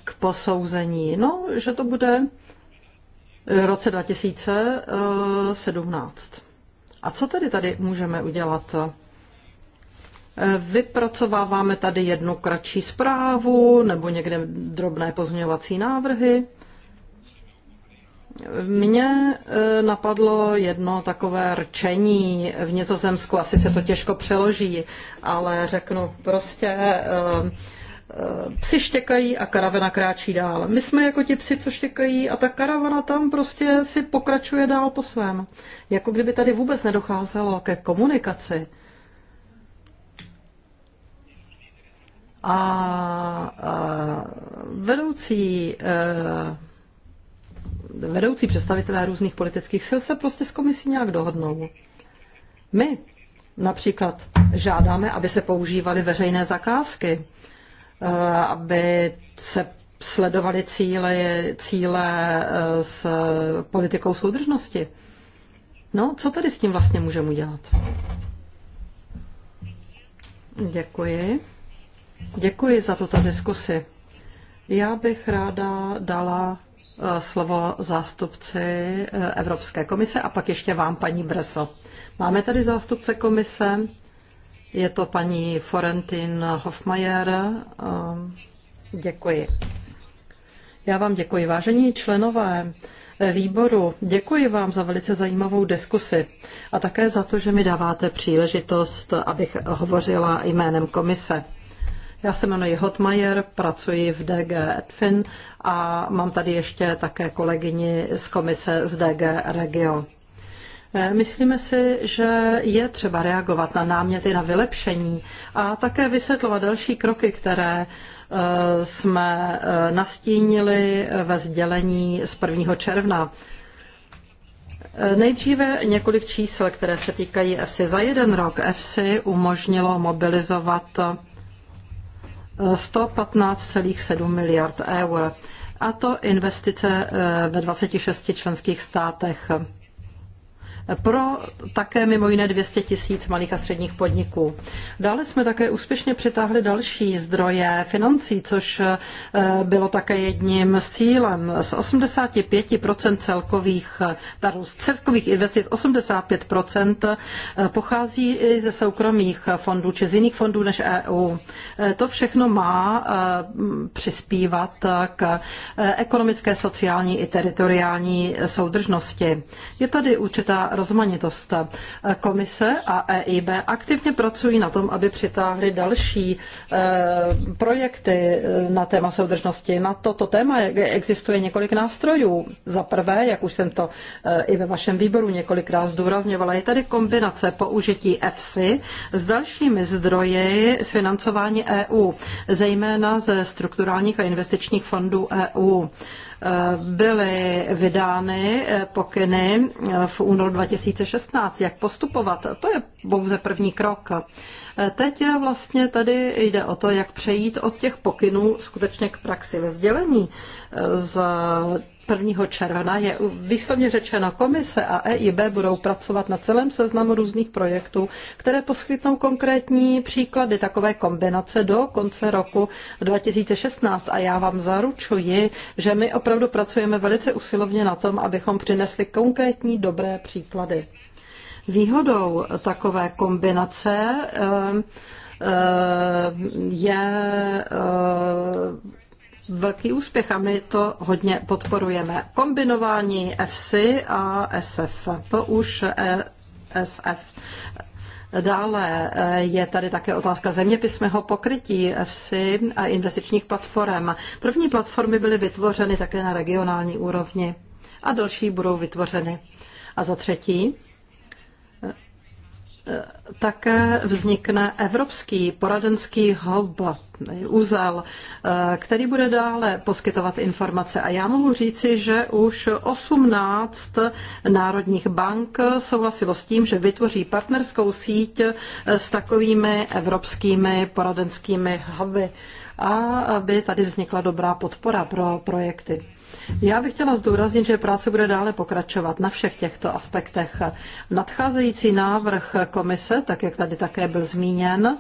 k posouzení. No, že to bude eh, v roce 2017. A co tedy tady můžeme udělat? Vypracováváme tady jednu kratší zprávu nebo někde drobné pozměňovací návrhy. Mně e, napadlo jedno takové rčení v Nizozemsku, asi se to těžko přeloží, ale řeknu prostě, e, e, psi štěkají a karavana kráčí dál. My jsme jako ti psi, co štěkají a ta karavana tam prostě si pokračuje dál po svém. Jako kdyby tady vůbec nedocházelo ke komunikaci. A, a vedoucí vedoucí představitelé různých politických sil se prostě s komisí nějak dohodnou. My například žádáme, aby se používaly veřejné zakázky, eh, aby se sledovaly cíle, cíle eh, s politikou soudržnosti. No, co tady s tím vlastně můžeme udělat? Děkuji. Děkuji za tuto diskusi. Já bych ráda dala Eh, slovo zástupci eh, Evropské komise a pak ještě vám, paní Breso. Máme tady zástupce komise, je to paní Forentin Hofmajer. Eh, děkuji. Já vám děkuji. Vážení členové výboru, děkuji vám za velice zajímavou diskusi a také za to, že mi dáváte příležitost, abych hovořila jménem komise. Já se jmenuji Hotmajer, pracuji v DG Edfin a mám tady ještě také kolegyni z komise z DG Regio. Eh, myslíme si, že je třeba reagovat na náměty na vylepšení a také vysvětlovat další kroky, které eh, jsme eh, nastínili ve sdělení z 1. června. Nejdříve několik čísel, které se týkají EFSI. Za jeden rok EFSI umožnilo mobilizovat 115,7 miliard eur. A to investice eh, ve 26 členských státech pro také mimo jiné 200 tisíc malých a středních podniků. Dále jsme také úspěšně přitáhli další zdroje financí, což eh, bylo také jedním z cílem. Z 85% celkových, tady, eh, z celkových investic 85% eh, pochází i ze soukromých fondů či z jiných fondů než EU. To všechno má přispívat k ekonomické, sociální i teritoriální soudržnosti. Je tady určitá rozmanitost. Komise a EIB aktivně pracují na tom, aby přitáhli další eh, projekty eh, na téma soudržnosti. Na toto téma existuje několik nástrojů. Za prvé, jak už jsem to eh, i ve vašem výboru několikrát zdůrazňovala, je tady kombinace použití EFSI s dalšími zdroji z financování EU, zejména ze strukturálních a investičních fondů EU byly vydány pokyny v únoru 2016, jak postupovat. To je pouze první krok. Teď vlastně tady jde o to, jak přejít od těch pokynů skutečně k praxi ve sdělení z 1. června je výslovně řečeno, komise a EIB budou pracovat na celém seznamu různých projektů, které poskytnou konkrétní příklady takové kombinace do konce roku 2016. A já vám zaručuji, že my opravdu pracujeme velice usilovně na tom, abychom přinesli konkrétní dobré příklady. Výhodou takové kombinace eh, eh, je eh, velký úspěch a my to hodně podporujeme. Kombinování FC a SF, to už eh, SF. Dále eh, je tady také otázka zeměpisného pokrytí FC a investičních platform. První platformy byly vytvořeny také na regionální úrovni a další budou vytvořeny. A za třetí, také vznikne Evropský poradenský hub, úzel, eh, který bude dále poskytovat informace. A já mohu říci, že už 18 národních bank souhlasilo s tím, že vytvoří partnerskou síť eh, s takovými evropskými poradenskými huby a aby tady vznikla dobrá podpora pro projekty. Já bych chtěla zdůraznit, že práce bude dále pokračovat na všech těchto aspektech. Nadcházející návrh komise, tak jak tady také byl zmíněn,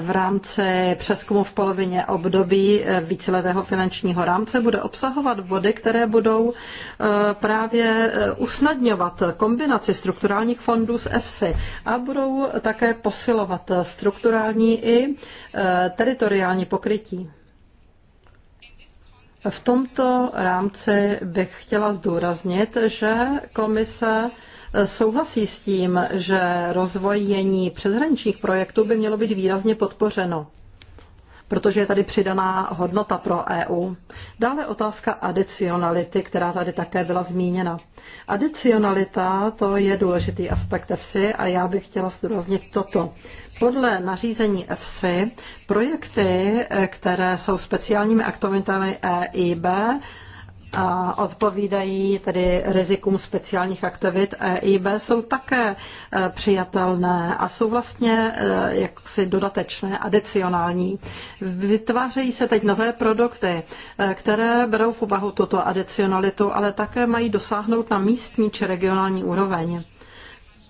v rámci přeskumu v polovině období eh, víceletého finančního rámce bude obsahovat body, které budou eh, právě eh, usnadňovat kombinaci strukturálních fondů s EFSI a budou také posilovat strukturální i teritoriální pokrytí. V tomto rámci bych chtěla zdůraznit, že komise souhlasí s tím, že rozvojení přeshraničních projektů by mělo být výrazně podpořeno protože je tady přidaná hodnota pro EU. Dále otázka adicionality, která tady také byla zmíněna. Adicionalita to je důležitý aspekt EFSI a já bych chtěla zdůraznit toto. Podle nařízení EFSI projekty, eh, které jsou speciálními aktivitami EIB, a odpovídají tedy rizikům speciálních aktivit EIB, jsou také e, přijatelné a jsou vlastně e, jaksi dodatečné, adicionální. Vytvářejí se teď nové produkty, e, které berou v úvahu tuto adicionalitu, ale také mají dosáhnout na místní či regionální úroveň.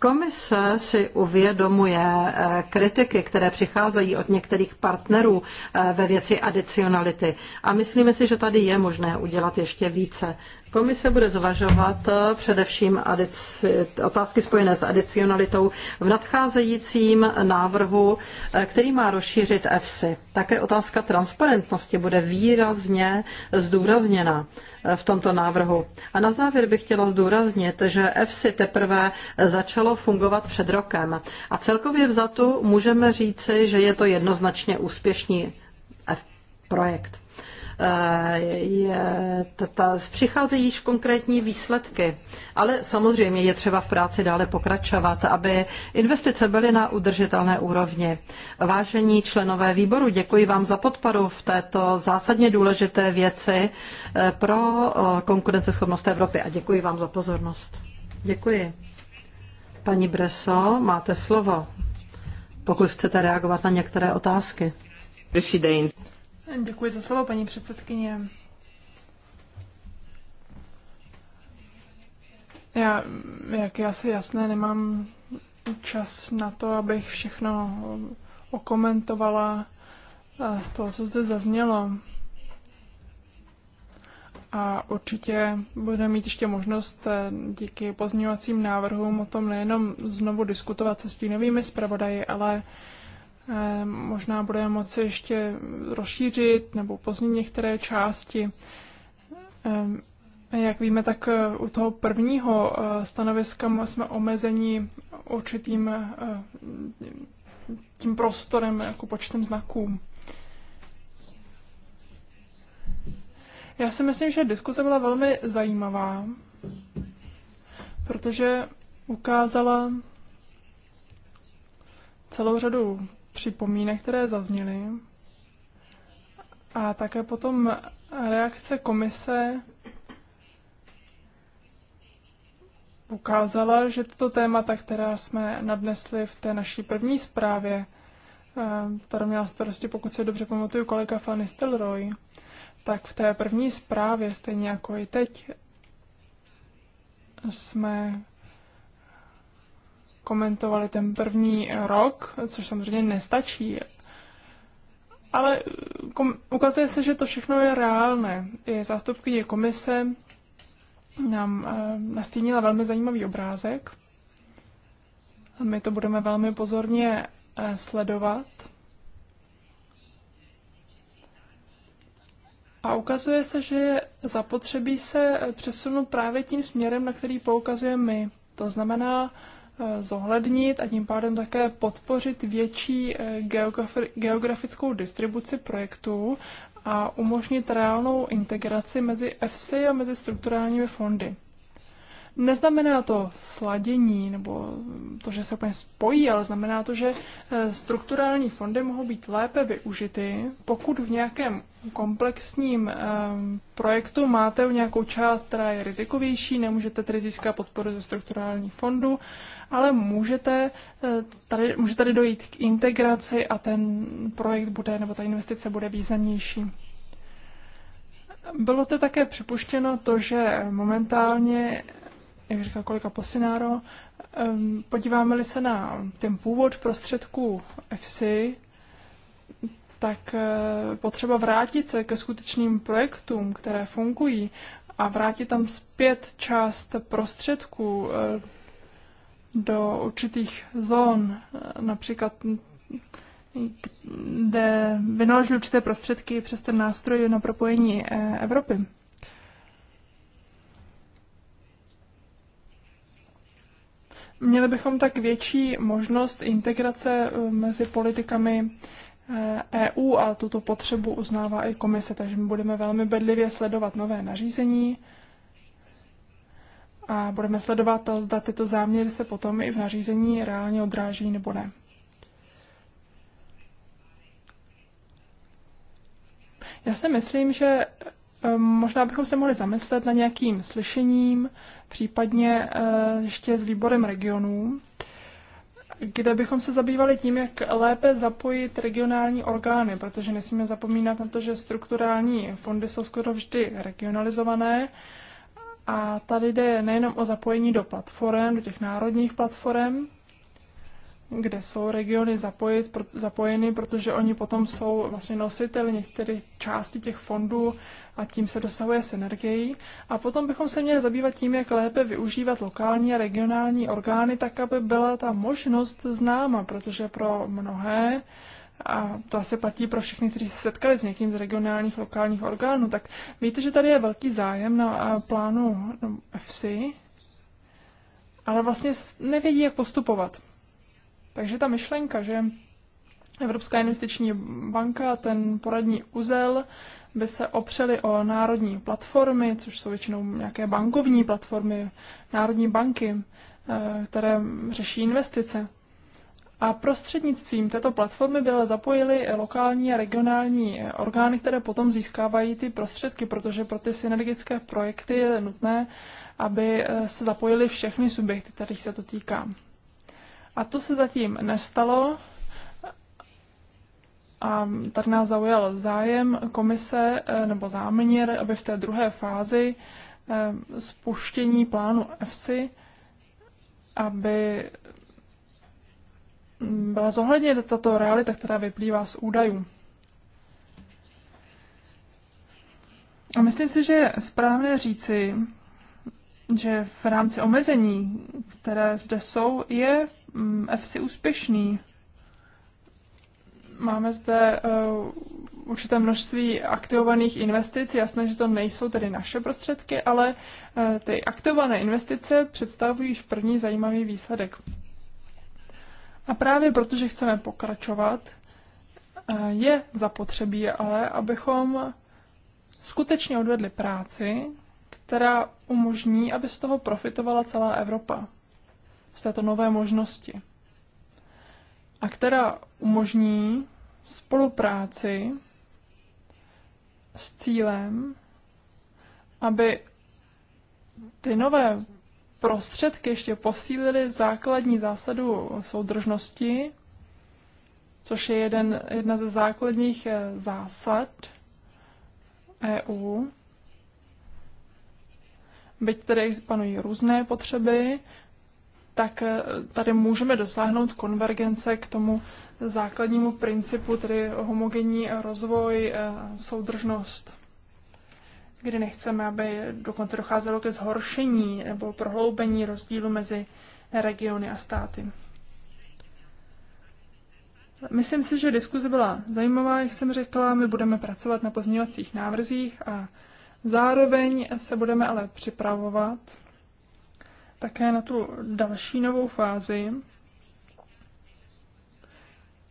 Komise si uvědomuje eh, kritiky, které přicházejí od některých partnerů eh, ve věci adicionality a myslíme si, že tady je možné udělat ještě více. Komise bude zvažovat eh, především otázky spojené s adicionalitou v nadcházejícím návrhu, eh, který má rozšířit EFSI. Také otázka transparentnosti bude výrazně zdůrazněna eh, v tomto návrhu. A na závěr bych chtěla zdůraznit, že EFSI teprve začalo fungovat před rokem. A celkově vzatu můžeme říci, že je to jednoznačně úspěšný projekt. Eh, je, ta, přicházejí již konkrétní výsledky, ale samozřejmě je třeba v práci dále pokračovat, aby investice byly na udržitelné úrovni. Vážení členové výboru, děkuji vám za podporu v této zásadně důležité věci eh, pro konkurenceschopnost Evropy a děkuji vám za pozornost. Děkuji. Paní Breso, máte slovo, pokud chcete reagovat na některé otázky. Presidente. Děkuji za slovo, paní předsedkyně. Já, jak je asi jasné, nemám čas na to, abych všechno okomentovala z toho, co zde zaznělo. A určitě budeme mít ještě možnost eh, díky pozměňovacím návrhům o tom nejenom znovu diskutovat se stínovými zpravodaji, ale Eh, možná budeme moci ještě rozšířit nebo pozměnit některé části. Eh, jak víme, tak eh, u toho prvního stanoviska jsme omezeni určitým tím prostorem, jako počtem znaků. Já si myslím, že diskuse byla velmi zajímavá, protože ukázala celou řadu připomínek, které zazněly. A také potom reakce komise ukázala, že toto témata, která jsme nadnesli v té naší první zprávě, která eh, měla starosti, pokud se dobře pamatuju, kolega Fanny Stelroy, tak v té první zprávě, stejně jako i teď, jsme komentovali ten první rok, což samozřejmě nestačí. Ale eh, ukazuje se, že to všechno je reálné. Je zástupkyně komise nám e, nastínila velmi zajímavý obrázek. A my to budeme velmi pozorně e, sledovat. A ukazuje se, že zapotřebí se přesunout právě tím směrem, na který poukazujeme my. To znamená Eh, zohlednit a tím pádem také podpořit větší eh, geografickou distribuci projektů a umožnit reálnou integraci mezi EFSI a mezi strukturálními fondy. Neznamená to sladění nebo to, že se úplně spojí, ale znamená to, že eh, strukturální fondy mohou být lépe využity, pokud v nějakém komplexním ehm, projektu máte nějakou část, která je rizikovější, nemůžete tedy získat podporu ze strukturálních fondů, ale můžete eh, tady, může tady dojít k integraci a ten projekt bude, nebo ta investice bude významnější. Bylo zde také připuštěno to, že momentálně jak říká kolega Posináro, podíváme-li se na ten původ prostředků EFSI, tak eh, potřeba vrátit se ke skutečným projektům, které fungují a vrátit tam zpět část prostředků eh, do určitých zón, eh, například kde vynaložili určité prostředky přes ten nástroj na propojení Evropy. Měli bychom tak větší možnost integrace eh, mezi politikami EU eh, e a tuto potřebu uznává i komise, takže my budeme velmi bedlivě sledovat nové nařízení a budeme sledovat zda tyto záměry se potom i v nařízení reálně odráží nebo ne. Já si myslím, že Ehm, možná bychom se mohli zamyslet na nějakým slyšením, případně eh, ještě s výborem regionů, kde bychom se zabývali tím, jak lépe zapojit regionální orgány, protože nesmíme zapomínat na to, že strukturální fondy jsou skoro vždy regionalizované. A tady jde nejenom o zapojení do platform, do těch národních platform, kde jsou regiony zapojit, pro, zapojeny, protože oni potom jsou vlastně nositeli některých částí těch fondů a tím se dosahuje synergií. A potom bychom se měli zabývat tím, jak lépe využívat lokální a regionální orgány, tak aby byla ta možnost známa, protože pro mnohé a to asi platí pro všechny, kteří se setkali s někým z regionálních lokálních orgánů, tak víte, že tady je velký zájem na eh, plánu no, FC, ale vlastně nevědí, jak postupovat. Takže ta myšlenka, že Evropská investiční banka a ten poradní uzel by se opřeli o národní platformy, což jsou většinou nějaké bankovní platformy, národní banky, eh, které řeší investice. A prostřednictvím této platformy byly zapojily lokální a regionální orgány, které potom získávají ty prostředky, protože pro ty synergické projekty je nutné, aby eh, se zapojily všechny subjekty, kterých se to týká. A to se zatím nestalo. A tady nás zaujal zájem komise eh, nebo záměr, aby v té druhé fázi eh, spuštění plánu EFSI, aby byla zohledněna tato realita, která vyplývá z údajů. A myslím si, že je správné říci, že v rámci omezení, které zde jsou, je si mm, úspěšný. Máme zde uh, určité množství aktivovaných investic. Jasné, že to nejsou tedy naše prostředky, ale uh, ty aktivované investice představují již první zajímavý výsledek. A právě protože chceme pokračovat, uh, je zapotřebí ale, abychom skutečně odvedli práci, která umožní, aby z toho profitovala celá Evropa z této nové možnosti a která umožní spolupráci s cílem, aby ty nové prostředky ještě posílily základní zásadu soudržnosti, což je jeden, jedna ze základních eh, zásad EU. Byť tedy panují různé potřeby, tak eh, tady můžeme dosáhnout konvergence k tomu základnímu principu, tedy homogenní rozvoj, eh, soudržnost, kdy nechceme, aby dokonce docházelo ke zhoršení nebo prohloubení rozdílu mezi regiony a státy. Myslím si, že diskuze byla zajímavá, jak jsem řekla. My budeme pracovat na pozměňovacích návrzích a zároveň se budeme ale připravovat také na tu další novou fázi.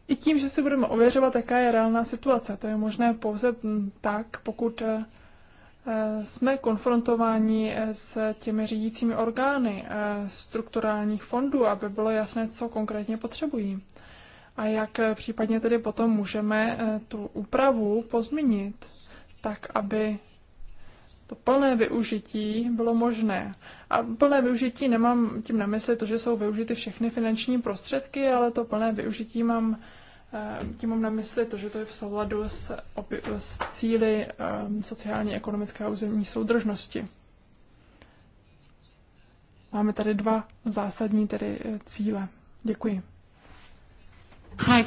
I tím, že si budeme ověřovat, jaká je reálná situace. To je možné pouze tak, pokud eh, jsme konfrontováni eh, s těmi řídícími orgány eh, strukturálních fondů, aby bylo jasné, co konkrétně potřebují. A jak případně tedy potom můžeme tu úpravu pozměnit, tak aby to plné využití bylo možné. A plné využití nemám tím na mysli to, že jsou využity všechny finanční prostředky, ale to plné využití mám eh, tím mám na mysli to, že to je v souladu s, s cíly eh, sociální, ekonomické a územní soudržnosti. Máme tady dva zásadní tedy eh, cíle. Děkuji. Hi,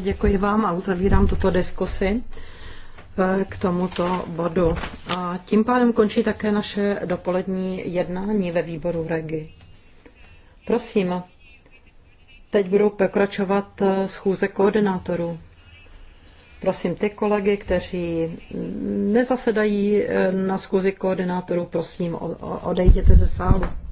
Děkuji vám a uzavírám tuto diskusi k tomuto bodu. A tím pádem končí také naše dopolední jednání ve výboru REGI. Prosím, teď budou pokračovat schůze koordinátorů. Prosím ty kolegy, kteří nezasedají na schůzi koordinátorů, prosím, odejděte ze sálu.